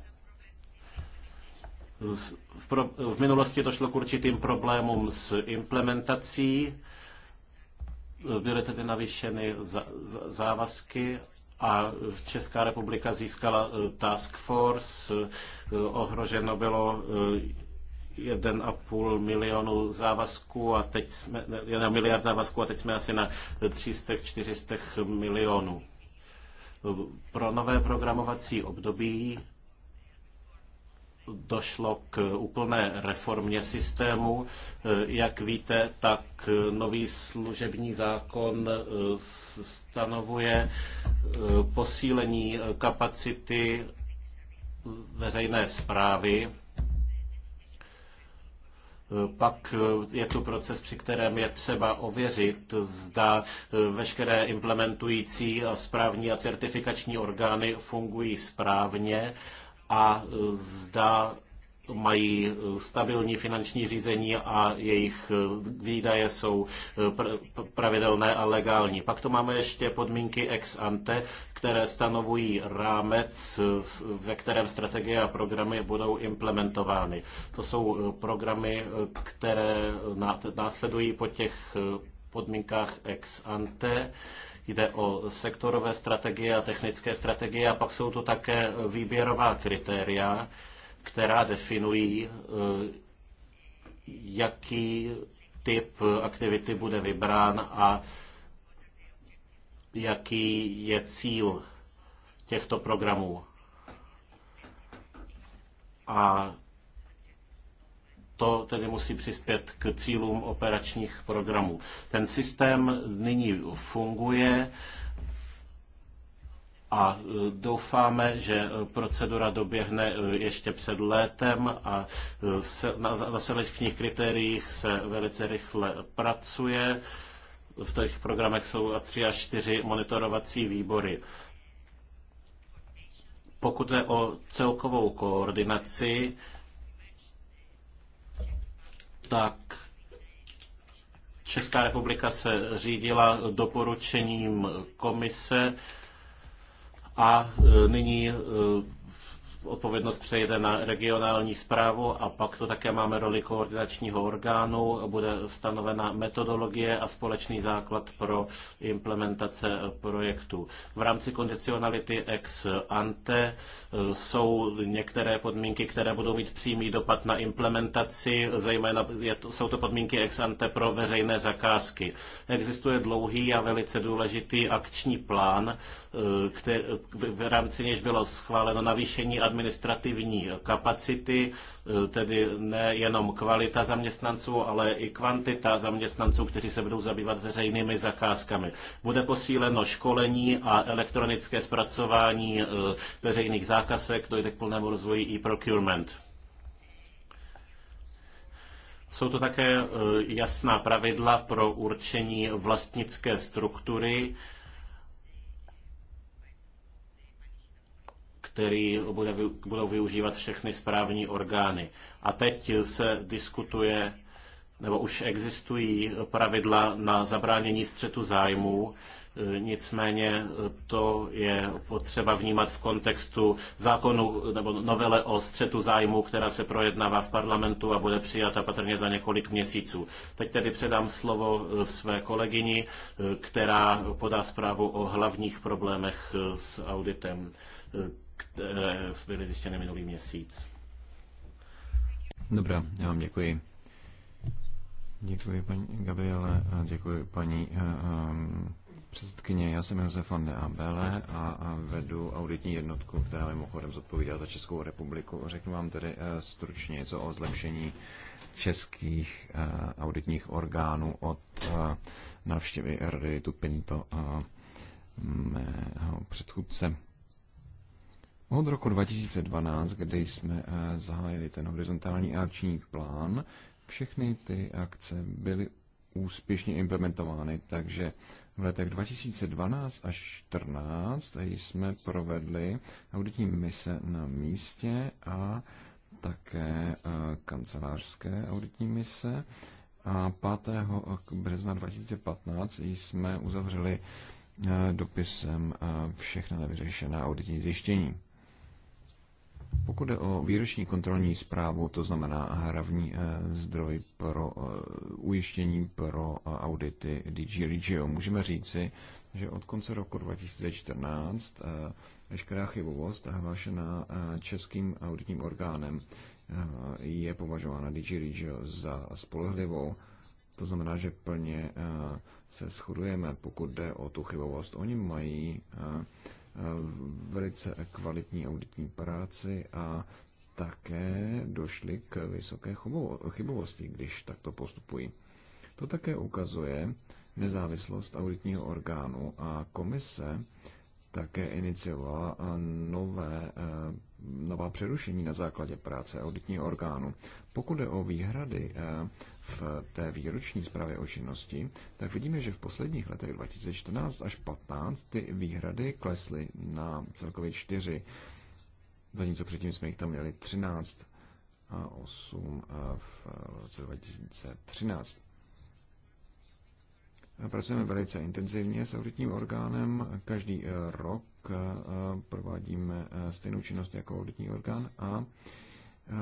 V, pro, v minulosti došlo k určitým problémům s implementací byly tedy navýšeny závazky a Česká republika získala e, task force, e, ohroženo bylo 1,5 e, milionu závazků a teď jsme, 1 miliard závazků a teď jsme asi na 300-400 milionů. Pro nové programovací období došlo k úplné reformě systému. E, jak víte, tak nový služební zákon e, stanovuje e, posílení kapacity veřejné zprávy. Pak je tu proces, při kterém je třeba ověřit, zda veškeré implementující a správní a certifikační orgány fungují správně a e, zda mají e, stabilní finanční řízení a jejich e, výdaje jsou pravidelné a legální. Pak tu máme ještě podmínky ex ante, které stanovují rámec, ve kterém strategie a programy budou implementovány. To jsou programy, které následují po těch podmínkách ex ante Jde o sektorové strategie a technické strategie a pak jsou to také výběrová kritéria, která definují, e, jaký typ aktivity bude vybrán a jaký je cíl těchto programů. A to tedy musí přispět k cílům operačních programů. Ten systém nyní funguje a e, doufáme, že procedura doběhne e, ještě před létem a e, se, na, na selečních kritériích se velice rychle pracuje. V těch programech jsou tři až čtyři monitorovací výbory. Pokud je o celkovou koordinaci, tak Česká republika se řídila doporučením komise a e, nyní e, odpovědnost přejde na regionální zprávu a pak tu také máme roli koordinačního orgánu, bude stanovena metodologie a společný základ pro implementace projektů. V rámci kondicionality ex ante eh, jsou některé podmínky, které budou mít přímý dopad na implementaci, zejména jsou to podmínky ex ante pro veřejné zakázky. Existuje dlouhý a velice důležitý akční plán, eh, který, v rámci něž bylo schváleno navýšení administrativní administrativní kapacity, eh, tedy nejenom kvalita zaměstnanců, ale i kvantita zaměstnanců, kteří se budou zabývat veřejnými zakázkami. Bude posíleno školení a elektronické zpracování eh, veřejných zákazek, dojde k plnému rozvoji i e procurement. Jsou to také eh, jasná pravidla pro určení vlastnické struktury který bude, budou využívat všechny správní orgány. A teď se diskutuje nebo už existují pravidla na zabránění střetu zájmů, nicméně to je potřeba vnímat v kontextu zákonu nebo novele o střetu zájmů, která se projednává v parlamentu a bude přijata patrně za několik měsíců. Teď tedy předám slovo své kolegyni, která podá zprávu o hlavních problémech s auditem které byly zjištěny minulý měsíc. Dobrá, já vám děkuji. Děkuji paní Gabriele a děkuji paní um, předsedkyně. Já jsem Josef van de Abele a, a vedu auditní jednotku, která mimochodem zodpovídá za Českou republiku. Řeknu vám tedy uh, stručně něco o zlepšení českých uh, auditních orgánů od uh, návštěvy Rady Tupinto uh, mého předchůdce. Od roku 2012, kdy jsme eh, zahájili ten horizontální akční plán, všechny ty akce byly úspěšně implementovány, takže v letech 2012 až 2014 jsme provedli auditní mise na místě a také eh, kancelářské auditní mise. A 5. března 2015 jsme uzavřeli eh, dopisem všechna nevyřešená auditní zjištění. Pokud je o výroční kontrolní zprávu, to znamená hlavní eh, zdroj pro eh, ujištění pro eh, audity DG Regio, můžeme říci, že od konce roku 2014 veškerá chybovost hlášená českým auditním orgánem je považována DG Regio za spolehlivou. To znamená, že plně se shodujeme, pokud jde o tu chybovost. Oni mají velice kvalitní auditní práci a také došli k vysoké chybovosti, když takto postupují. To také ukazuje nezávislost auditního orgánu a komise také iniciovala nové, eh, nová přerušení na základě práce auditního orgánu. Pokud je o výhrady eh, v té výroční zprávě o činnosti, tak vidíme, že v posledních letech 2014 až 2015 ty výhrady klesly na celkově 4, zatímco předtím jsme jich tam měli 13 a 8 v roce 2013. Pracujeme velice intenzivně s auditním orgánem. Každý rok eh, provádíme eh, stejnou činnost jako auditní orgán a Eh,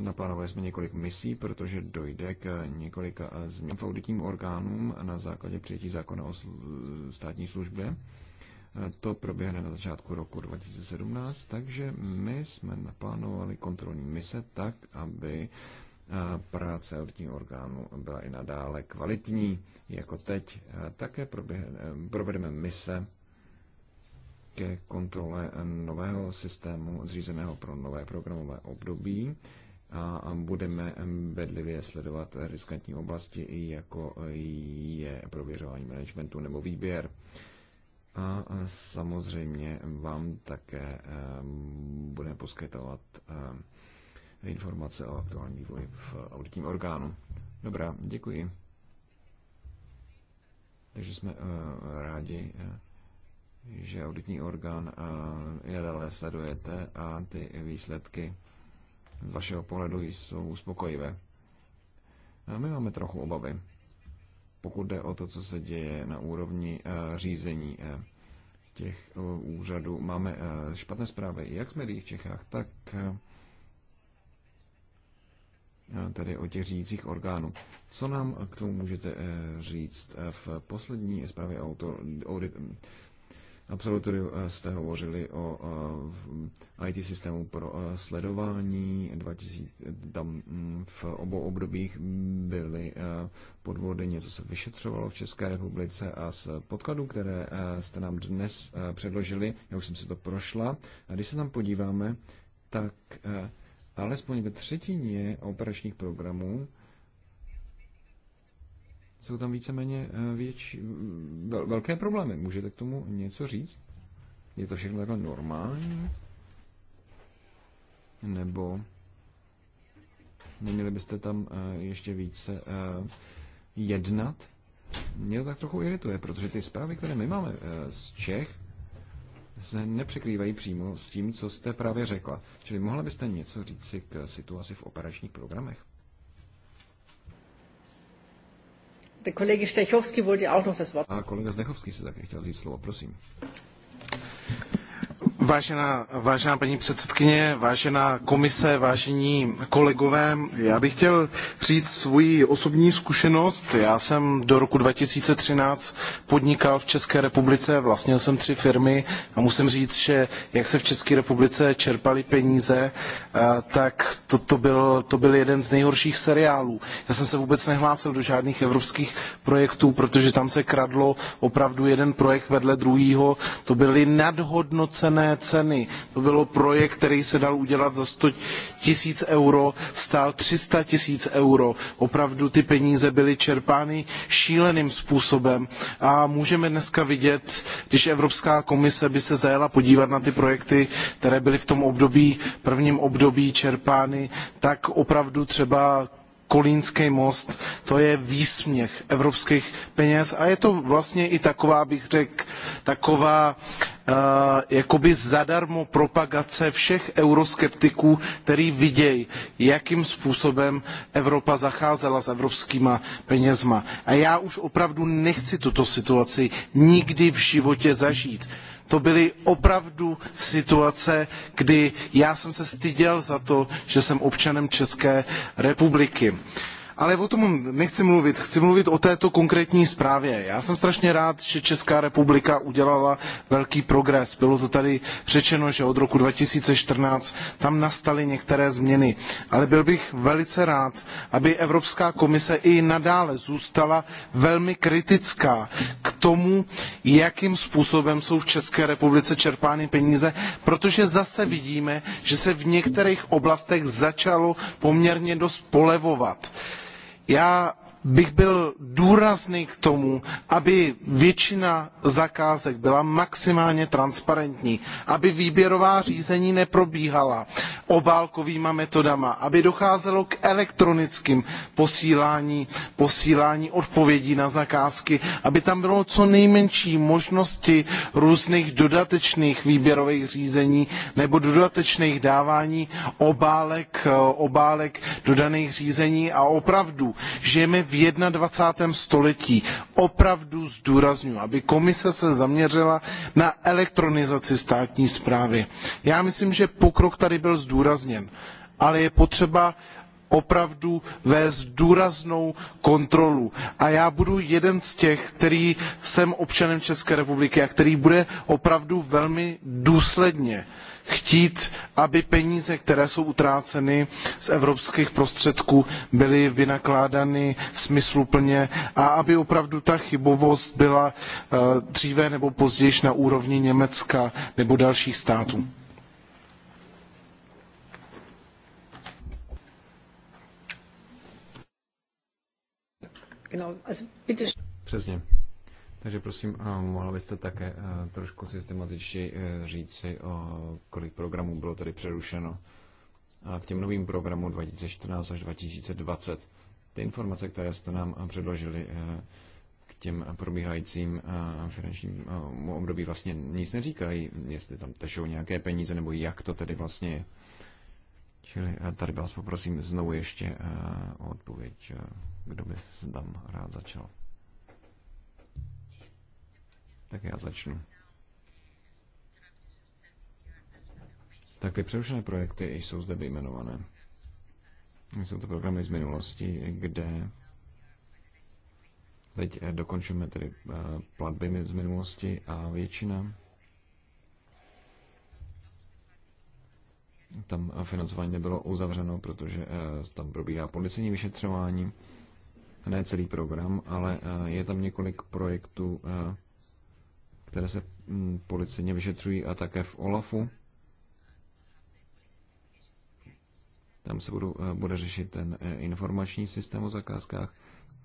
naplánovali jsme několik misí, protože dojde k několika eh, změn v auditním orgánům na základě přijetí zákona o státní službě. Eh, to proběhne na začátku roku 2017, takže my jsme naplánovali kontrolní mise tak, aby práce auditního orgánu byla i nadále kvalitní, jako teď. Také proběhne, provedeme mise ke kontrole nového systému zřízeného pro nové programové období a budeme bedlivě sledovat riskantní oblasti, jako je prověřování managementu nebo výběr. A samozřejmě vám také eh, budeme poskytovat eh, informace o aktuálním vývoji v auditním orgánu. Dobrá, děkuji. Takže jsme eh, rádi že auditní orgán i nadále sledujete a ty výsledky z vašeho pohledu jsou uspokojivé. A my máme trochu obavy, pokud jde o to, co se děje na úrovni řízení těch úřadů. Máme špatné zprávy jak z médií v Čechách, tak tedy o těch řídících orgánů. Co nám k tomu můžete e, říct? V poslední zprávě auto, audit, Absolutory eh, jste hovořili o eh, IT systému pro eh, sledování. 2000, tam mm, v obou obdobích byly podvody, něco se vyšetřovalo v České republice a z podkladů, které jste nám dnes předložili, já už jsem si to prošla, a když se tam podíváme, tak alespoň ve třetině operačních programů jsou tam víceméně eh, větší, mm, vel, velké problémy. Můžete k tomu něco říct? Je to všechno takhle normální? Nebo neměli byste tam eh, ještě více eh, jednat? Mě to tak trochu irituje, protože ty zprávy, které my máme z Čech, se nepřekrývají přímo s tím, co jste právě řekla. Čili mohla byste něco říci k situaci v operačních programech? Der Kollege Stechowski wollte auch noch das Wort. A kolega Zdechovský se také chtěl vzít slovo, prosím. Vážená, vážená paní předsedkyně, vážená komise, vážení kolegové, já bych chtěl říct svoji osobní zkušenost. Já jsem do roku 2013 podnikal v České republice, vlastnil jsem tři firmy a musím říct, že jak se v České republice čerpaly peníze, eh, tak to, to, byl, to byl jeden z nejhorších seriálů. Já jsem se vůbec nehlásil do žádných evropských projektů, protože tam se kradlo opravdu jeden projekt vedle druhého. To byly nadhodnocené ceny. To byl projekt, který se dal udělat za 100 tisíc euro, stál 300 tisíc euro. Opravdu ty peníze byly čerpány šíleným způsobem a můžeme dneska vidět, když Evropská komise by se zajela podívat na ty projekty, které byly v tom období, prvním období čerpány, tak opravdu třeba Kolínský most, to je výsměch evropských peněz a je to vlastně i taková, bych řekl, taková eh, jakoby zadarmo propagace všech euroskeptiků, který vidějí, jakým způsobem Evropa zacházela s evropskýma penězma. A já už opravdu nechci tuto situaci nikdy v životě zažít to byly opravdu situace, kdy já jsem se styděl za to, že jsem občanem České republiky. Uh, ale o tom nechci mluvit, chci mluvit o této konkrétní zprávě. Já jsem strašně rád, že Česká republika udělala velký progres. Bylo to tady řečeno, že od roku 2014 tam nastaly některé změny. Ale byl bych velice rád, aby Evropská komise i nadále zůstala velmi kritická k tomu, jakým způsobem jsou v České republice čerpány peníze, protože zase vidíme, že se v některých oblastech začalo poměrně dost polevovat. Já bych byl důrazný k tomu, aby většina zakázek byla maximálně transparentní, aby výběrová řízení neprobíhala obálkovými metodami, aby docházelo k elektronickým posílání, posílání odpovědí na zakázky, aby tam bylo co nejmenší možnosti různých dodatečných výběrových řízení nebo dodatečných dávání obálek, obálek do daných řízení a opravdu žijeme v 21. století. Opravdu zdůraznuju, aby komise se zaměřila na elektronizaci státní správy. Já myslím, že pokrok tady byl zdůrazněn, ale je potřeba opravdu vést důraznou kontrolu. A já budu jeden z těch, který jsem občanem České republiky a který bude opravdu velmi důsledně uh, chtít, aby peníze, které jsou utráceny z evropských prostředků, byly vynakládány smysluplně a aby opravdu ta chybovost byla eh, dříve nebo později na úrovni Německa nebo dalších států. Přesně. Takže prosím, mohla byste také e, trošku systematičtěji e, říci, kolik programů bylo tady přerušeno a k těm novým programům 2014 až 2020. Ty informace, které jste nám předložili e, k těm probíhajícím finančním období vlastně nic neříkají, jestli tam tešou nějaké peníze nebo jak to tedy vlastně je. Čili tady vás poprosím znovu ještě o odpověď, kdo by tam rád začal. Tak já začnu. Tak ty přerušené projekty jsou zde vyjmenované. Jsou to programy z minulosti, kde teď eh, dokončíme tedy eh, platby z minulosti a většina tam eh, financování nebylo uzavřeno, protože tam probíhá policejní vyšetřování, ne celý program, ale je tam několik projektů, které se mm, policejně vyšetřují a také v OLAFu. Tam se budu, eh, bude řešit ten eh, informační systém o zakázkách,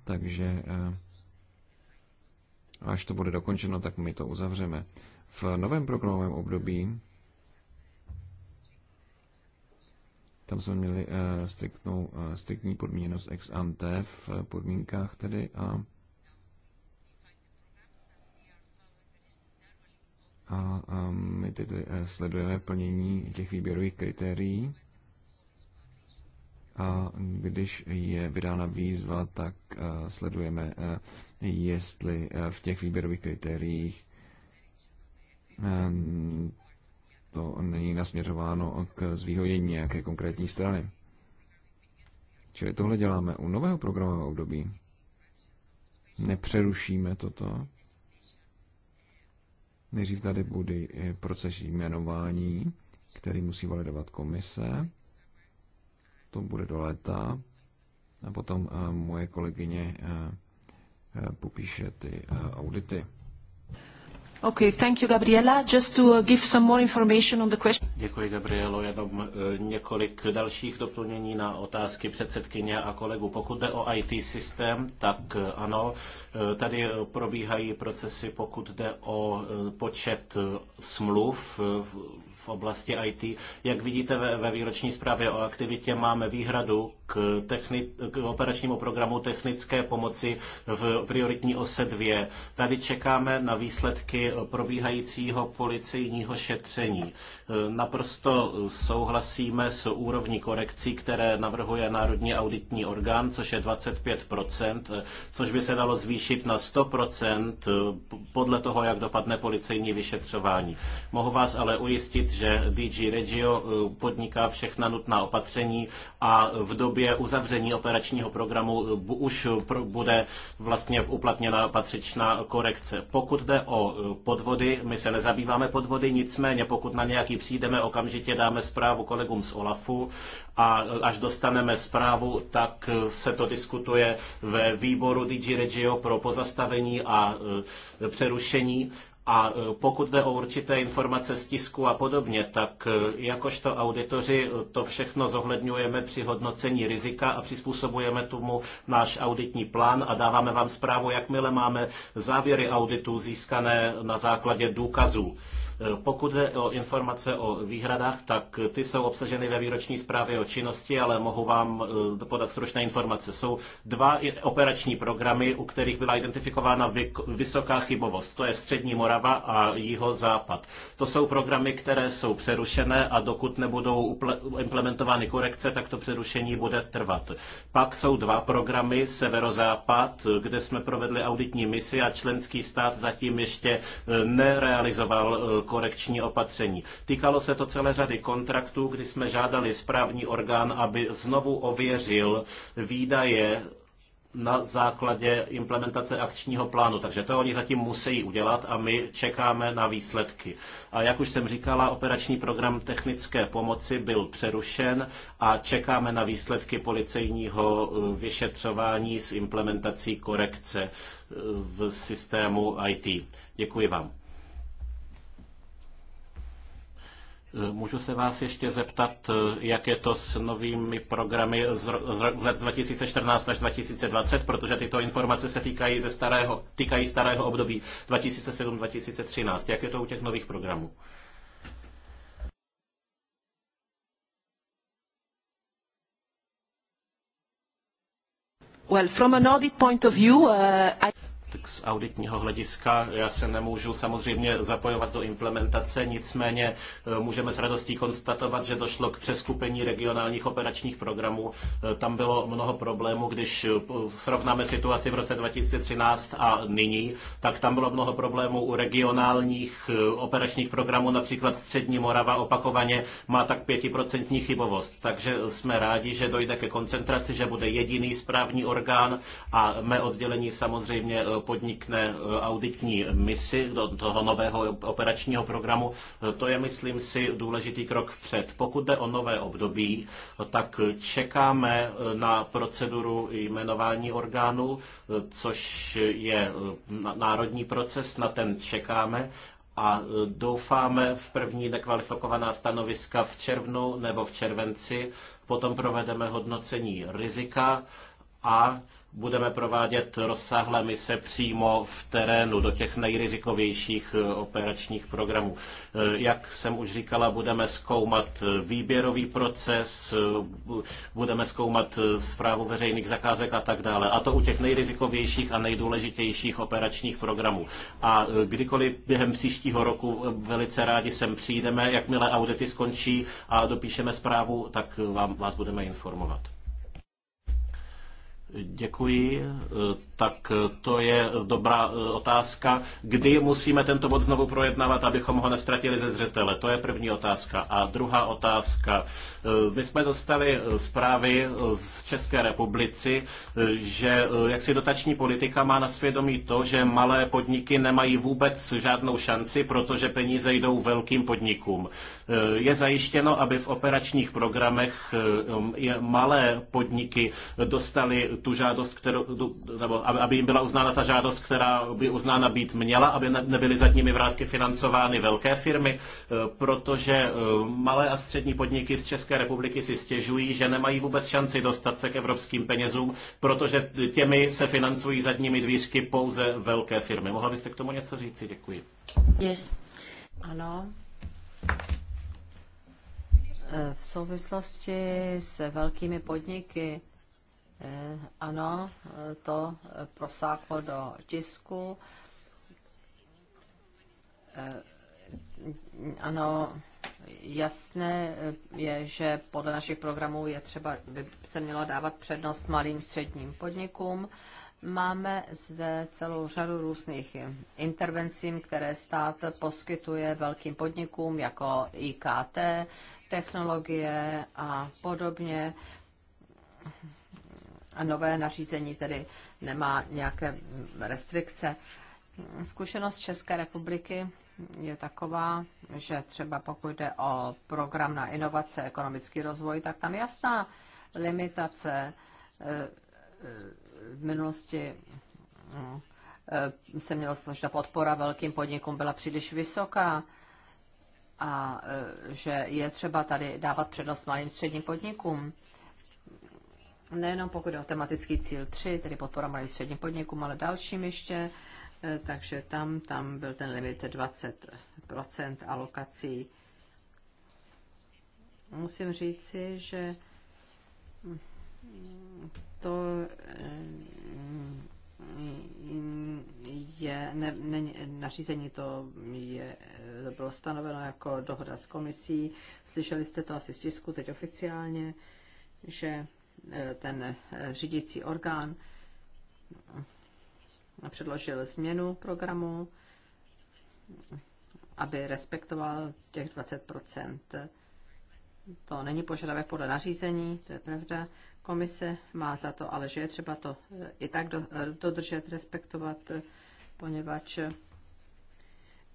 takže eh, až to bude dokončeno, tak my to uzavřeme. V novém programovém období tam jsme měli striktnou, striktní podmíněnost ex ante v podmínkách tedy a a, a my teď eh, sledujeme plnění těch výběrových kritérií. A když je vydána výzva, tak eh, sledujeme, eh, jestli v těch výběrových kritériích to není nasměřováno k zvýhodnění nějaké konkrétní strany. Čili tohle děláme u nového programového období. Nepřerušíme toto Nejdřív tady bude proces jmenování, který musí validovat komise. To bude do léta. A potom eh, moje kolegyně eh, eh, popíše ty audity. Okay, thank you, Gabriela. Just to uh, give some more information on the question. Děkuji, Gabrielo. Jenom uh, několik dalších doplnění na otázky předsedkyně a kolegu. Pokud jde o IT systém, tak uh, ano, tady probíhají procesy, pokud jde o počet smluv v oblasti IT. Jak vidíte ve, ve výroční zprávě o aktivitě, máme výhradu k, techni- k operačnímu programu technické pomoci v prioritní ose 2. Tady čekáme na výsledky probíhajícího policejního šetření. E, naprosto souhlasíme s úrovní korekcí, které navrhuje Národní auditní orgán, což je 25%, e, což by se dalo zvýšit na 100% e, podle toho, jak dopadne policejní vyšetřování. Mohu vás ale ujistit, že DG Regio podniká všechna nutná opatření a v době uzavření operačního programu už bude vlastně uplatněna patřičná korekce. Pokud jde o podvody. My se nezabýváme podvody, nicméně pokud na nějaký přijdeme, okamžitě dáme zprávu kolegům z OLAFu a až dostaneme zprávu, tak se to diskutuje ve výboru DG Regio pro pozastavení a e, přerušení a e, pokud jde o určité informace z tisku a podobně, tak e, jakožto auditoři e, to všechno zohledňujeme při hodnocení rizika a přizpůsobujeme tomu náš auditní plán a dáváme vám zprávu, jakmile máme závěry auditu získané na základě důkazů. Eh, pokud jde o informace o výhradách, tak eh, ty jsou obsaženy ve výroční zprávě o činnosti, ale mohu vám eh, podat stručné informace. Jsou dva operační programy, u kterých byla identifikována vysoká chybovost. To je Střední Morava a Jihozápad. To jsou programy, které jsou přerušené a dokud nebudou implementovány korekce, tak to přerušení bude trvat. Pak jsou dva programy Severozápad, kde jsme provedli auditní misi a členský stát zatím ještě nerealizoval korekční opatření. Týkalo se to celé řady kontraktů, kdy jsme žádali správní orgán, aby znovu ověřil výdaje na základě implementace akčního plánu. Takže to oni zatím musí udělat a my čekáme na výsledky. A jak už jsem říkala, operační program technické pomoci byl přerušen a čekáme na výsledky policejního eh, vyšetřování s implementací korekce eh, v systému IT. Děkuji vám. Můžu se vás ještě zeptat, jak je to s novými programy z let 2014 až 2020, protože tyto informace se týkají, ze starého, týkají starého období 2007-2013. Jak je to u těch nových programů? Well, from an audit point of view, uh, I z auditního hlediska. Já se nemůžu samozřejmě zapojovat do implementace, nicméně e, můžeme s radostí konstatovat, že došlo k přeskupení regionálních operačních programů. E, tam bylo mnoho problémů, když e, srovnáme situaci v roce 2013 a nyní, tak tam bylo mnoho problémů u regionálních operačních programů, například Střední Morava opakovaně má tak pětiprocentní chybovost. Takže jsme rádi, že dojde ke koncentraci, že bude jediný správní orgán a mé oddělení samozřejmě po podnikne eh, auditní misi do toho nového operačního programu, eh, to je, myslím si, důležitý krok vpřed. Pokud jde o nové období, eh, tak čekáme na proceduru jmenování orgánů, což je národní proces, na ten čekáme a doufáme v první nekvalifikovaná stanoviska v červnu nebo v červenci, potom provedeme hodnocení rizika a budeme provádět rozsáhlé mise přímo v terénu do těch nejrizikovějších eh, operačních programů. Eh, jak jsem už říkala, budeme zkoumat eh, výběrový proces, budeme zkoumat zprávu veřejných zakázek a tak dále. A to u těch nejrizikovějších a nejdůležitějších operačních programů. A kdykoliv během příštího roku velice rádi sem přijdeme, jakmile audity skončí a dopíšeme zprávu, tak vám, vás budeme informovat. Děkuji tak eh, to je dobrá eh, otázka. Kdy musíme tento bod znovu projednávat, abychom ho nestratili ze zřetele? To je první otázka. A druhá otázka. Eh, my jsme dostali zprávy z České republiky, že jaksi dotační politika má na svědomí to, že malé podniky nemají vůbec žádnou šanci, protože peníze jdou velkým podnikům. Je zajištěno, aby v operačních programech malé podniky dostali tu žádost, kterou, nebo aby jim byla uznána ta žádost, která by uznána být měla, aby nebyly zadními vrátky financovány velké firmy, eh, protože eh, malé a střední podniky z České republiky si stěžují, že nemají vůbec šanci dostat se k evropským penězům, protože těmi se financují zadními dvířky pouze velké firmy. Mohla byste k tomu něco říci? Děkuji. Yes. Ano. Eh, v souvislosti s velkými podniky Eh, ano, eh, to eh, prosáklo do tisku. Ano, jasné je, že podle našich programů je třeba, by se mělo dávat přednost malým středním podnikům. Máme zde celou řadu různých intervencí, které stát poskytuje velkým podnikům, jako IKT, technologie a podobně a nové nařízení tedy nemá nějaké restrikce. Zkušenost České republiky je taková, že třeba pokud jde o program na inovace, ekonomický rozvoj, tak tam jasná limitace eh, eh, v minulosti eh, se mělo že ta podpora velkým podnikům byla příliš vysoká a že je třeba tady dávat přednost malým středním podnikům nejenom pokud je o tematický cíl 3, tedy podpora malých středních podniků, ale dalším ještě, eh, takže tam, tam byl ten limit 20 alokací. Musím říci, že mm, to eh, je, ne, ne, nařízení to, je, to eh, bylo stanoveno jako dohoda s komisí. Slyšeli jste to asi z tisku teď oficiálně, že Eh, ten eh, řídící orgán předložil změnu programu, aby respektoval těch 20 To není požadavek podle nařízení, to je pravda. Komise má za to, ale že je třeba to eh, i tak dodržet, respektovat, poněvadž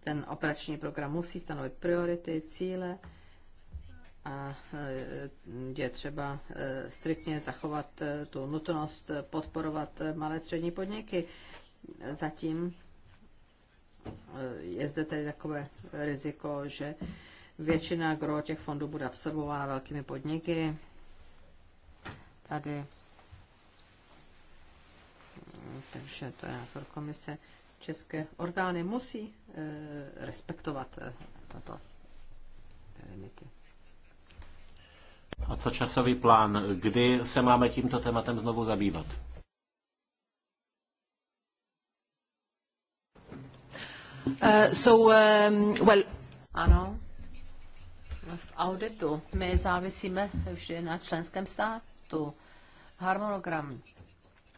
ten operační program musí stanovit priority, cíle, a eh, je třeba eh, striktně zachovat eh, tu nutnost podporovat malé střední podniky. Zatím je zde tedy takové riziko, že většina gro těch fondů bude absorbována velkými podniky. Tady. Takže to je názor komise. České orgány musí respektovat toto limity. A co časový plán? Kdy se máme tímto tématem znovu zabývat? Uh, so, um, well... Ano, v auditu my závisíme vždy na členském státu. Harmonogram,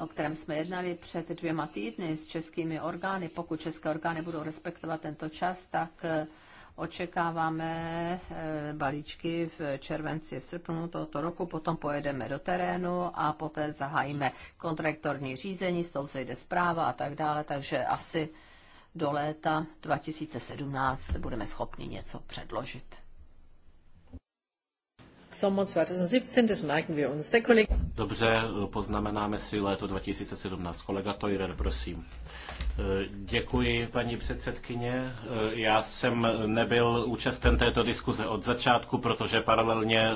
o kterém jsme jednali před dvěma týdny s českými orgány, pokud české orgány budou respektovat tento čas, tak uh, očekáváme eh, balíčky v červenci, v srpnu tohoto roku, potom pojedeme do terénu a poté zahájíme kontraktorní řízení, s tou sejde zpráva a tak dále, takže asi do léta 2017 budeme schopni něco předložit. Sommer 2017, das merken wir uns. Der Kollege Dobře, poznamenáme si léto 2017. Kolega Tojrer, prosím. Děkuji, paní předsedkyně. Já jsem nebyl účasten této diskuze od začátku, protože paralelně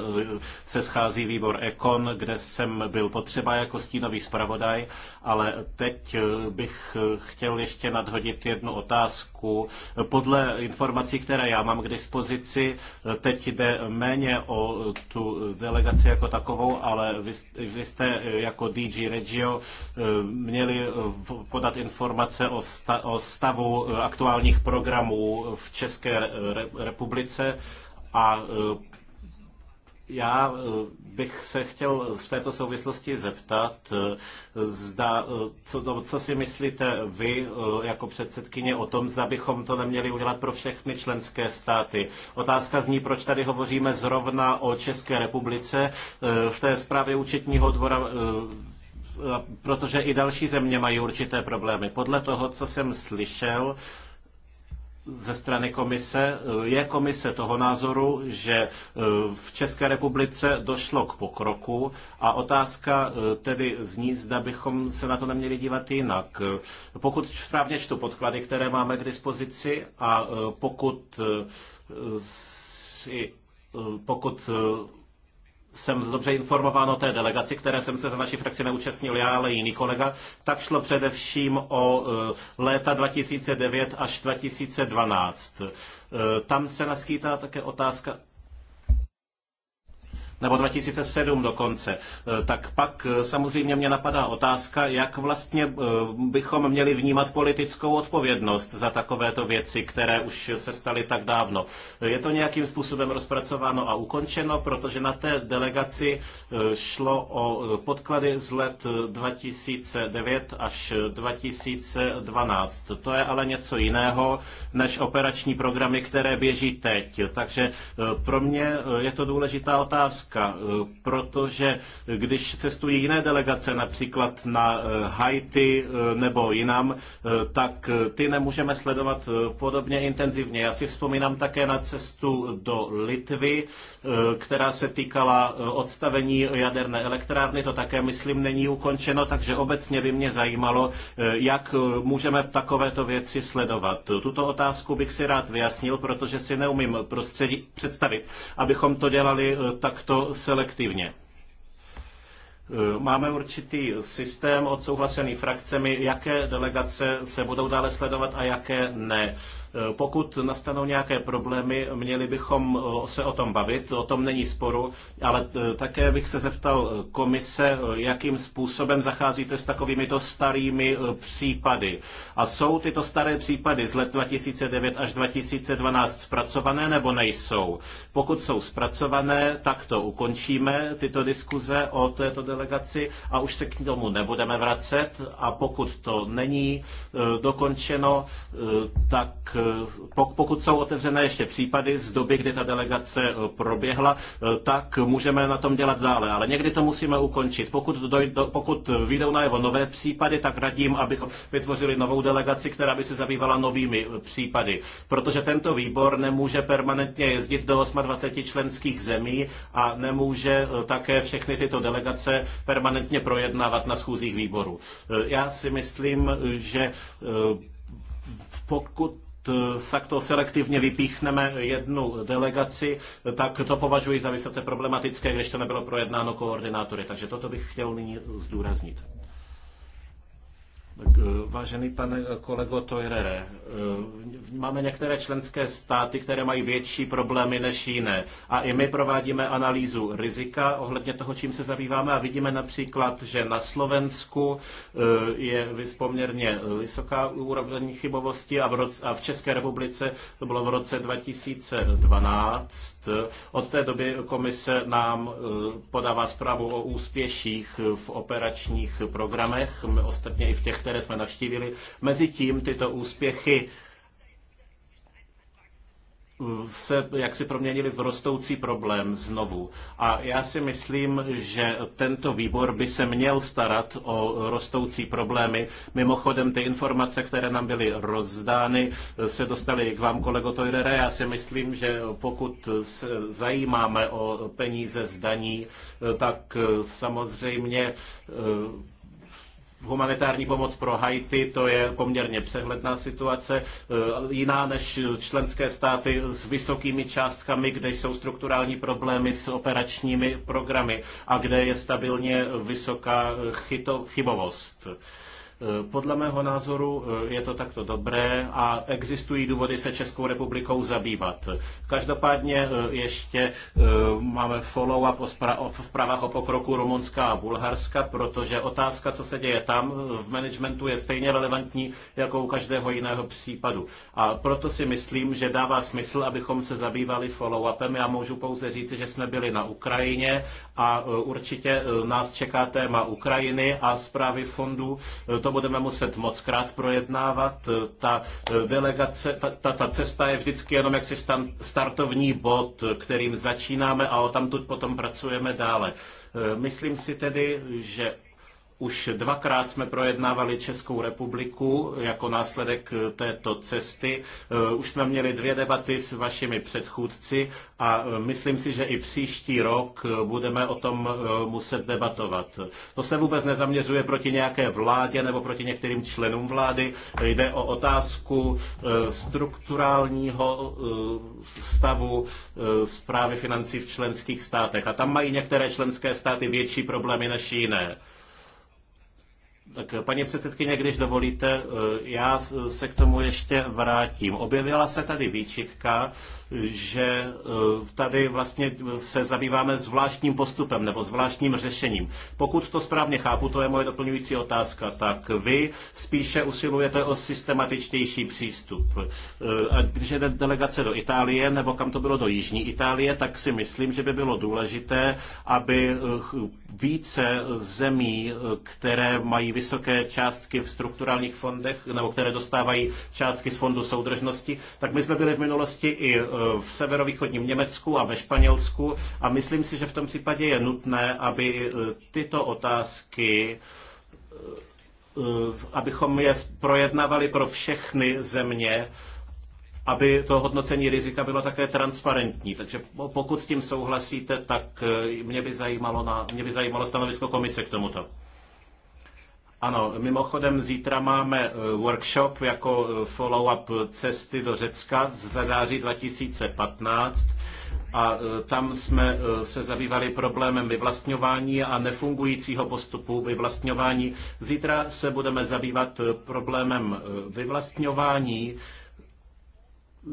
se schází výbor Ekon, kde jsem byl potřeba jako stínový zpravodaj, ale teď bych chtěl ještě nadhodit jednu otázku. Podle informací, které já mám k dispozici, teď jde méně o tu delegaci jako takovou, ale vy, vy jste eh, jako DG Regio eh, měli eh, podat informace o, o stavu aktuálních programů v České republice a já eh, bych se chtěl z této souvislosti zeptat, eh, zda, eh, co, co si myslíte vy jako předsedkyně o tom, zda bychom to neměli udělat pro všechny členské státy. Otázka zní, proč tady hovoříme zrovna o České republice. V té zprávě účetního dvora protože i další země mají určité problémy. Podle toho, co jsem slyšel, ze strany komise. Je komise toho názoru, že e, v České republice došlo k pokroku a otázka e, tedy zní, zda bychom se na to neměli dívat jinak. Pokud správně čtu podklady, které máme k dispozici a e, pokud si, pokud jsem dobře informován o té delegaci, které jsem se za naší frakci neúčastnil já, ale jiný kolega, tak šlo především o e, léta 2009 až 2012. E, tam se naskýtá také otázka nebo 2007 dokonce, e, tak pak e, samozřejmě mě napadá otázka, jak vlastně e, bychom měli vnímat politickou odpovědnost za takovéto věci, které už se staly tak dávno. Je to nějakým způsobem rozpracováno a ukončeno, protože na té delegaci šlo o podklady z let 2009 až 2012. To je ale něco jiného než operační programy, které běží teď. Takže pro mě je to důležitá otázka otázka, eh, protože když cestují jiné delegace, například na eh, Haiti eh, nebo jinam, tak ty nemůžeme sledovat podobně intenzivně. Já si vzpomínám také na cestu do Litvy, která se týkala odstavení jaderné elektrárny. To také, myslím, není ukončeno, takže obecně by mě zajímalo, jak můžeme takovéto věci sledovat. Tuto otázku bych si rád vyjasnil, protože si neumím prostředí představit, abychom to dělali takto selektivně. Eh, máme určitý systém odsouhlasený frakcemi, jaké delegace se budou dále sledovat a jaké ne. Eh, pokud nastanou nějaké problémy, měli bychom eh, se o tom bavit, o tom není sporu, ale také bych se zeptal komise, jakým způsobem zacházíte s takovýmito starými případy. A jsou tyto staré případy z let 2009 až 2012 zpracované nebo nejsou? Pokud jsou zpracované, tak to ukončíme, tyto diskuze o této delegaci delegaci a už se k tomu nebudeme vracet a pokud to není eh, dokončeno, eh, tak eh, pokud jsou otevřené ještě případy z doby, kdy ta delegace proběhla, tak můžeme na tom dělat dále, ale někdy to musíme ukončit. Pokud, dojdo, pokud vyjdou jeho nové případy, tak radím, abychom vytvořili novou delegaci, která by se zabývala novými případy, protože tento výbor nemůže permanentně jezdit do 28 členských zemí a nemůže také všechny tyto delegace permanentně projednávat na schůzích výboru. Eh, já si myslím, že eh, pokud eh, to selektivně vypíchneme jednu delegaci, tak to považuji za vysoce problematické, když to nebylo projednáno koordinátory. Takže toto bych chtěl nyní zdůraznit. Eh, vážený pane eh, kolego Tojrere, eh, máme některé členské státy, které mají větší problémy než jiné. A i my provádíme analýzu rizika ohledně toho, čím se zabýváme a vidíme například, že na Slovensku je poměrně vysoká úroveň chybovosti a v, roce, a v České republice to bylo v roce 2012. Od té doby komise nám podává zprávu o úspěších v operačních programech, ostatně i v těch které jsme navštívili. Mezitím tyto úspěchy se jaksi proměnili v rostoucí problém znovu. A já si myslím, že tento výbor by se měl starat o rostoucí problémy. Mimochodem, ty informace, které nám byly rozdány, se dostaly k vám, kolego Tojrere. Já si myslím, že pokud se zajímáme o peníze zdaní, tak samozřejmě humanitární pomoc pro Haiti, to je poměrně přehledná situace, eh, jiná než členské státy s vysokými částkami, kde jsou strukturální problémy s operačními programy a kde je stabilně vysoká chyto, chybovost. Eh, podle mého názoru eh, je to takto dobré a existují důvody se Českou republikou zabývat. Každopádně eh, ještě máme follow-up o zprávách o pokroku Rumunska a Bulharska, protože otázka, co se děje tam v managementu, je stejně relevantní jako u každého jiného případu. A proto si myslím, že dává smysl, abychom se zabývali follow-upem. Já můžu pouze říci, že jsme byli na Ukrajině a určitě nás čeká téma Ukrajiny a zprávy fondů to budeme muset moc krát projednávat. Ta eh, delegace, ta, ta, ta cesta je vždycky jenom jaksi startovní bod, kterým začínáme a o tamtud potom pracujeme dále. Eh, myslím si tedy, že už dvakrát jsme projednávali Českou republiku jako následek této cesty. Eh, už jsme měli dvě debaty s vašimi předchůdci a eh, myslím si, že i příští rok eh, budeme o tom muset debatovat. To se vůbec nezaměřuje proti nějaké vládě nebo proti některým členům vlády. Jde o otázku strukturálního stavu zprávy financí v členských státech. A tam mají některé členské státy větší problémy než jiné. Tak eh, paní předsedkyně, když dovolíte, eh, já se k tomu ještě vrátím. Objevila se tady výčitka, že eh, tady vlastně se zabýváme zvláštním postupem nebo zvláštním řešením. Pokud to správně chápu, to je moje doplňující otázka, tak vy spíše usilujete o systematičtější přístup. Eh, a když jde delegace do Itálie, nebo kam to bylo do Jižní Itálie, tak si myslím, že by bylo důležité, aby eh, více zemí, které mají vysoké částky v strukturálních fondech, nebo které dostávají částky z fondu soudržnosti, tak my jsme byli v minulosti i Eh, v severovýchodním Německu a ve Španělsku a myslím si, že v tom případě je nutné, aby eh, tyto otázky eh, abychom je projednávali pro všechny země, aby to hodnocení rizika bylo také transparentní. Takže pokud s tím souhlasíte, tak mě by zajímalo, na, mě by zajímalo stanovisko komise k tomuto. Ano, mimochodem zítra máme eh, workshop jako eh, follow-up cesty do Řecka z září 2015 a eh, tam jsme se zabývali problémem vyvlastňování a nefungujícího postupu vyvlastňování. Zítra se budeme zabývat problémem vyvlastňování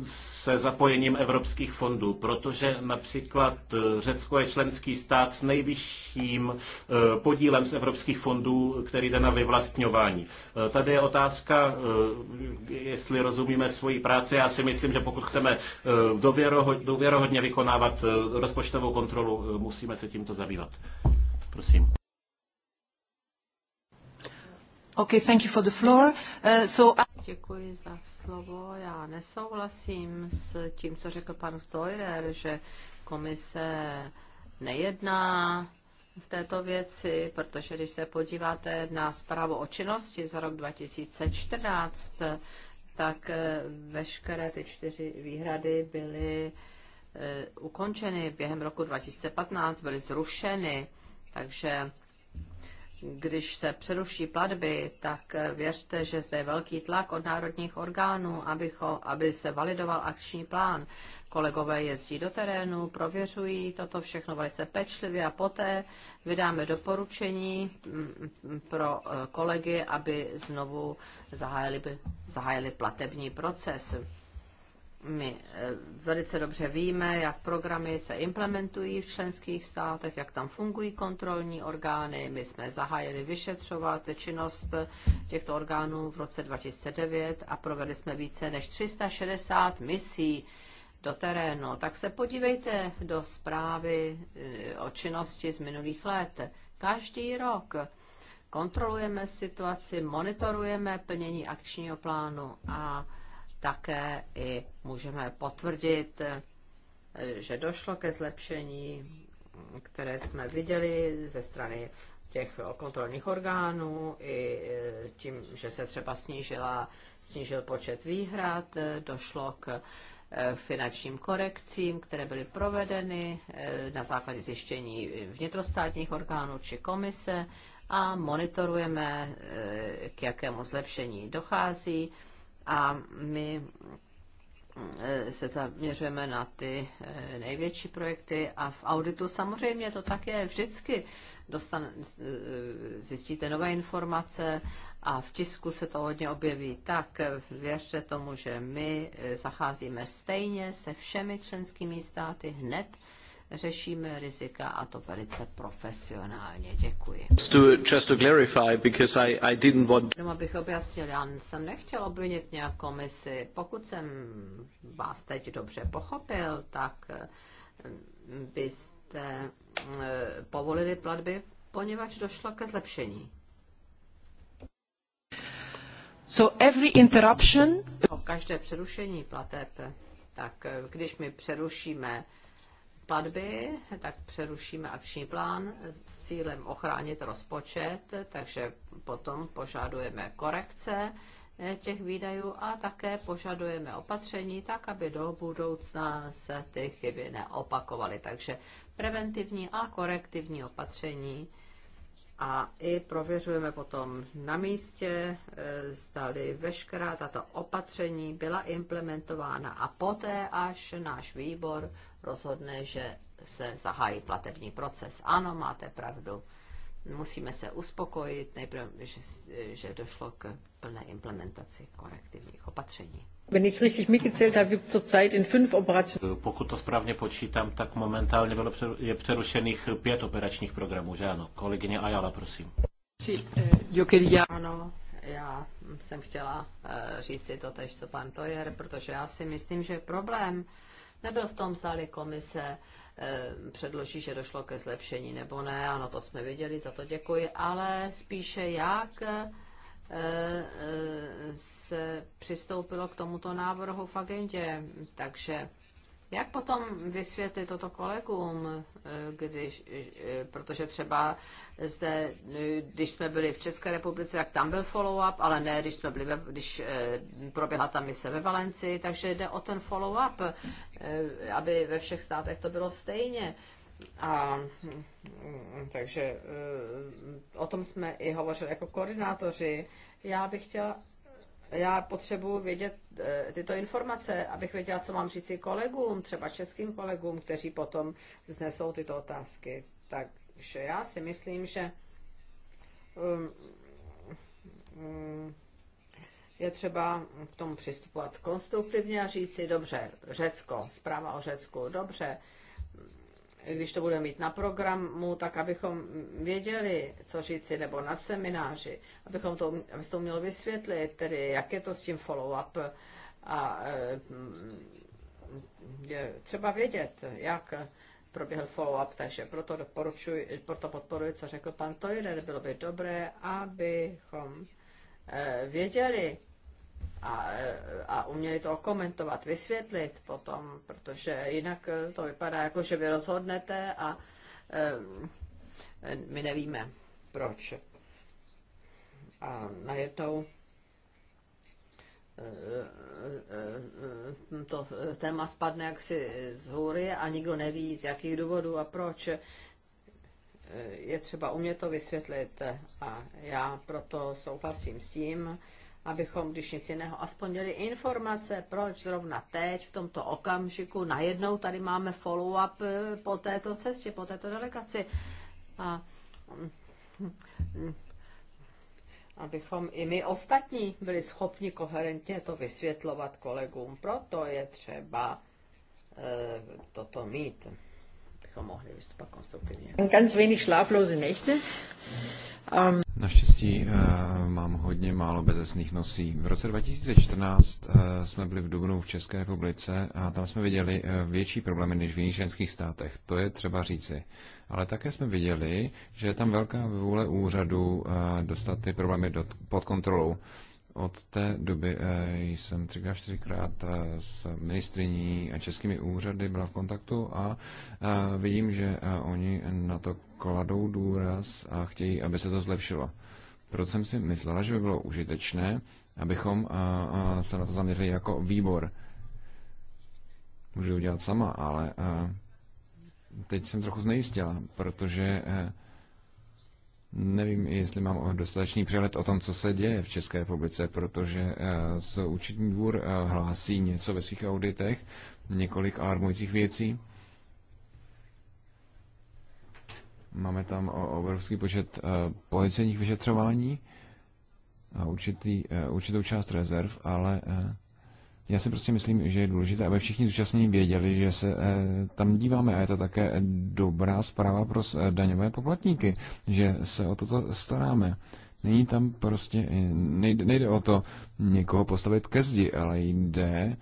se zapojením evropských fondů, protože například eh, Řecko je členský stát s nejvyšším eh, podílem z evropských fondů, který jde na vyvlastňování. Eh, tady je otázka, jestli rozumíme svoji práci. Já si myslím, že pokud chceme důvěrohodně vykonávat rozpočtovou kontrolu, musíme se tímto zabývat. Prosím. Okay, thank you for the floor. Uh, so I... Děkuji za slovo. Já nesouhlasím s tím, co řekl pan Teurer, že komise nejedná v této věci, protože když se podíváte na zprávu o činnosti za rok 2014, tak eh, veškeré ty čtyři výhrady byly eh, ukončeny během roku 2015, byly zrušeny, takže když se přeruší platby, tak eh, věřte, že zde je velký tlak od národních orgánů, ho, aby se validoval akční plán. Kolegové jezdí do terénu, prověřují toto všechno velice pečlivě a poté vydáme doporučení mm, mm, pro eh, kolegy, aby znovu zahájili, zahájili platební proces my eh, velice dobře víme, jak programy se implementují v členských státech, jak tam fungují kontrolní orgány. My jsme zahájili vyšetřovat činnost těchto orgánů v roce 2009 a provedli jsme více než 360 misí do terénu. Tak se podívejte do zprávy eh, o činnosti z minulých let. Každý rok kontrolujeme situaci, monitorujeme plnění akčního plánu a také i můžeme potvrdit, že došlo ke zlepšení, které jsme viděli ze strany těch kontrolních orgánů i tím, že se třeba snížila, snížil počet výhrad, došlo k eh, finančním korekcím, které byly provedeny eh, na základě zjištění vnitrostátních orgánů či komise a monitorujeme, eh, k jakému zlepšení dochází a my eh, se zaměřujeme na ty eh, největší projekty a v auditu samozřejmě to tak je vždycky. Dostan, eh, zjistíte nové informace a v tisku se to hodně objeví. Tak věřte tomu, že my zacházíme stejně se všemi členskými státy hned řešíme rizika a to velice profesionálně. Děkuji. To, just to clarify, because I, I didn't want... Jenom abych objasnil, já jsem nechtěl obvinit nějak komisi. Pokud jsem vás teď dobře pochopil, tak eh, byste eh, povolili platby, poněvadž došlo ke zlepšení. So every interruption... každé přerušení plateb, tak eh, když my přerušíme platby, tak přerušíme akční plán s cílem ochránit rozpočet, takže potom požadujeme korekce eh, těch výdajů a také požadujeme opatření tak, aby do budoucna se ty chyby neopakovaly. Takže preventivní a korektivní opatření a i prověřujeme potom na místě, e, zdali veškerá tato opatření byla implementována a poté, až náš výbor rozhodne, že se zahájí platební proces. Ano, máte pravdu. Musíme se uspokojit, nejprve, že, že došlo k plné implementaci korektivních opatření. Eh, pokud to správně počítám, tak momentálně bylo je přerušených pět operačních programů, že ano? Kolegyně Ajala, prosím. Eh, ano, já jsem chtěla eh, říct si to tež, co pan Tojer, protože já si myslím, že problém nebyl v tom, zdali komise předloží, že došlo ke zlepšení nebo ne, ano, to jsme viděli, za to děkuji, ale spíše jak Eh, eh, se přistoupilo k tomuto návrhu v agendě. Takže jak potom vysvětlit toto kolegům, eh, když, protože třeba zde, když jsme byli v České republice, jak tam byl follow-up, ale ne, když jsme byli, ve, když proběhla ta mise ve Valencii, takže jde o ten follow-up, aby ve všech státech to bylo stejně. A mm, takže eh, o tom jsme i hovořili jako koordinátoři. Já bych chtěla, já potřebuji vědět eh, tyto informace, abych věděla, co mám říct kolegům, třeba českým kolegům, kteří potom vznesou tyto otázky. Takže já si myslím, že eh, mm, je třeba k tomu přistupovat konstruktivně a říci, dobře, Řecko, zpráva o Řecku, dobře, když to budeme mít na programu, tak abychom věděli, co říci, nebo na semináři, abychom to, aby to uměl vysvětlit, tedy jak je to s tím follow-up a eh, je třeba vědět, jak proběhl follow-up, takže proto, doporučuji, proto podporuji, co řekl pan Tojder, bylo by dobré, abychom eh, věděli, a, a uměli to komentovat, vysvětlit potom, protože jinak eh, to vypadá jako, že vy rozhodnete a eh, my nevíme proč. A najednou eh, to téma spadne jaksi z hůry a nikdo neví, z jakých důvodů a proč. Je třeba umět to vysvětlit a já proto souhlasím s tím, abychom, když nic jiného, aspoň měli informace, proč zrovna teď, v tomto okamžiku, najednou tady máme follow-up e, po této cestě, po této delegaci. A abychom i my ostatní byli schopni koherentně to vysvětlovat kolegům. Proto je třeba e, toto mít mohli vystupovat konstruktivně. Ganz wenig schlaflose Nächte. Um... Naštěstí uh, mám hodně málo bezesných nosí. V roce 2014 uh, eh, jsme byli v Dubnu v České republice a tam jsme viděli uh, větší problémy než v jiných ženských státech. To je třeba říci. Ale také jsme viděli, že je tam velká vůle úřadu uh, dostat ty problémy do, pod kontrolou. Uh, od té doby eh, jsem třikrát, čtyřikrát eh, s ministriní a českými úřady byla v kontaktu a eh, vidím, že oni na to kladou důraz a chtějí, aby se to zlepšilo. Proto jsem si myslela, že by bylo užitečné, abychom se na to zaměřili jako výbor. Můžu udělat sama, ale teď jsem trochu znejistila, protože Nevím, jestli mám dostatečný přehled o tom, co se děje v České republice, protože eh, účetní dvůr eh, hlásí něco ve svých auditech, několik alarmujících věcí. Máme tam obrovský počet eh, policejních vyšetřování a určitý, určitou část rezerv, ale já si prostě myslím, že je důležité, aby všichni zúčastnění věděli, že se eh, tam díváme a je to také dobrá zpráva pro eh, daňové poplatníky, že se o toto staráme. Není tam prostě, eh, nejde, nejde o to někoho postavit ke zdi, ale jde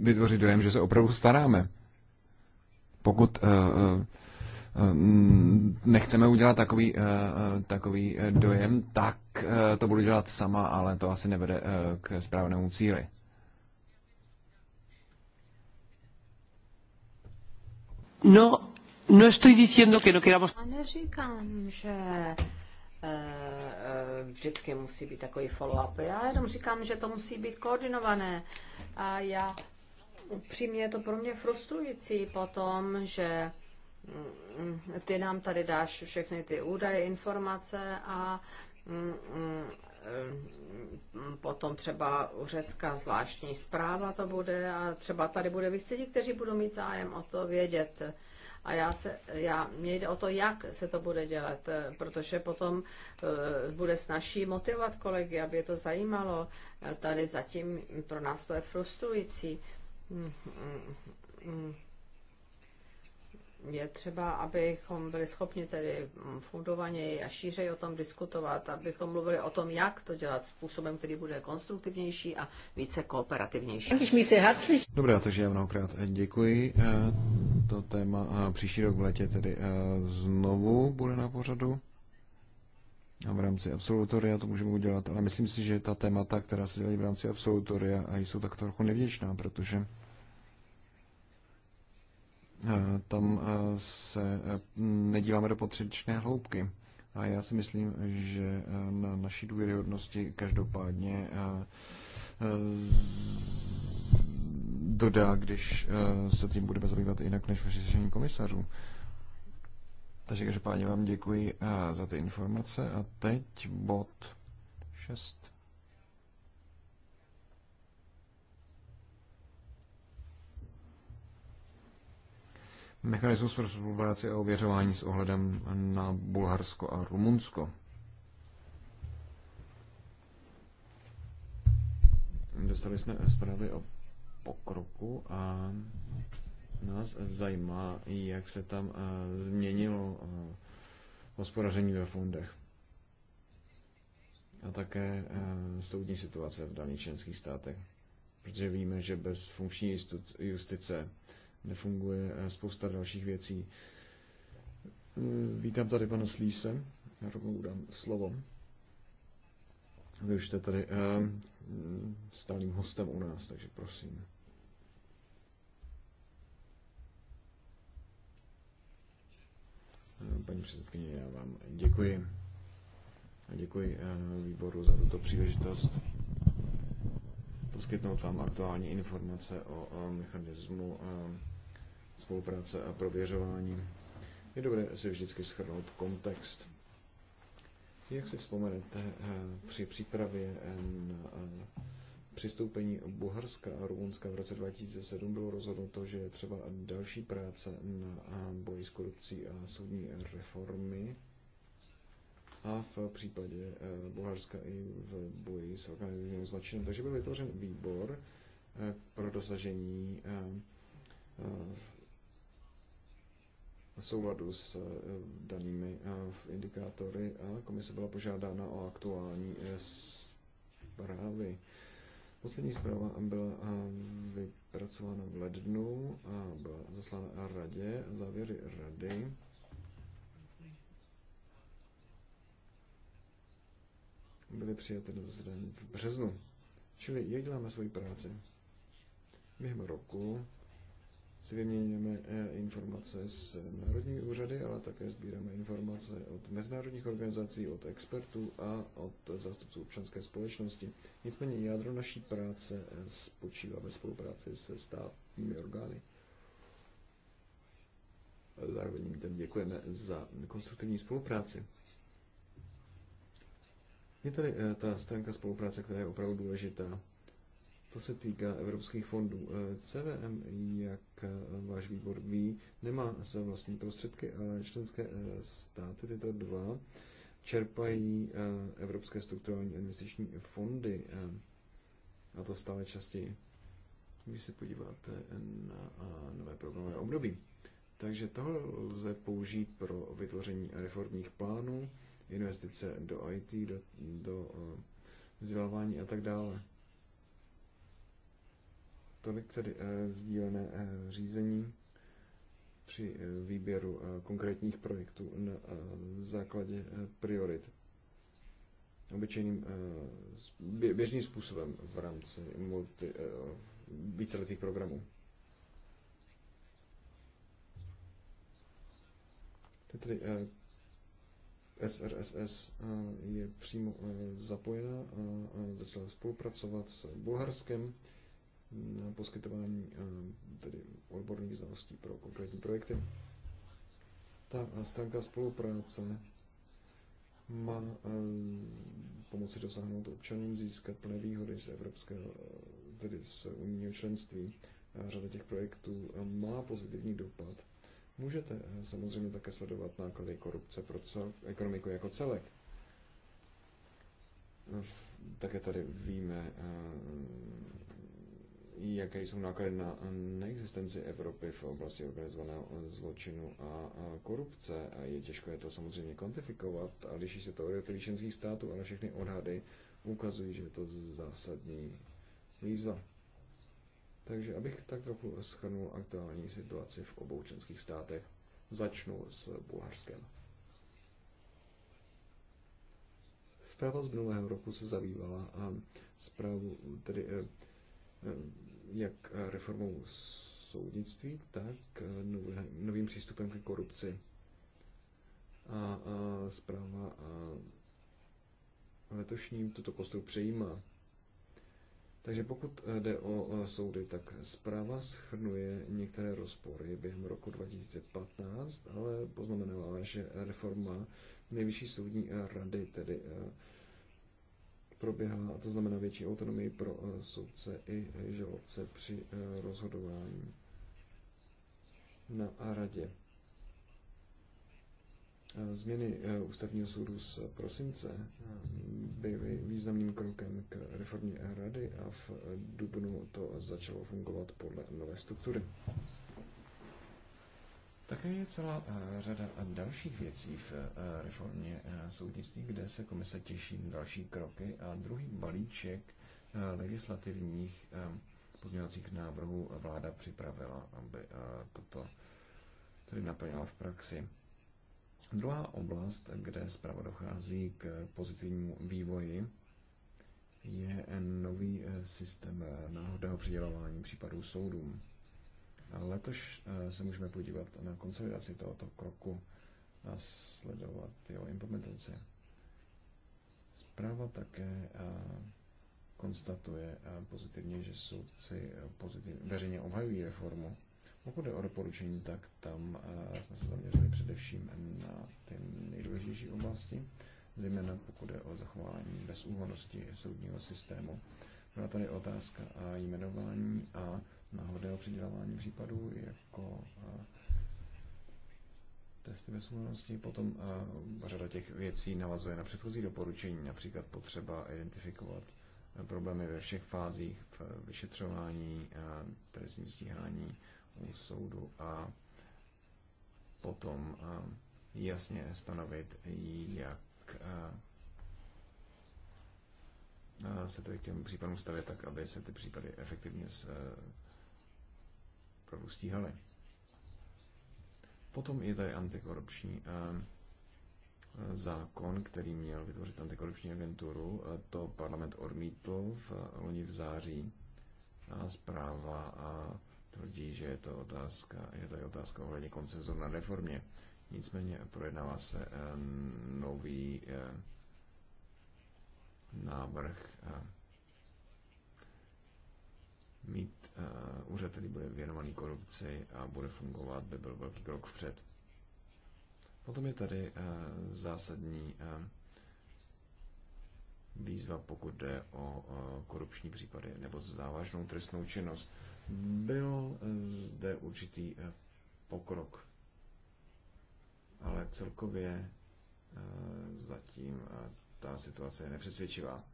vytvořit dojem, že se opravdu staráme. Pokud Eh, nechceme udělat takový, eh, eh, takový dojem, tak to budu dělat sama, ale to asi nevede k správnému cíli. No, no estoy diciendo que no queramos... A neříkám, že e, vždycky musí být takový follow-up. Já jenom říkám, že to musí být koordinované. A já upřímně je to pro mě frustrující potom, že ty nám tady dáš všechny ty údaje, informace a mm, mm, potom třeba u Řecka zvláštní zpráva to bude a třeba tady bude víc lidí, kteří budou mít zájem o to vědět. A já se, já, mě jde o to, jak se to bude dělat, protože potom uh, bude snažší motivovat kolegy, aby je to zajímalo. Tady zatím pro nás to je frustrující. Mm, mm, mm je třeba, abychom byli schopni tedy fundovaněji a šířej o tom diskutovat, abychom mluvili o tom, jak to dělat způsobem, který bude konstruktivnější a více kooperativnější. Dobrá, takže já mnohokrát děkuji. To téma příští rok v letě tedy znovu bude na pořadu. A v rámci absolutoria to můžeme udělat, ale myslím si, že ta témata, která se dělají v rámci absolutoria, jsou tak trochu nevděčná, protože Eh, tam eh, se eh, nedíváme do potřebné hloubky. A já si myslím, že na naší důvěryhodnosti každopádně dodá, když se tím budeme zabývat jinak než ve řešení komisařů. Takže každopádně vám děkuji za ty informace a teď bod 6. mechanismus pro spolupráci a ověřování s ohledem na Bulharsko a Rumunsko. Dostali jsme zprávy o pokroku a nás zajímá, jak se tam eh, změnilo eh, hospodaření ve fondech a také eh, soudní situace v daných členských státech. Protože víme, že bez funkční justice nefunguje eh, spousta dalších věcí. Eh, vítám tady pana Slíse, já rovnou dám slovo. Vy už jste tady eh, stálým hostem u nás, takže prosím. Paní předsedkyně, já vám děkuji. A děkuji výboru za tuto příležitost poskytnout vám aktuální informace o mechanismu spolupráce a prověřování, je dobré si vždycky shrnout kontext. Jak si vzpomenete, eh, při přípravě eh, na eh, přistoupení Bulharska a Rumunska v roce 2007 bylo rozhodnuto, že je třeba další práce na boji s korupcí a soudní reformy a v případě Bulharska i v boji s organizovaným zločinem. Takže byl vytvořen výbor pro dosažení souladu s eh, danými eh, indikátory a komise byla požádána o aktuální eh, zprávy. Poslední zpráva byla vypracována v lednu a byla zaslána radě. Závěry rady byly přijaty na zasedání v březnu. Čili jak děláme svoji práci? Během roku si vyměňujeme eh, informace s národními úřady, ale také sbíráme informace od mezinárodních organizací, od expertů a od zástupců občanské společnosti. Nicméně jádro naší práce eh, spočívá ve spolupráci se státními orgány. Zároveň jim děkujeme za konstruktivní spolupráci. Je tady eh, ta stránka spolupráce, která je opravdu důležitá. To se týká evropských fondů. Eh, CVM, jak eh, váš výbor ví, nemá své vlastní prostředky, ale členské eh, státy, tyto dva, čerpají evropské strukturální investiční fondy a to stále častěji, když se podíváte na nové programové období. Takže tohle lze použít pro vytvoření reformních plánů, investice do IT, do, do vzdělávání a tak dále. Tolik tedy eh, sdílené eh, řízení při eh, výběru konkrétních projektů na základě priorit. Obyčejným běžným způsobem v rámci multi, víceletých programů. Tedy SRSS je přímo zapojena a začala spolupracovat s Bulharskem na poskytování eh, tedy odborných znalostí pro konkrétní projekty. Ta stránka spolupráce má eh, pomoci dosáhnout občanům získat plné výhody z evropského, eh, tedy z unijního členství. Řada těch projektů má pozitivní dopad. Můžete samozřejmě také sledovat náklady korupce pro cel, ekonomiku jako celek. Také tady víme jaké jsou náklady na neexistenci Evropy v oblasti organizovaného zločinu a korupce. A je to samozřejmě kvantifikovat a liší se to od jednotlivých členských států, ale všechny odhady ukazují, že je to zásadní výzva. Takže abych tak trochu schrnul aktuální situaci v obou členských státech, začnu s Bulharskem. Zpráva z minulého roku se zabývala a zprávu, tedy eh, Ehm, jak eh, reformou soudnictví, tak eh, novým přístupem ke korupci. A, a zpráva a letošním tuto postup přejímá. Takže pokud eh, jde o soudy, tak zpráva schrnuje některé rozpory během roku 2015, ale poznamenává, že reforma nejvyšší soudní rady, tedy proběhla, a to znamená větší autonomii pro eh, soudce i žalobce při eh, rozhodování na radě. Eh, změny ústavního soudu z prosince byly významným krokem k reformě rady a v dubnu to začalo fungovat podle nové struktury. Také je celá eh, řada dalších věcí v eh, reformě eh, soudnictví, kde se komise těší na další kroky a druhý balíček legislativních pozměňovacích návrhů vláda připravila, aby toto tedy naplnila v praxi. Druhá oblast, kde zprava dochází k pozitivnímu vývoji, je nový systém náhodného přidělování případů soudům. Letoš eh, se můžeme podívat na konsolidaci tohoto kroku a sledovat jeho implementaci. Zpráva také eh, konstatuje eh, pozitivně, že soudci pozitivně veřejně obhajují reformu. Pokud je o doporučení, tak tam jsme se zaměřili především na ty nejdůležitější oblasti, zejména pokud je o zachování bezúhonnosti soudního systému. Byla tady otázka a jmenování a náhodného přidělování případů jako eh, testy bezsmluvnosti. Potom eh, řada těch věcí navazuje na předchozí doporučení, například potřeba identifikovat eh, problémy ve všech fázích v vyšetřování, trestní stíhání u soudu a potom jasně stanovit, jak se tedy k těm případům stavět tak, aby se ty případy efektivně opravdu stíhali. Potom je tady antikorupční eh, zákon, který měl vytvořit antikorupční agenturu. Eh, to parlament odmítl v eh, loni v září. A zpráva a tvrdí, že je to otázka, je tady otázka ohledně koncenzu na reformě. Nicméně projednává se nový návrh mít uh, úřad, který bude věnovaný korupci a bude fungovat, by byl velký krok vpřed. Potom je tady uh, zásadní uh, výzva, pokud jde o uh, korupční případy nebo závažnou trestnou činnost. Byl zde určitý uh, pokrok, ale celkově uh, zatím uh, ta situace je nepřesvědčivá.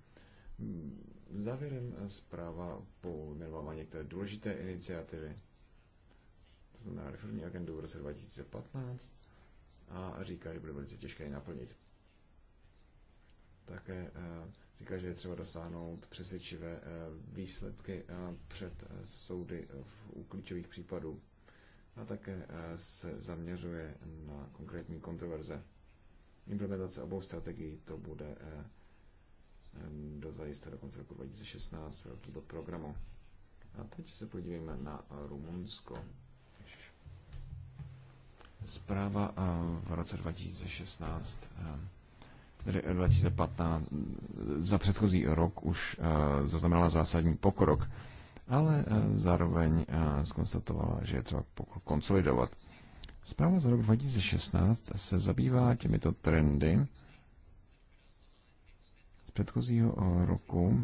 Hmm, závěrem eh, zpráva po pojmenovává některé důležité iniciativy, to znamená reformní agendu v roce 2015, a říká, že bude velice těžké ji naplnit. Také eh, říká, že je třeba dosáhnout přesvědčivé eh, výsledky před soudy v klíčových případů a také se zaměřuje na konkrétní kontroverze. Implementace obou strategií to bude do zajisté do konce roku 2016 velký bod programu. A teď se podívejme na Rumunsko. Zpráva v roce 2016, tedy 2015, za předchozí rok už e, zaznamenala zásadní pokrok, ale e, zároveň skonstatovala, e, že je třeba konsolidovat. Zpráva za rok 2016 se zabývá těmito trendy, předchozího eh, roku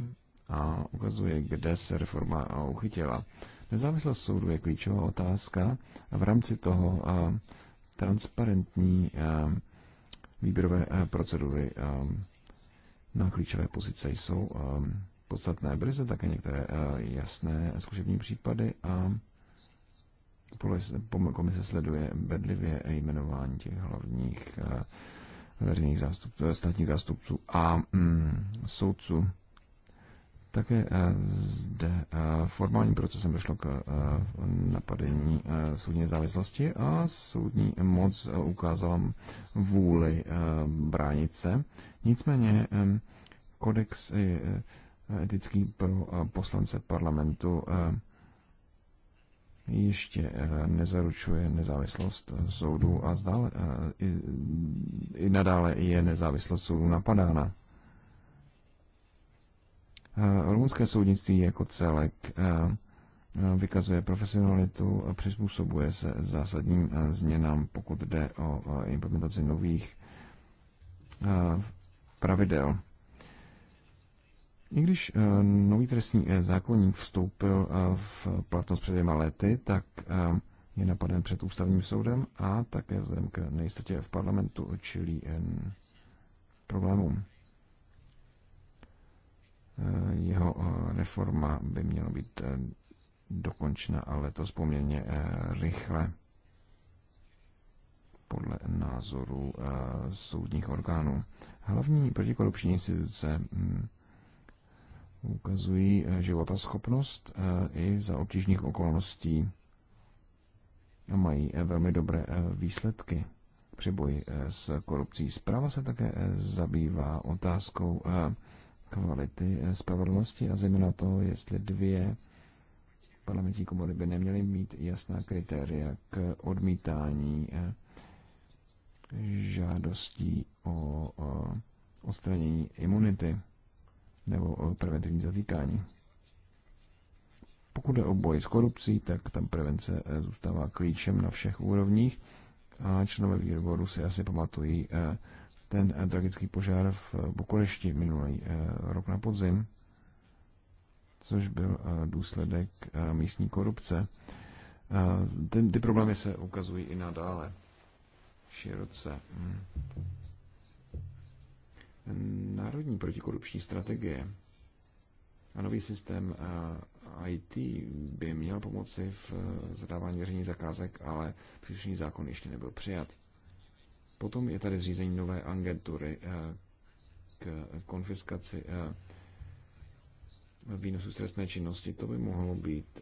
a ukazuje, kde se reforma eh, uchytila. Nezávislost soudu je klíčová otázka a v rámci toho eh, transparentní výběrové procedury na klíčové pozice jsou podstatné. Byly se také některé jasné zkušební případy a komise sleduje bedlivě jmenování těch hlavních veřejných zástupců, eh, státních zástupců a mm, soudců. Také eh, zde eh, formálním procesem došlo k napadení soudní závislosti a soudní moc ukázala vůli bránit se. Nicméně kodex etický pro poslance parlamentu ještě eh, nezaručuje nezávislost soudů a zdále, eh, i, i nadále je nezávislost soudů napadána. Eh, rumunské soudnictví jako celek vykazuje profesionalitu a přizpůsobuje se zásadním změnám, pokud jde o implementaci nových pravidel. I když eh, nový trestní eh, zákonník vstoupil eh, v platnost před dvěma lety, tak je napaden před ústavním soudem a také vzhledem k nejistotě v parlamentu čelí problémům. Jeho reforma by měla být dokončena, ale to poměrně rychle podle názoru soudních orgánů. Hlavní protikorupční instituce hm, ukazují eh, životaschopnost eh, i za obtížných okolností a mají eh, velmi dobré výsledky při boji s korupcí. Zpráva se také zabývá otázkou kvality spravedlnosti a zejména toho, jestli dvě parlamentní komory by neměly mít jasná kritéria k odmítání žádostí o odstranění imunity nebo preventivní zatýkání. Pokud je o boj s korupcí, tak tam prevence eh, zůstává klíčem na všech úrovních a členové výboru si asi pamatují eh, ten eh, tragický požár v Bukurešti minulý rok na podzim, což byl důsledek místní korupce. Ty, ty problémy se ukazují i nadále široce. Hm národní protikorupční strategie a nový systém eh, IT by měl pomoci v eh, zadávání veřejných zakázek, ale příslušný zákon ještě nebyl přijat. Potom je tady zřízení nové agentury eh, k konfiskaci výnosu stresné činnosti. To by mohlo být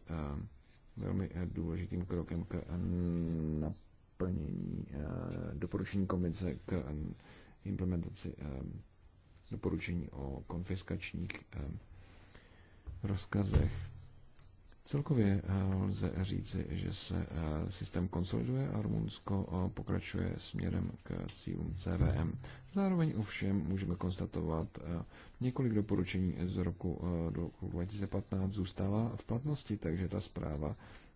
velmi důležitým krokem k naplnění doporučení komise k implementaci doporučení o konfiskačních eh, rozkazech. Celkově eh, lze říci, že se eh, systém konsoliduje a Rumunsko pokračuje směrem k cílům CVM. Zároveň ovšem můžeme konstatovat, několik doporučení z roku 2015 zůstává v platnosti, takže ta zpráva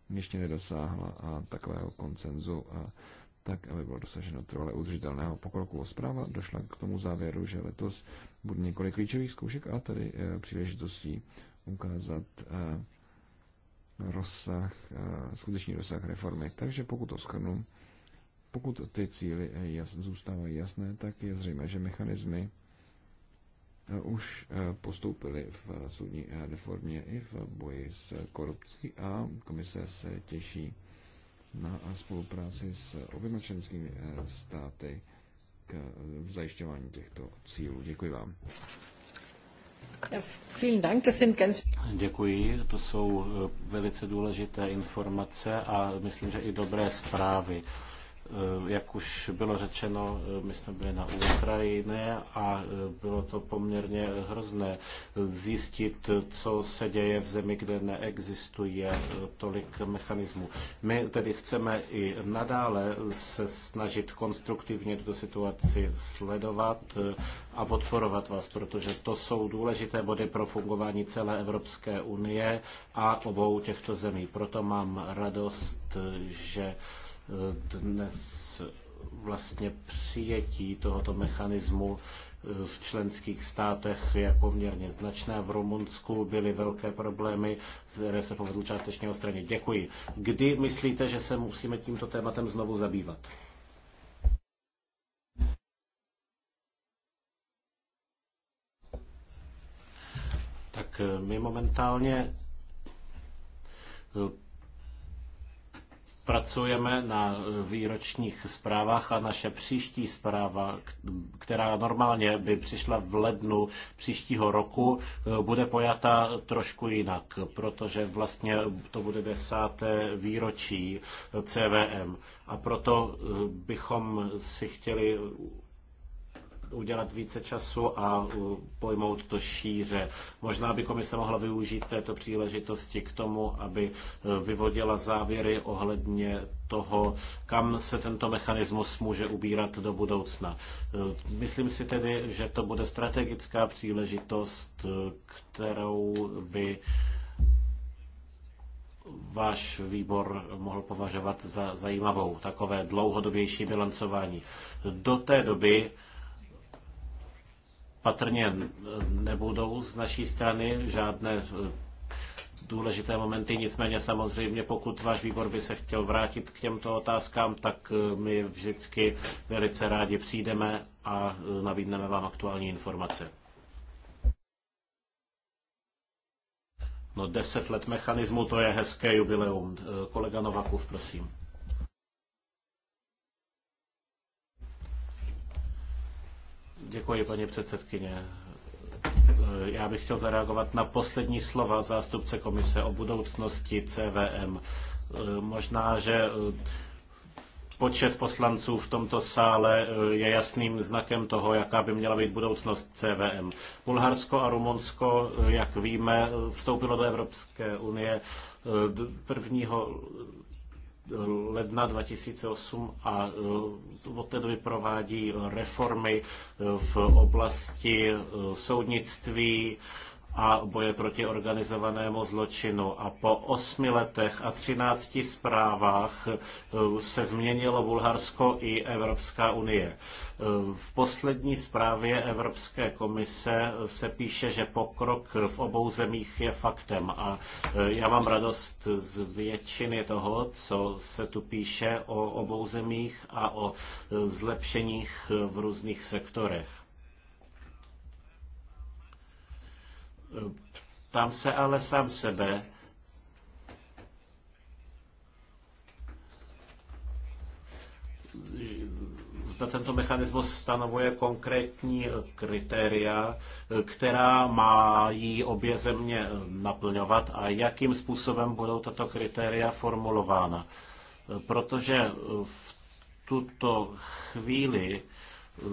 ještě nedosáhla takového koncenzu tak, aby bylo dosaženo trvale udržitelného pokroku. Zpráva došla k tomu závěru, že letos bude několik klíčových zkoušek a tedy eh, příležitostí ukázat eh, rozsah, eh, skutečný rozsah reformy. Takže pokud to schrnu, pokud ty cíly jas, zůstávají jasné, tak je zřejmé, že mechanismy už postoupily v soudní reformě i v boji s korupcí a komise se těší na spolupráci s oběma členskými eh, státy k eh, zajišťování těchto cílů. Děkuji vám. Děkuji, to jsou eh, velice důležité informace a myslím, že i dobré zprávy. Eh, jak už bylo řečeno, eh, my jsme byli na Ukrajině a eh, bylo to poměrně hrozné zjistit, co se děje v zemi, kde neexistuje tolik mechanismů. My tedy chceme i nadále se snažit konstruktivně tuto situaci sledovat a podporovat vás, protože to jsou důležité body pro fungování celé Evropské unie a obou těchto zemí. Proto mám radost, že dnes vlastně přijetí tohoto mechanismu eh, v členských státech je poměrně značné. V Rumunsku byly velké problémy, které se povedlo částečně odstranit. Děkuji. Kdy myslíte, že se musíme tímto tématem znovu zabývat? Tak eh, my momentálně eh, pracujeme na eh, výročních zprávách a naše příští zpráva, která normálně by přišla v lednu příštího roku, eh, bude pojata trošku jinak, protože vlastně to bude desáté výročí eh, CVM. A proto bychom si chtěli udělat více času a pojmout to šíře. Možná by komise mohla využít této příležitosti k tomu, aby e, vyvodila závěry ohledně toho, kam se tento mechanismus může ubírat do budoucna. E, myslím si tedy, že to bude strategická příležitost, e, kterou by váš výbor mohl považovat za zajímavou, takové dlouhodobější bilancování. Do té doby patrně nebudou z naší strany žádné eh, důležité momenty, nicméně samozřejmě pokud váš výbor by se chtěl vrátit k těmto otázkám, tak eh, my vždycky velice rádi přijdeme a eh, nabídneme vám aktuální informace. No deset let mechanismu, to je hezké jubileum. Kolega Novakův, prosím. Děkuji, paní předsedkyně. Já bych chtěl zareagovat na poslední slova zástupce komise o budoucnosti CVM. Možná, že eh, počet poslanců v tomto sále eh, je jasným znakem toho, jaká by měla být budoucnost CVM. Bulharsko a Rumunsko, eh, jak víme, vstoupilo do Evropské unie 1 ledna 2008 a eh, od té doby provádí reformy eh, v oblasti eh, soudnictví, a boje proti organizovanému zločinu. A po osmi letech a třinácti zprávách eh, se změnilo Bulharsko i Evropská unie. Eh, v poslední zprávě Evropské komise se píše, že pokrok v obou zemích je faktem. A eh, já mám radost z většiny toho, co se tu píše o obou zemích a o zlepšeních v různých sektorech. Tam se ale sám sebe, zda tento mechanismus stanovuje konkrétní kritéria, která mají obě země naplňovat a jakým způsobem budou tato kritéria formulována. Protože v tuto chvíli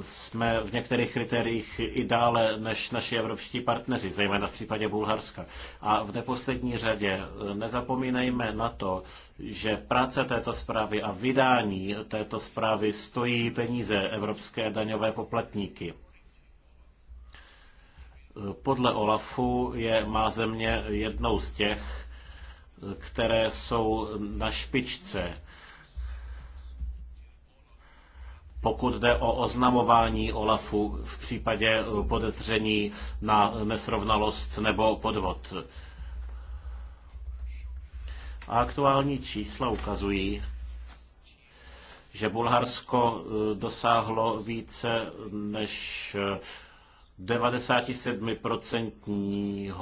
jsme v některých kritériích i dále než naši evropští partneři, zejména v případě Bulharska. A v neposlední řadě nezapomínejme na to, že práce této zprávy a vydání této zprávy stojí peníze evropské daňové poplatníky. Podle Olafu je má země jednou z těch, které jsou na špičce pokud jde o oznamování OLAFu v případě eh, podezření na nesrovnalost nebo podvod. A aktuální čísla ukazují, že Bulharsko eh, dosáhlo více než 97% eh,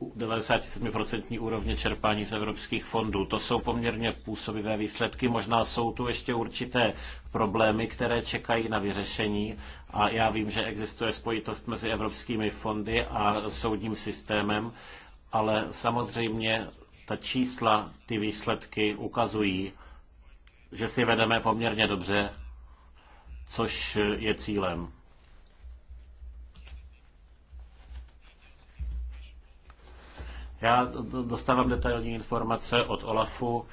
97% úrovně čerpání z evropských fondů. To jsou poměrně působivé výsledky. Možná jsou tu ještě určité problémy, které čekají na vyřešení. A já vím, že existuje spojitost mezi evropskými fondy a soudním systémem, ale samozřejmě ta čísla, ty výsledky ukazují, že si vedeme poměrně dobře, což je cílem. Já dostávám detailní informace od OLAFu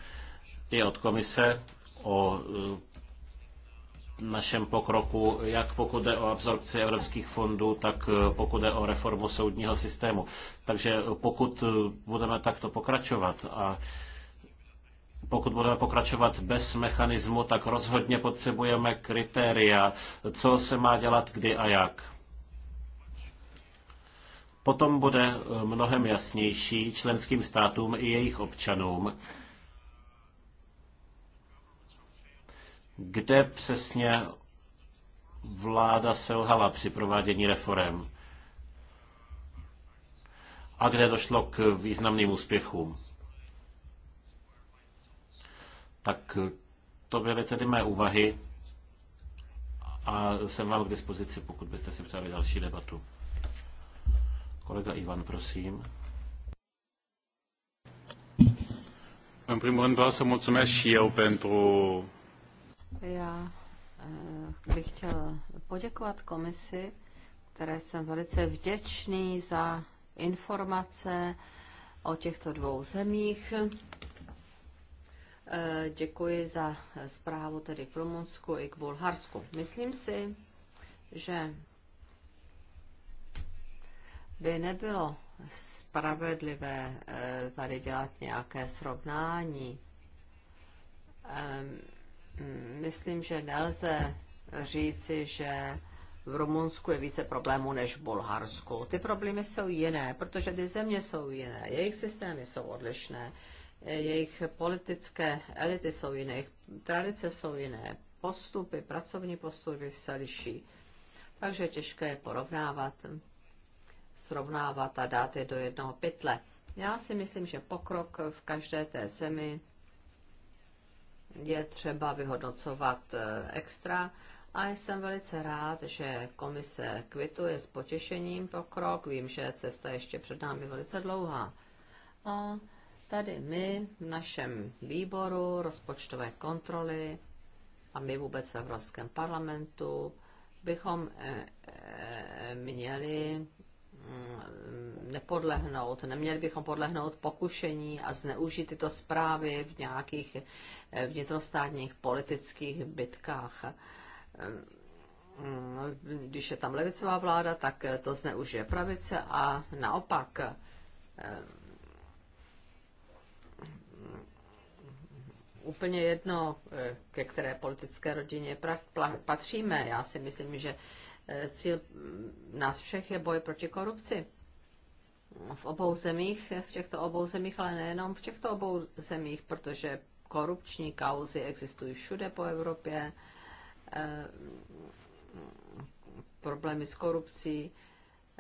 i od komise o e, našem pokroku, jak pokud jde o absorpci evropských fondů, tak e, pokud jde o reformu soudního systému. Takže pokud e, budeme takto pokračovat a pokud budeme pokračovat bez mechanismu, tak rozhodně potřebujeme kritéria, co se má dělat, kdy a jak. Potom bude eh, mnohem jasnější členským státům i jejich občanům, kde přesně vláda selhala při provádění reform a kde došlo k významným úspěchům. Tak eh, to byly tedy mé úvahy a jsem vám k dispozici, pokud byste si přáli další debatu. Kolega Ivan, prosím. În primul rând vreau să mulțumesc și eu pentru... Já eh, bych chtěl poděkovat komisi, které jsem velice vděčný za informace o těchto dvou zemích. Eh, děkuji za zprávu tedy k Rumunsku i k Bulharsku. Myslím si, že by nebylo spravedlivé eh, tady dělat nějaké srovnání. Mm, myslím, že nelze říci, že v Rumunsku je více problémů než v Bulharsku. Ty problémy jsou jiné, protože ty země jsou jiné, jejich systémy jsou odlišné, eh, jejich politické elity jsou jiné, jejich tradice jsou jiné, postupy, pracovní postupy se liší. Takže těžké je porovnávat srovnávat a dát je do jednoho pytle. Já si myslím, že pokrok v každé té zemi je třeba vyhodnocovat eh, extra a jsem velice rád, že komise kvituje s potěšením pokrok. Vím, že cesta ještě před námi velice dlouhá. A tady my v našem výboru rozpočtové kontroly a my vůbec v Evropském parlamentu bychom eh, eh, měli Mm, nepodlehnout, neměli bychom podlehnout pokušení a zneužít tyto zprávy v nějakých eh, vnitrostátních politických bitkách. Mm, když je tam levicová vláda, tak eh, to zneužije pravice a naopak eh, úplně jedno, ke které politické rodině patříme. Já si myslím, že Eh, cíl nás všech je boj proti korupci. V obou zemích, v těchto obou zemích, ale nejenom v těchto obou zemích, protože korupční kauzy existují všude po Evropě, eh, problémy s korupcí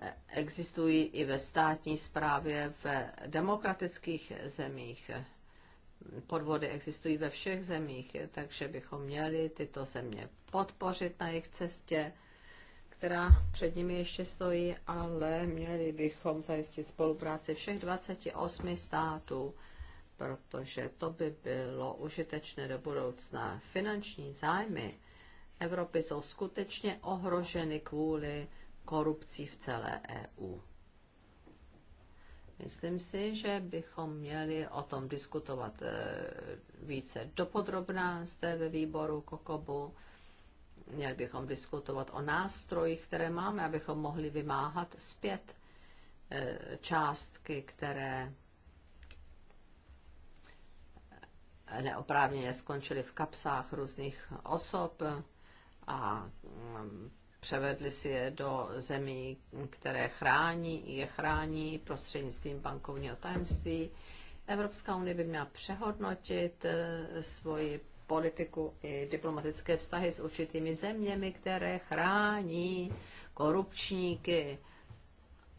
eh, existují i ve státní správě, v demokratických zemích. Podvody existují ve všech zemích, takže bychom měli tyto země podpořit na jejich cestě která před nimi ještě stojí, ale měli bychom zajistit spolupráci všech 28 států, protože to by bylo užitečné do budoucna. Finanční zájmy Evropy jsou skutečně ohroženy kvůli korupcí v celé EU. Myslím si, že bychom měli o tom diskutovat eh, více dopodrobná zde ve výboru Kokobu Měli bychom diskutovat o nástrojích, které máme, abychom mohli vymáhat zpět eh, částky, které neoprávněně skončily v kapsách různých osob a mm, převedli si je do zemí, které chrání, je chrání prostřednictvím bankovního tajemství. Evropská unie by měla přehodnotit eh, svoji politiku i diplomatické vztahy s určitými zeměmi, které chrání korupčníky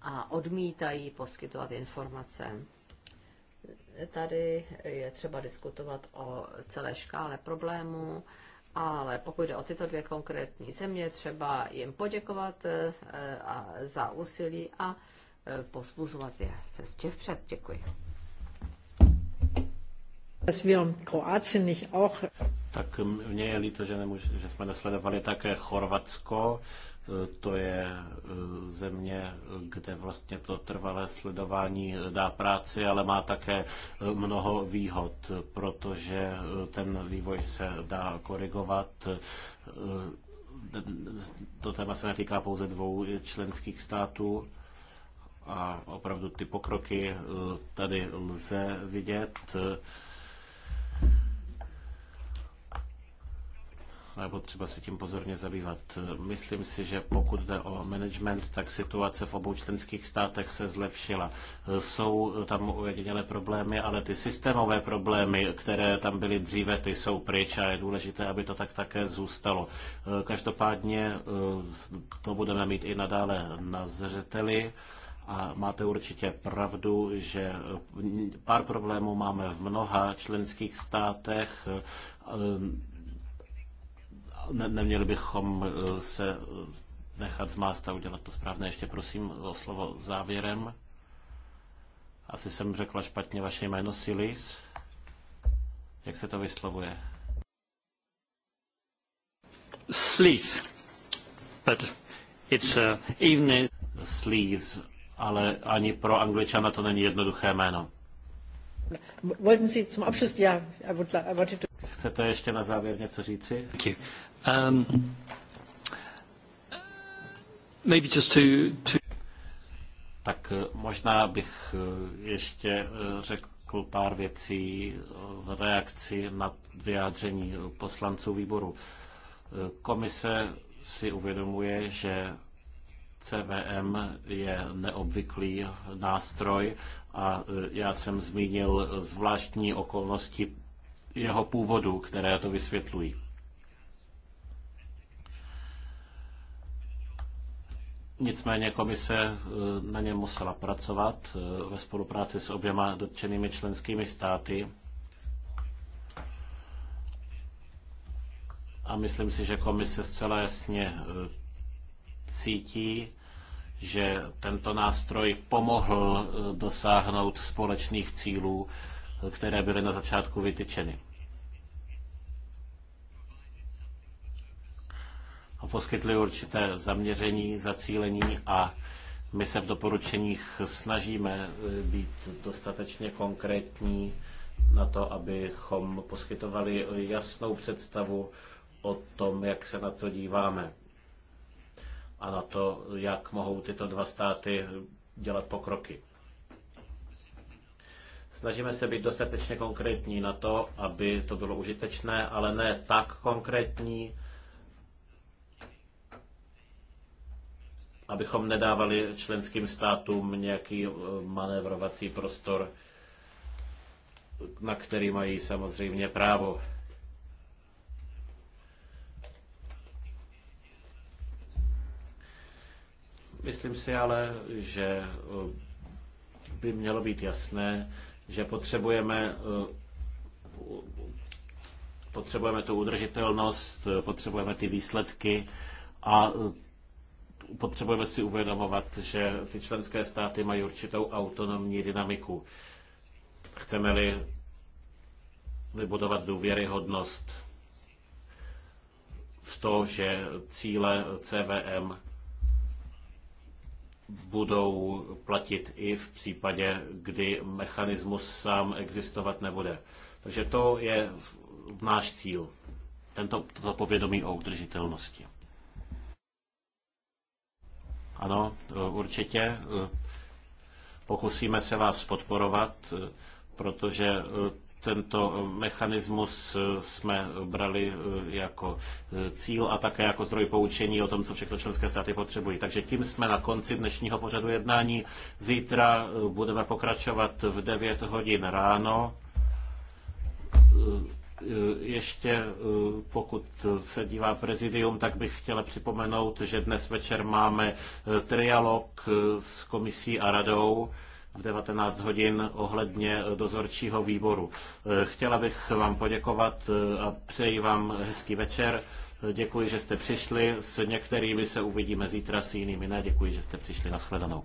a odmítají poskytovat informace. Tady je třeba diskutovat o celé škále problémů, ale pokud jde o tyto dvě konkrétní země, třeba jim poděkovat eh, za úsilí a eh, pozbuzovat je cestě vpřed. Děkuji. Tak mě je líto, že, nemůž, že jsme nesledovali také Chorvatsko. To je eh, země, kde vlastně to trvalé sledování dá práci, ale má také eh, mnoho výhod, protože eh, ten vývoj se dá korigovat to téma se netýká pouze dvou členských států a opravdu ty pokroky tady lze vidět. a je potřeba se tím pozorně zabývat. Myslím si, že pokud jde o management, tak situace v obou členských státech se zlepšila. Jsou tam ujedinělé problémy, ale ty systémové problémy, které tam byly dříve, ty jsou pryč a je důležité, aby to tak také zůstalo. Každopádně eh, to budeme mít i nadále na zřeteli. A máte určitě pravdu, že pár problémů máme v mnoha členských státech eh, ne, neměli bychom eh, se eh, nechat zmást a udělat to správně. Ještě prosím o slovo závěrem. Asi jsem řekla špatně vaše jméno Silis. Jak se to vyslovuje? Sleaze. But it's a uh, evening... Sleaze, ale ani pro angličana to není jednoduché jméno. Chcete ještě na závěr něco říci? Um, maybe just to... Tak eh, možná bych eh, ještě eh, řekl pár věcí v reakci na vyjádření poslanců výboru. Komise si uvědomuje, že CVM je neobvyklý nástroj a já jsem zmínil zvláštní okolnosti jeho původu, které to vysvětlují. Nicméně komise e, na něm musela pracovat e, ve spolupráci s oběma dotčenými členskými státy. A myslím si, že komise zcela jasně e, cítí, že tento nástroj pomohl dosáhnout společných cílů, které byly na začátku vytyčeny. poskytli určité zaměření, zacílení a my se v doporučeních snažíme eh, být dostatečně konkrétní na to, abychom poskytovali jasnou představu o tom, jak se na to díváme a na to, jak mohou tyto dva státy dělat pokroky. Snažíme se být dostatečně konkrétní na to, aby to bylo užitečné, ale ne tak konkrétní, abychom nedávali členským státům nějaký eh, manévrovací prostor, na který mají samozřejmě právo. Myslím si ale, že eh, by mělo být jasné, že potřebujeme eh, potřebujeme tu udržitelnost, potřebujeme ty výsledky a potřebujeme si uvědomovat, že ty členské státy mají určitou autonomní dynamiku. Chceme-li vybudovat důvěryhodnost v to, že cíle CVM budou platit i v případě, kdy mechanismus sám existovat nebude. Takže to je náš cíl, tento, toto povědomí o udržitelnosti. Ano, určitě. Pokusíme se vás podporovat, protože tento mechanismus jsme brali jako cíl a také jako zdroj poučení o tom, co všechno členské státy potřebují. Takže tím jsme na konci dnešního pořadu jednání. Zítra budeme pokračovat v 9 hodin ráno Eh, ještě eh, pokud se dívá prezidium, tak bych chtěla připomenout, že dnes večer máme eh, trialog s komisí a radou v 19 hodin ohledně dozorčího výboru. Chtěla bych vám poděkovat a přeji vám hezký večer. Děkuji, že jste přišli. S některými se uvidíme zítra, s jinými ne. Děkuji, že jste přišli. Naschledanou.